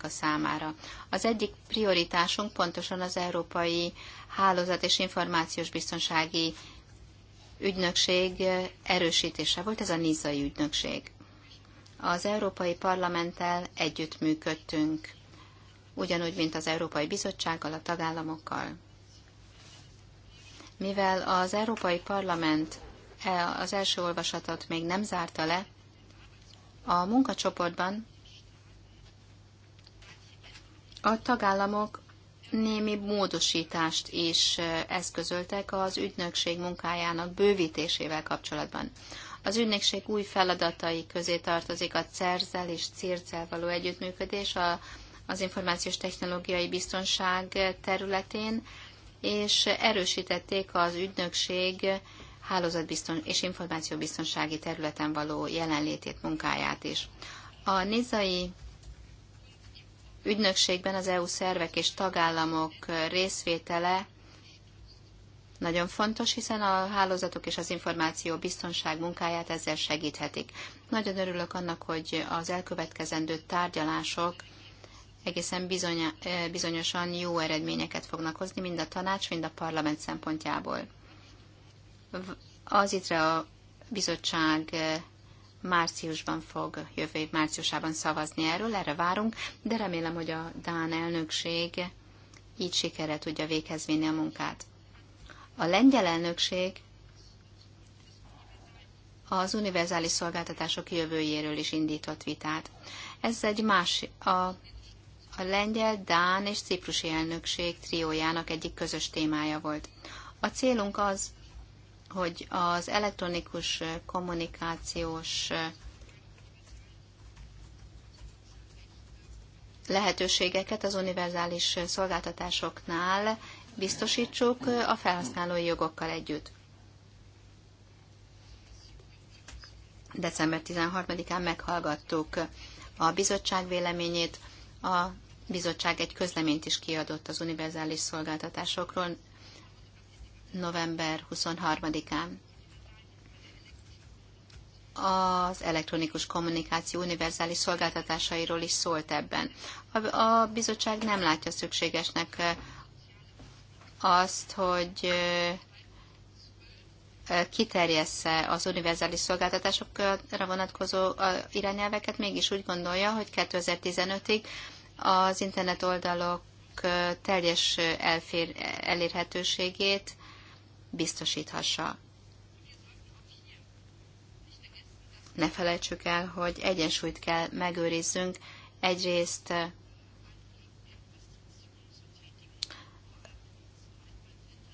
A: számára. Az egyik prioritásunk pontosan az Európai Hálózat és Információs Biztonsági Ügynökség erősítése volt, ez a Nizai ügynökség. Az Európai Parlamenttel együttműködtünk, ugyanúgy, mint az Európai Bizottsággal, a tagállamokkal. Mivel az Európai Parlament e az első olvasatot még nem zárta le, a munkacsoportban a tagállamok némi módosítást is e, eszközöltek az ügynökség munkájának bővítésével kapcsolatban. Az ügynökség új feladatai közé tartozik a CERZEL és CIRCEL való együttműködés a, az információs technológiai biztonság területén, és erősítették az ügynökség hálózatbiztons- és információbiztonsági területen való jelenlétét, munkáját is. A nizai ügynökségben az EU szervek és tagállamok részvétele nagyon fontos, hiszen a hálózatok és az információ biztonság munkáját ezzel segíthetik. Nagyon örülök annak, hogy az elkövetkezendő tárgyalások egészen bizony, bizonyosan jó eredményeket fognak hozni, mind a tanács, mind a parlament szempontjából. Az itt a bizottság márciusban fog, jövő év márciusában szavazni erről, erre várunk, de remélem, hogy a Dán elnökség így sikerre tudja véghez vinni a munkát. A lengyel elnökség az univerzális szolgáltatások jövőjéről is indított vitát. Ez egy más, a a lengyel, dán és ciprusi elnökség triójának egyik közös témája volt. A célunk az, hogy az elektronikus kommunikációs lehetőségeket az univerzális szolgáltatásoknál biztosítsuk a felhasználói jogokkal együtt. December 13-án meghallgattuk a bizottság véleményét, a bizottság egy közleményt is kiadott az univerzális szolgáltatásokról november 23-án. Az elektronikus kommunikáció univerzális szolgáltatásairól is szólt ebben. A, bizottság nem látja szükségesnek azt, hogy kiterjessze az univerzális szolgáltatásokra vonatkozó irányelveket, mégis úgy gondolja, hogy 2015-ig az internet oldalok teljes elfér, elérhetőségét biztosíthassa. Ne felejtsük el, hogy egyensúlyt kell megőrizzünk. Egyrészt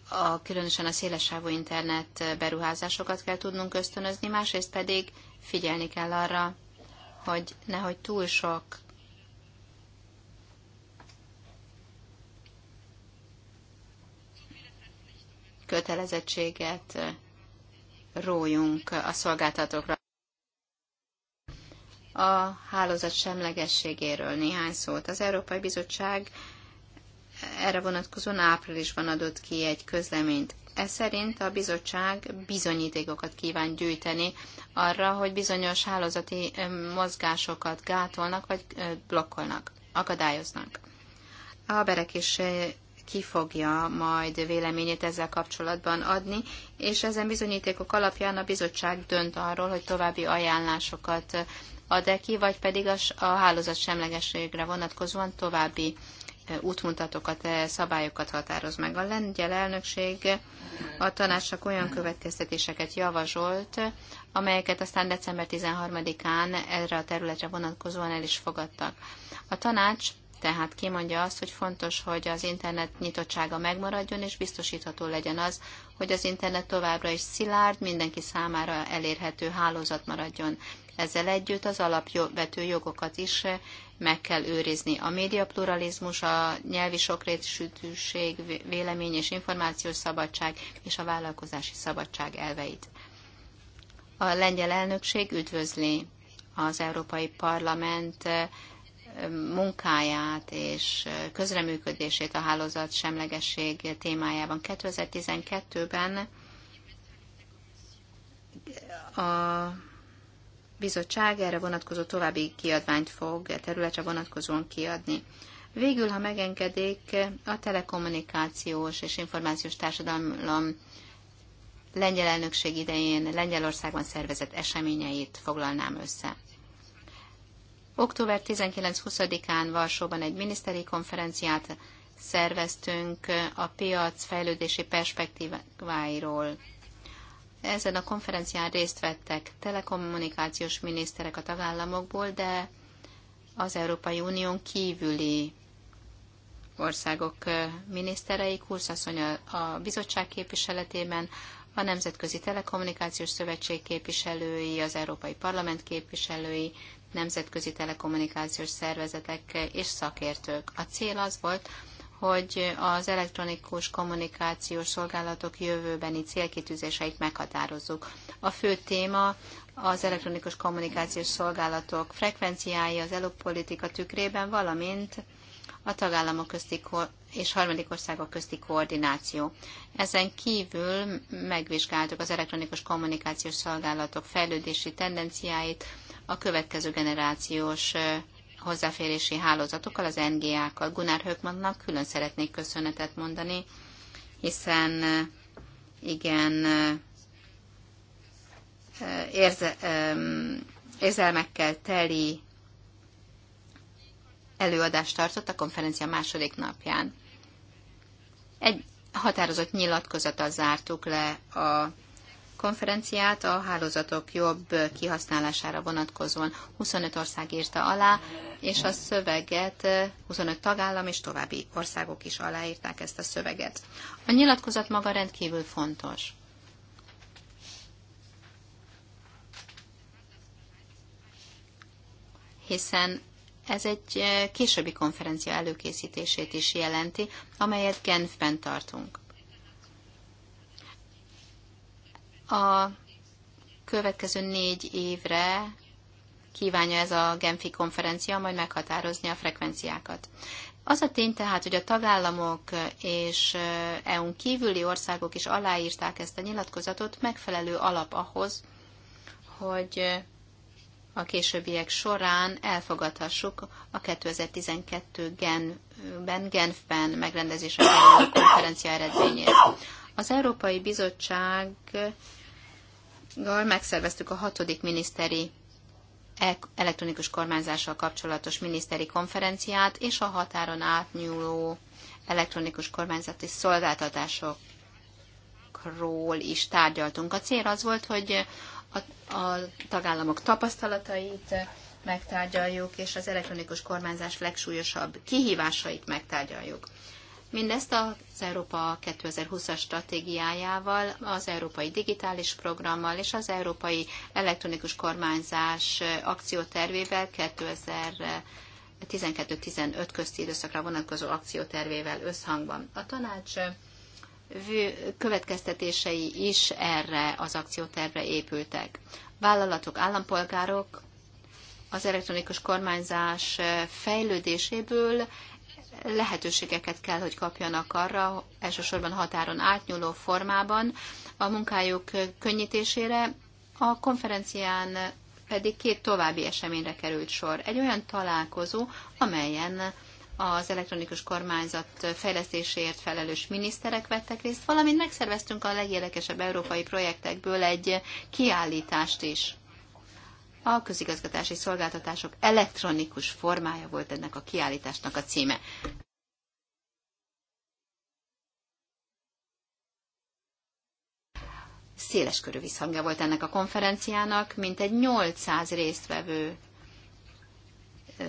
A: a, különösen a szélesávú internet beruházásokat kell tudnunk ösztönözni, másrészt pedig figyelni kell arra, hogy nehogy túl sok kötelezettséget rójunk a szolgáltatókra. A hálózat semlegességéről néhány szót. Az Európai Bizottság erre vonatkozóan áprilisban adott ki egy közleményt. Ez szerint a bizottság bizonyítékokat kíván gyűjteni arra, hogy bizonyos hálózati mozgásokat gátolnak vagy blokkolnak, akadályoznak. A berek is ki fogja majd véleményét ezzel kapcsolatban adni, és ezen bizonyítékok alapján a bizottság dönt arról, hogy további ajánlásokat ad-e ki, vagy pedig a, a hálózat semlegességre vonatkozóan további útmutatókat, szabályokat határoz meg. A lengyel elnökség a tanácsnak olyan következtetéseket javasolt, amelyeket aztán december 13-án erre a területre vonatkozóan el is fogadtak. A tanács tehát kimondja azt, hogy fontos, hogy az internet nyitottsága megmaradjon, és biztosítható legyen az, hogy az internet továbbra is szilárd, mindenki számára elérhető hálózat maradjon. Ezzel együtt az alapvető jogokat is meg kell őrizni. A médiapluralizmus, a nyelvi sokrétűség, vélemény és információs szabadság és a vállalkozási szabadság elveit. A lengyel elnökség üdvözli az Európai Parlament munkáját és közreműködését a hálózat semlegesség témájában. 2012-ben a bizottság erre vonatkozó további kiadványt fog e területre vonatkozóan kiadni. Végül, ha megengedik, a telekommunikációs és információs társadalom lengyel elnökség idején Lengyelországban szervezett eseményeit foglalnám össze. Október 19-20-án Varsóban egy miniszteri konferenciát szerveztünk a piac fejlődési perspektíváiról. Ezen a konferencián részt vettek telekommunikációs miniszterek a tagállamokból, de az Európai Unión kívüli országok miniszterei, kurszasszony a bizottság képviseletében, a Nemzetközi Telekommunikációs Szövetség képviselői, az Európai Parlament képviselői, nemzetközi telekommunikációs szervezetek és szakértők. A cél az volt, hogy az elektronikus kommunikációs szolgálatok jövőbeni célkitűzéseit meghatározzuk. A fő téma az elektronikus kommunikációs szolgálatok frekvenciái az elokpolitika tükrében, valamint a tagállamok közti és harmadik országok közti koordináció. Ezen kívül megvizsgáltuk az elektronikus kommunikációs szolgálatok fejlődési tendenciáit, a következő generációs hozzáférési hálózatokkal, az NGA-kkal. Gunnar Höckmannnak külön szeretnék köszönetet mondani, hiszen igen, érze, érzelmekkel teli előadást tartott a konferencia második napján. Egy határozott nyilatkozata zártuk le a konferenciát a hálózatok jobb kihasználására vonatkozóan 25 ország írta alá, és a szöveget 25 tagállam és további országok is aláírták ezt a szöveget. A nyilatkozat maga rendkívül fontos. hiszen ez egy eh, későbbi konferencia előkészítését is jelenti, amelyet Genfben tartunk. a következő négy évre kívánja ez a Genfi konferencia majd meghatározni a frekvenciákat. Az a tény tehát, hogy a tagállamok és EU-n kívüli országok is aláírták ezt a nyilatkozatot, megfelelő alap ahhoz, hogy a későbbiek során elfogadhassuk a 2012 Genben, Genfben megrendezésre a konferencia eredményét. Az Európai Bizottság gal megszerveztük a hatodik miniszteri elektronikus kormányzással kapcsolatos miniszteri konferenciát és a határon átnyúló elektronikus kormányzati szolgáltatásokról is tárgyaltunk. A cél az volt, hogy a, a tagállamok tapasztalatait megtárgyaljuk, és az elektronikus kormányzás legsúlyosabb kihívásait megtárgyaljuk. Mindezt az Európa 2020-as stratégiájával, az Európai Digitális Programmal és az Európai Elektronikus Kormányzás akciótervével 2012-15 közti időszakra vonatkozó akciótervével összhangban. A tanács következtetései is erre az akciótervre épültek. Vállalatok, állampolgárok az elektronikus kormányzás fejlődéséből lehetőségeket kell, hogy kapjanak arra, elsősorban határon átnyúló formában a munkájuk könnyítésére. A konferencián pedig két további eseményre került sor. Egy olyan találkozó, amelyen az elektronikus kormányzat fejlesztéséért felelős miniszterek vettek részt, valamint megszerveztünk a legérdekesebb európai projektekből egy kiállítást is. A közigazgatási szolgáltatások elektronikus formája volt ennek a kiállításnak a címe. Széles körű visszhangja volt ennek a konferenciának, mint egy 800 résztvevő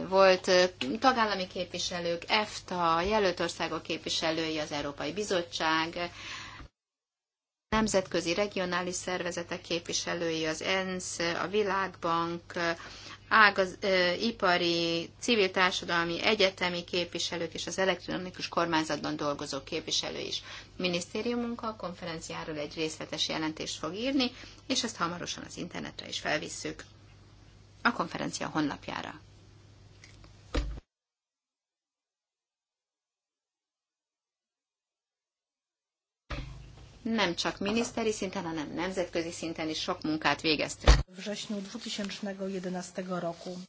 A: volt tagállami képviselők, EFTA, jelölt országok képviselői, az Európai Bizottság, nemzetközi regionális szervezetek képviselői, az ENSZ, a Világbank, ágaz, ipari, civil társadalmi, egyetemi képviselők és az elektronikus kormányzatban dolgozó képviselő is. Minisztériumunk a konferenciáról egy részletes jelentést fog írni, és ezt hamarosan az internetre is felvisszük a konferencia honlapjára. nem csak miniszteri szinten, hanem nemzetközi szinten is sok munkát végeztünk.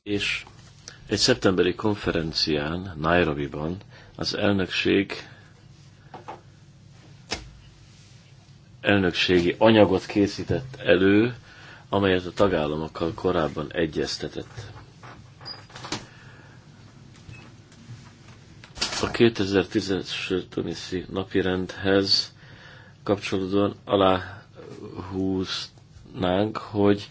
C: És egy szeptemberi konferencián Nairobi-ban az elnökség elnökségi anyagot készített elő, amelyet a tagállamokkal korábban egyeztetett. A 2010-es tuniszi napirendhez kapcsolódóan aláhúznánk, hogy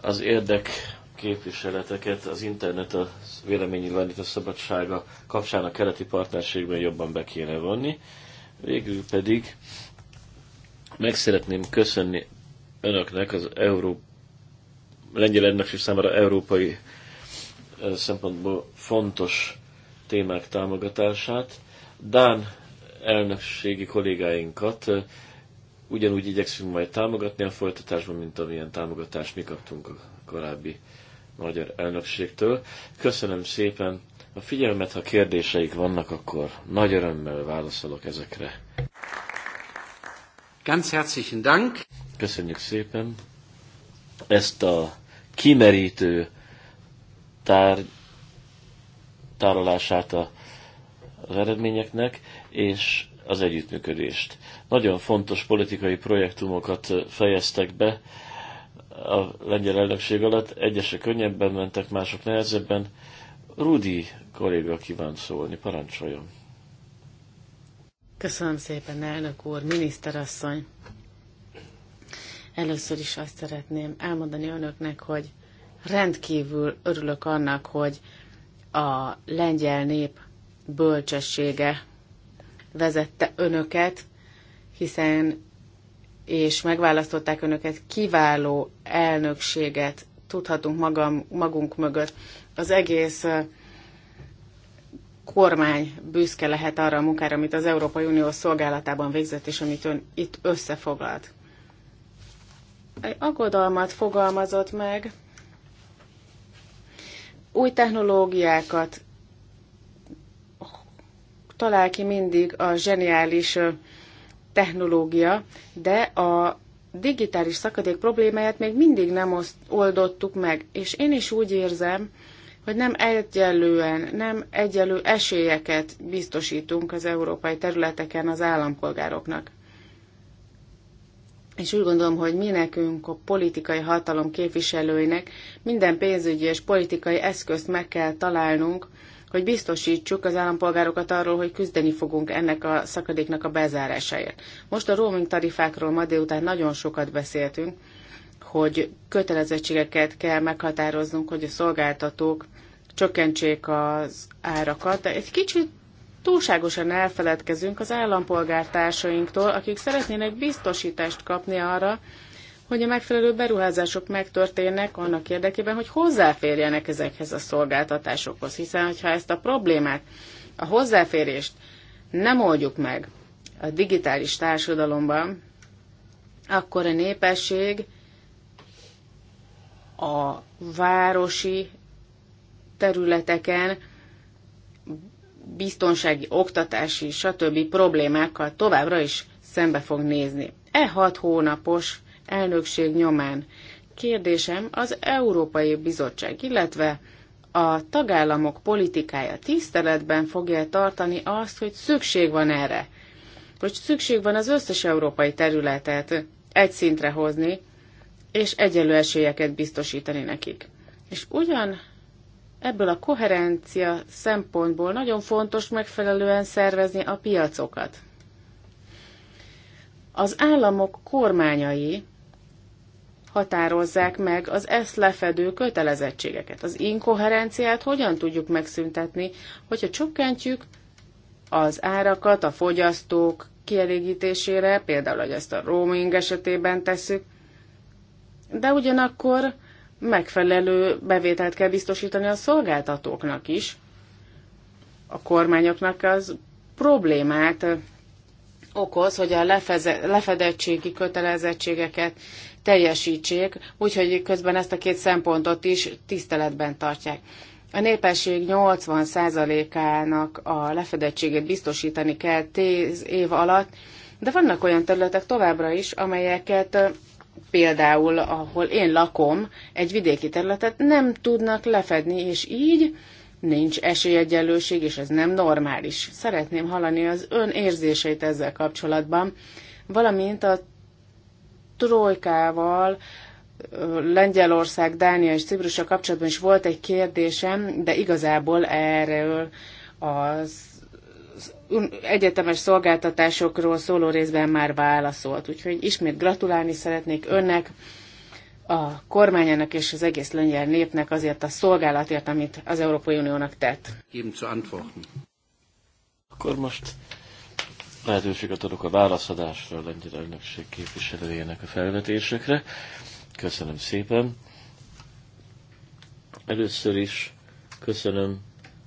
C: az érdek képviseleteket az internet a a szabadsága kapcsán a keleti partnerségben jobban be kéne vonni. Végül pedig meg szeretném köszönni önöknek az Euró... lengyel elnökség számára európai szempontból fontos témák támogatását. Dán elnökségi kollégáinkat ugyanúgy igyekszünk majd támogatni a folytatásban, mint amilyen támogatást mi kaptunk a korábbi magyar elnökségtől. Köszönöm szépen a figyelmet, ha kérdéseik vannak, akkor nagy örömmel válaszolok ezekre. Ganz herzlichen Dank! Köszönjük szépen ezt a kimerítő tár, tárolását a, az eredményeknek és az együttműködést. Nagyon fontos politikai projektumokat fejeztek be a lengyel elnökség alatt. Egyesek könnyebben mentek, mások nehezebben. Rudi kolléga kíván szólni, parancsoljon.
D: Köszönöm szépen, elnök úr, miniszterasszony. Először is azt szeretném elmondani önöknek, hogy rendkívül örülök annak, hogy a lengyel nép bölcsessége vezette önöket, hiszen és megválasztották önöket, kiváló elnökséget tudhatunk magam, magunk mögött. Az egész kormány büszke lehet arra a munkára, amit az Európai Unió szolgálatában végzett, és amit ön itt összefoglalt. Egy aggodalmat fogalmazott meg, új technológiákat talál ki mindig a zseniális technológia, de a digitális szakadék problémáját még mindig nem oldottuk meg. És én is úgy érzem, hogy nem egyenlően, nem egyenlő esélyeket biztosítunk az európai területeken az állampolgároknak. És úgy gondolom, hogy mi nekünk a politikai hatalom képviselőinek minden pénzügyi és politikai eszközt meg kell találnunk hogy biztosítsuk az állampolgárokat arról, hogy küzdeni fogunk ennek a szakadéknak a bezárásáért. Most a roaming tarifákról ma délután nagyon sokat beszéltünk, hogy kötelezettségeket kell meghatároznunk, hogy a szolgáltatók csökkentsék az árakat, de egy kicsit túlságosan elfeledkezünk az állampolgártársainktól, akik szeretnének biztosítást kapni arra, hogy a megfelelő beruházások megtörténnek annak érdekében, hogy hozzáférjenek ezekhez a szolgáltatásokhoz. Hiszen, ha ezt a problémát, a hozzáférést nem oldjuk meg a digitális társadalomban, akkor a népesség a városi területeken biztonsági, oktatási, stb. problémákkal továbbra is szembe fog nézni. E hat hónapos elnökség nyomán. Kérdésem az Európai Bizottság, illetve a tagállamok politikája tiszteletben fogja tartani azt, hogy szükség van erre, hogy szükség van az összes európai területet egy szintre hozni, és egyenlő esélyeket biztosítani nekik. És ugyan ebből a koherencia szempontból nagyon fontos megfelelően szervezni a piacokat. Az államok kormányai határozzák meg az ezt lefedő kötelezettségeket. Az inkoherenciát hogyan tudjuk megszüntetni, hogyha csökkentjük az árakat a fogyasztók kielégítésére, például, hogy ezt a roaming esetében tesszük, de ugyanakkor megfelelő bevételt kell biztosítani a szolgáltatóknak is, a kormányoknak az problémát okoz, hogy a lefedettségi kötelezettségeket teljesítsék, úgyhogy közben ezt a két szempontot is tiszteletben tartják. A népesség 80%-ának a lefedettségét biztosítani kell 10 év alatt, de vannak olyan területek továbbra is, amelyeket például, ahol én lakom, egy vidéki területet nem tudnak lefedni, és így nincs esélyegyenlőség, és ez nem normális. Szeretném hallani az ön érzéseit ezzel kapcsolatban, valamint a trojkával, Lengyelország, Dánia és Ciprussal kapcsolatban is volt egy kérdésem, de igazából erről az egyetemes szolgáltatásokról szóló részben már válaszolt. Úgyhogy ismét gratulálni szeretnék önnek, a kormányának és az egész lengyel népnek azért a szolgálatért, amit az Európai Uniónak tett.
C: Akkor most lehetőséget adok a válaszadásra a lengyel elnökség képviselőjének a felvetésekre. Köszönöm szépen. Először is köszönöm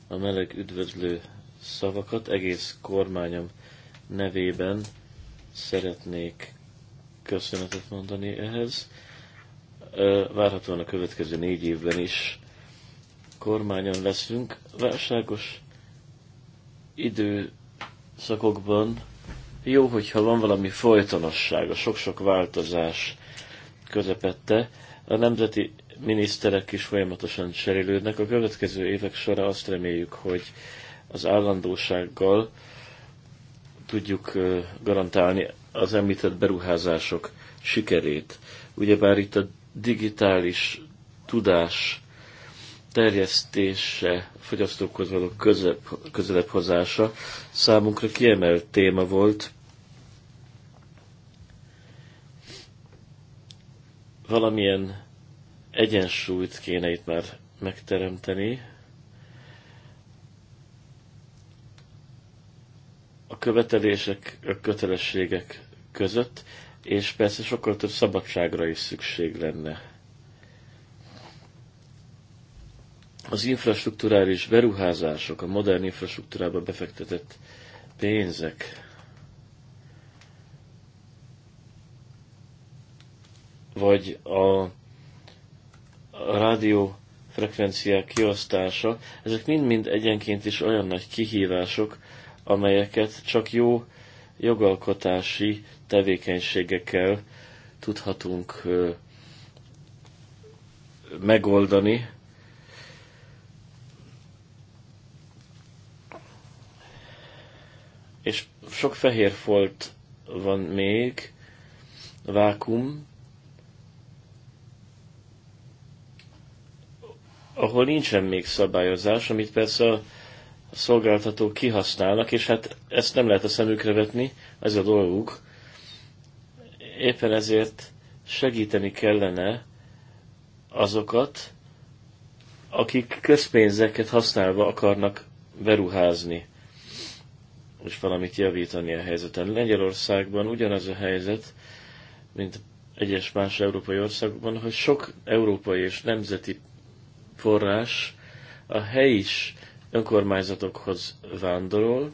C: a meleg üdvözlő szavakat. Egész kormányom nevében szeretnék köszönetet mondani ehhez. Várhatóan a következő négy évben is kormányon leszünk. Válságos idő szakokban jó, hogyha van valami folytonosság, a sok-sok változás közepette. A nemzeti miniszterek is folyamatosan cserélődnek. A következő évek sora azt reméljük, hogy az állandósággal tudjuk garantálni az említett beruházások sikerét. Ugyebár itt a digitális tudás terjesztése, a fogyasztókhoz való közelebb, közelebb hozása számunkra kiemelt téma volt. Valamilyen egyensúlyt kéne itt már megteremteni. A követelések, a kötelességek között, és persze sokkal több szabadságra is szükség lenne az infrastruktúrális beruházások, a modern infrastruktúrába befektetett pénzek vagy a, rádió frekvenciák kiosztása, ezek mind-mind egyenként is olyan nagy kihívások, amelyeket csak jó jogalkotási tevékenységekkel tudhatunk megoldani, és sok fehér folt van még, vákum, ahol nincsen még szabályozás, amit persze a szolgáltatók kihasználnak, és hát ezt nem lehet a szemükre vetni, ez a dolguk. Éppen ezért segíteni kellene azokat, akik közpénzeket használva akarnak beruházni és valamit javítani a helyzeten. Lengyelországban ugyanaz a helyzet, mint egyes más európai országokban, hogy sok európai és nemzeti forrás a helyi önkormányzatokhoz vándorol,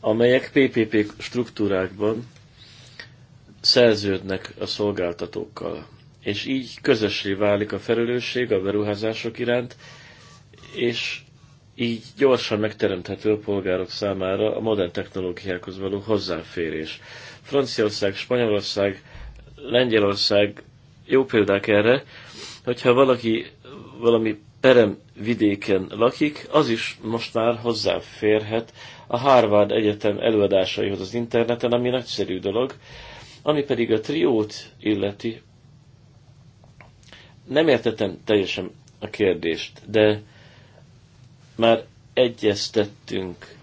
C: amelyek PPP struktúrákban szerződnek a szolgáltatókkal. És így közössé válik a felelősség a beruházások iránt, és így gyorsan megteremthető a polgárok számára a modern technológiákhoz való hozzáférés. Franciaország, Spanyolország, Lengyelország jó példák erre, hogyha valaki valami perem vidéken lakik, az is most már hozzáférhet a Harvard Egyetem előadásaihoz az interneten, ami nagyszerű dolog, ami pedig a triót illeti. Nem értettem teljesen a kérdést, de már egyeztettünk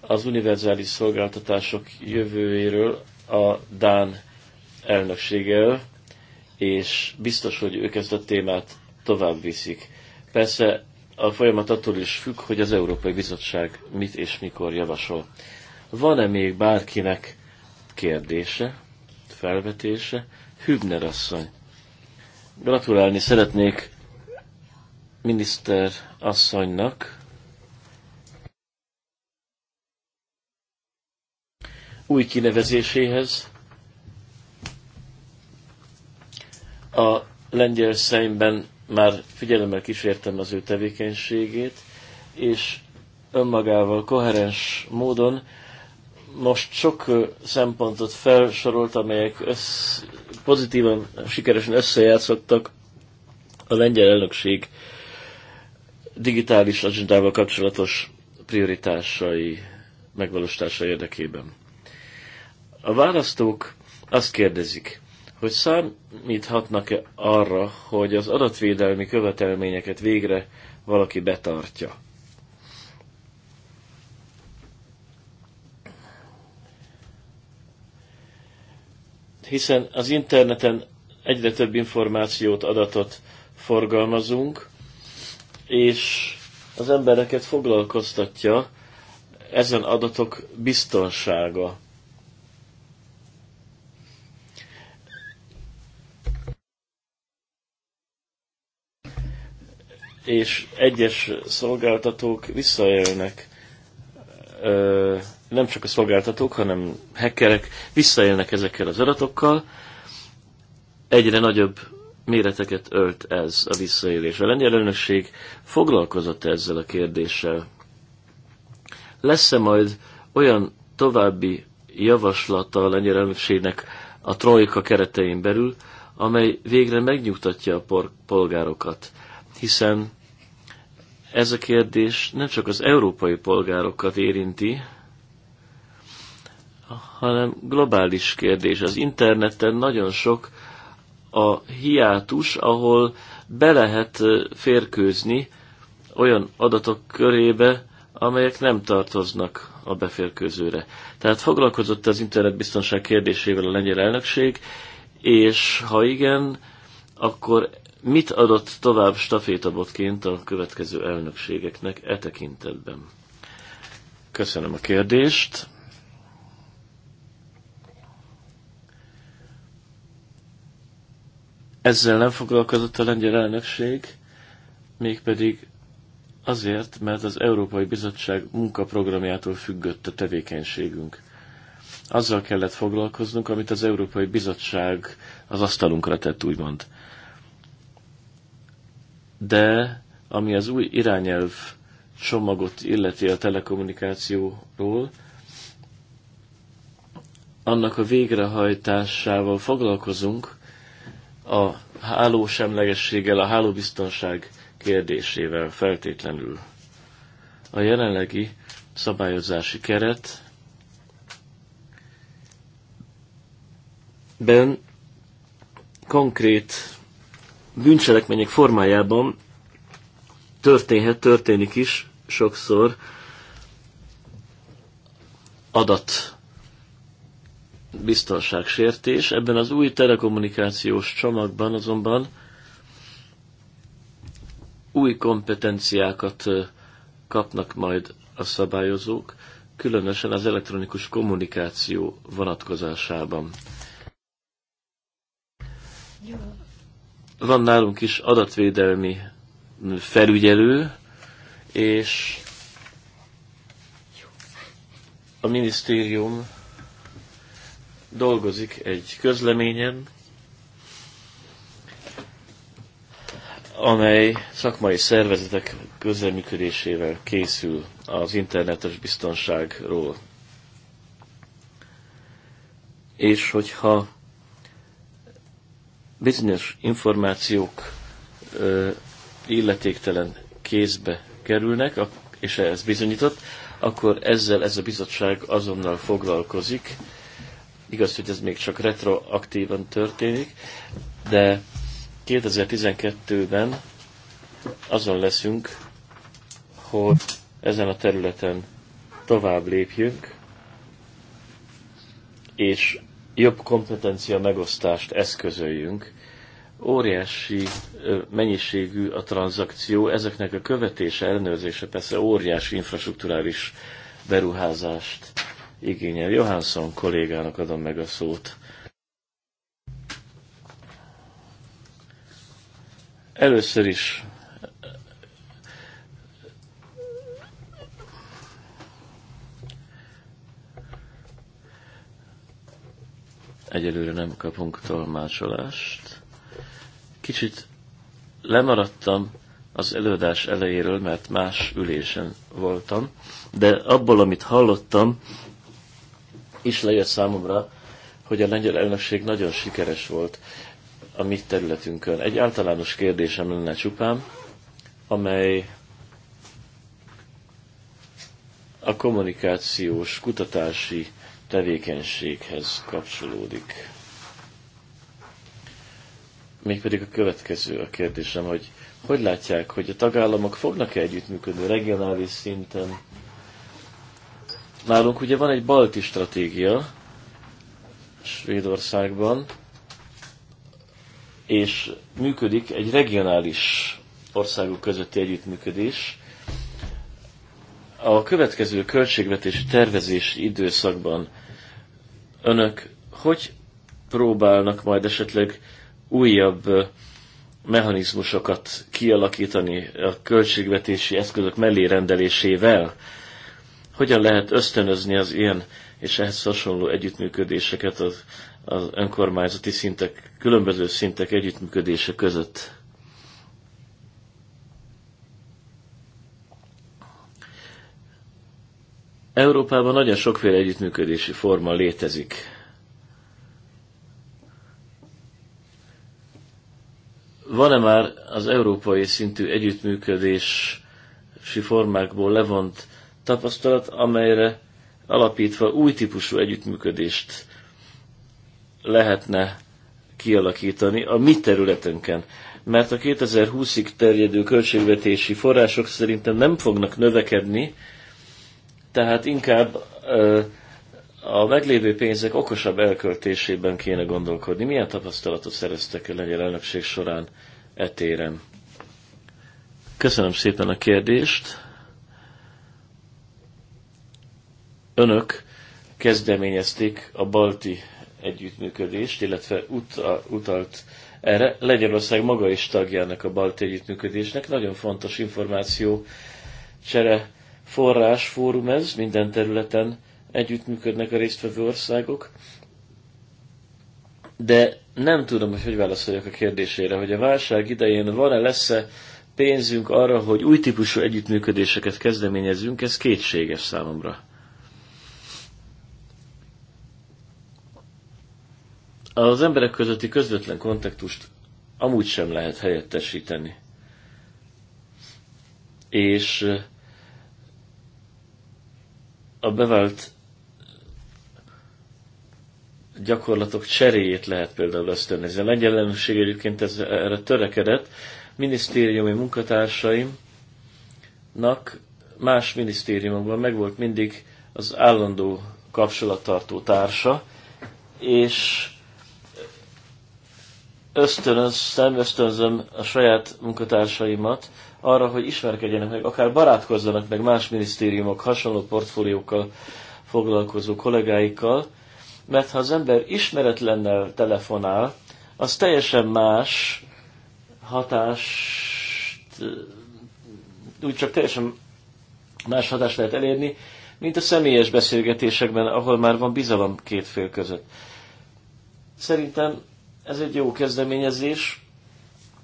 C: az univerzális szolgáltatások jövőjéről a Dán elnökséggel, és biztos, hogy ők ezt a témát tovább viszik. Persze a folyamat attól is függ, hogy az Európai Bizottság mit és mikor javasol. Van-e még bárkinek kérdése, felvetése? Hübner asszony. Gratulálni szeretnék miniszter asszonynak új kinevezéséhez a lengyel szemben már figyelemmel kísértem az ő tevékenységét, és önmagával koherens módon most sok szempontot felsorolt, amelyek össz, pozitívan, sikeresen összejátszottak a lengyel elnökség digitális agendával kapcsolatos prioritásai megvalósítása érdekében. A választók azt kérdezik, hogy számíthatnak-e arra, hogy az adatvédelmi követelményeket végre valaki betartja. Hiszen az interneten egyre több információt, adatot forgalmazunk, és az embereket foglalkoztatja ezen adatok biztonsága. És egyes szolgáltatók visszaélnek, nem csak a szolgáltatók, hanem hackerek visszaélnek ezekkel az adatokkal, egyre nagyobb méreteket ölt ez a visszaélés. A lengyel elnökség foglalkozott ezzel a kérdéssel. Lesz-e majd olyan további javaslata a lengyel elnökségnek a trojka keretein belül, amely végre megnyugtatja a polgárokat, hiszen ez a kérdés nem csak az európai polgárokat érinti, hanem globális kérdés. Az interneten nagyon sok a hiátus, ahol be lehet férkőzni olyan adatok körébe, amelyek nem tartoznak a beférkőzőre. Tehát foglalkozott az internetbiztonság kérdésével a lengyel elnökség, és ha igen, akkor mit adott tovább stafétabotként a következő elnökségeknek e tekintetben? Köszönöm a kérdést. Ezzel nem foglalkozott a lengyel elnökség, mégpedig azért, mert az Európai Bizottság munkaprogramjától függött a tevékenységünk. Azzal kellett foglalkoznunk, amit az Európai Bizottság az asztalunkra tett, úgymond. De ami az új irányelv csomagot illeti a telekommunikációról, annak a végrehajtásával foglalkozunk, a semlegességgel, a hálóbiztonság kérdésével feltétlenül. A jelenlegi szabályozási keret ben konkrét bűncselekmények formájában történhet, történik is sokszor adat biztonságsértés. Ebben az új telekommunikációs csomagban azonban új kompetenciákat kapnak majd a szabályozók, különösen az elektronikus kommunikáció vonatkozásában. Van nálunk is adatvédelmi felügyelő, és a minisztérium dolgozik egy közleményen, amely szakmai szervezetek közreműködésével készül az internetes biztonságról. És hogyha bizonyos információk ö, illetéktelen kézbe kerülnek, és ez bizonyított, akkor ezzel ez a bizottság azonnal foglalkozik, Igaz, hogy ez még csak retroaktívan történik, de 2012-ben azon leszünk, hogy ezen a területen tovább lépjünk, és jobb kompetencia megosztást eszközöljünk. Óriási mennyiségű a tranzakció, ezeknek a követése, ellenőrzése persze óriási infrastruktúrális beruházást igényel. Johansson kollégának adom meg a szót. Először is egyelőre nem kapunk tolmácsolást. Kicsit lemaradtam az előadás elejéről, mert más ülésen voltam, de abból, amit hallottam, is lejött számomra, hogy a lengyel elnökség nagyon sikeres volt a mi területünkön. Egy általános kérdésem lenne csupán, amely a kommunikációs, kutatási tevékenységhez kapcsolódik. Mégpedig a következő a kérdésem, hogy hogy látják, hogy a tagállamok fognak-e együttműködni regionális szinten, Nálunk ugye van egy balti stratégia Svédországban, és működik egy regionális országok közötti együttműködés. A következő költségvetési tervezési időszakban önök hogy próbálnak majd esetleg újabb mechanizmusokat kialakítani a költségvetési eszközök mellérendelésével rendelésével, hogyan lehet ösztönözni az ilyen és ehhez hasonló együttműködéseket az, az önkormányzati szintek, különböző szintek együttműködése között? Európában nagyon sokféle együttműködési forma létezik. Van-e már az európai szintű együttműködési formákból levont tapasztalat, amelyre alapítva új típusú együttműködést lehetne kialakítani a mi területünkön. Mert a 2020-ig terjedő költségvetési források szerintem nem fognak növekedni, tehát inkább a meglévő pénzek okosabb elköltésében kéne gondolkodni. Milyen tapasztalatot szereztek a lengyel elnökség során etéren? Köszönöm szépen a kérdést. önök kezdeményezték a balti együttműködést, illetve utalt erre. Lengyelország maga is tagja ennek a balti együttműködésnek. Nagyon fontos információ csere forrás, fórum ez, minden területen együttműködnek a résztvevő országok. De nem tudom, hogy hogy válaszoljak a kérdésére, hogy a válság idején van-e, lesz-e pénzünk arra, hogy új típusú együttműködéseket kezdeményezünk, ez kétséges számomra. Az emberek közötti közvetlen kontaktust amúgy sem lehet helyettesíteni. És eh, a bevált gyakorlatok cseréjét lehet például ösztönözni. A lengyel ellenség egyébként ez, erre törekedett. Minisztériumi munkatársaimnak más minisztériumokban megvolt mindig az állandó kapcsolattartó társa, és ösztönöztem, ösztönzöm a saját munkatársaimat arra, hogy ismerkedjenek meg, akár barátkozzanak meg más minisztériumok, hasonló portfóliókkal foglalkozó kollégáikkal, mert ha az ember ismeretlennel telefonál, az teljesen más hatást, úgy csak teljesen más hatást lehet elérni, mint a személyes beszélgetésekben, ahol már van bizalom két fél között. Szerintem ez egy jó kezdeményezés,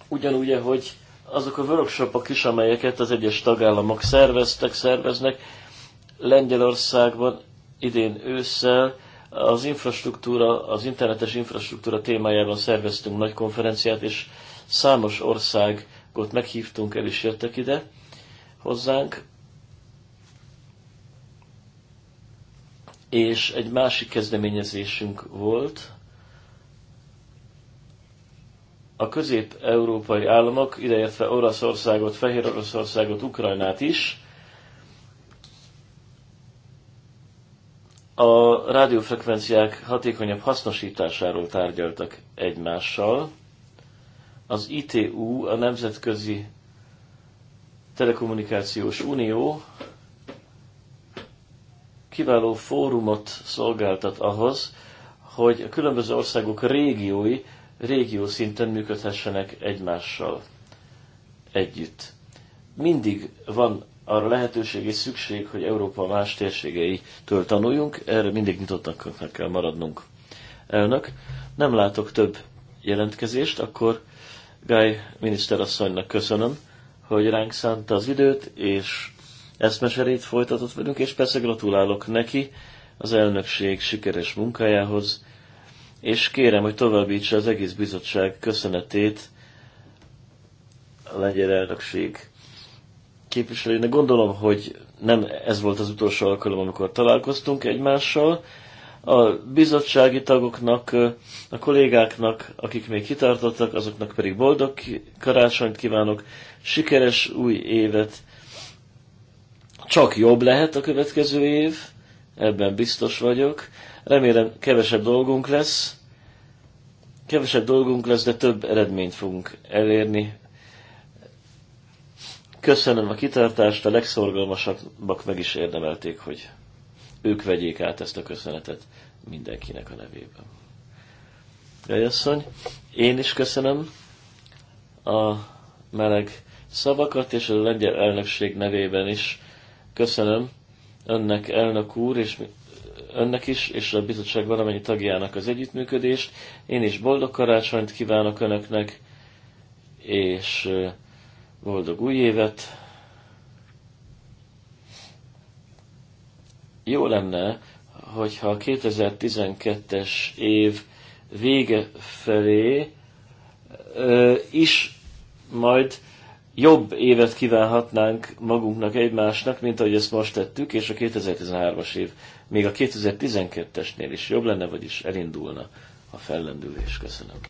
C: ugyanúgy, ahogy azok a workshopok is, amelyeket az egyes tagállamok szerveztek, szerveznek. Lengyelországban idén ősszel az infrastruktúra, az internetes infrastruktúra témájában szerveztünk nagy konferenciát, és számos országot meghívtunk, el is jöttek ide hozzánk. És egy másik kezdeményezésünk volt, a közép-európai államok, ideértve Oroszországot, Fehér Oroszországot, Ukrajnát is, a rádiófrekvenciák hatékonyabb hasznosításáról tárgyaltak egymással. Az ITU, a Nemzetközi Telekommunikációs Unió kiváló fórumot szolgáltat ahhoz, hogy a különböző országok régiói régió szinten működhessenek egymással együtt. Mindig van arra lehetőség és szükség, hogy Európa más térségeitől tanuljunk, erre mindig nyitottaknak kell maradnunk. Elnök, nem látok több jelentkezést, akkor Gály miniszterasszonynak köszönöm, hogy ránk szánta az időt, és eszmeserét folytatott velünk, és persze gratulálok neki az elnökség sikeres munkájához, és kérem, hogy továbbítsa az egész bizottság köszönetét a lengyel elnökség képviselőjének. Gondolom, hogy nem ez volt az utolsó alkalom, amikor találkoztunk egymással. A bizottsági tagoknak, a kollégáknak, akik még kitartottak, azoknak pedig boldog karácsonyt kívánok, sikeres új évet. Csak jobb lehet a következő év, ebben biztos vagyok. Remélem kevesebb dolgunk lesz, Kevesebb dolgunk lesz, de több eredményt fogunk elérni. Köszönöm a kitartást, a legszorgalmasabbak meg is érdemelték, hogy ők vegyék át ezt a köszönetet mindenkinek a nevében. Jajasszony, én is köszönöm a meleg szavakat, és a lengyel elnökség nevében is köszönöm önnek, elnök úr, és önnek is, és a bizottság valamennyi tagjának az együttműködést. Én is boldog karácsonyt kívánok önöknek, és boldog új évet. Jó lenne, hogyha a 2012-es év vége felé is majd jobb évet kívánhatnánk magunknak, egymásnak, mint ahogy ezt most tettük, és a 2013-as év még a 2012-esnél is jobb lenne, vagyis elindulna a fellendülés. Köszönöm.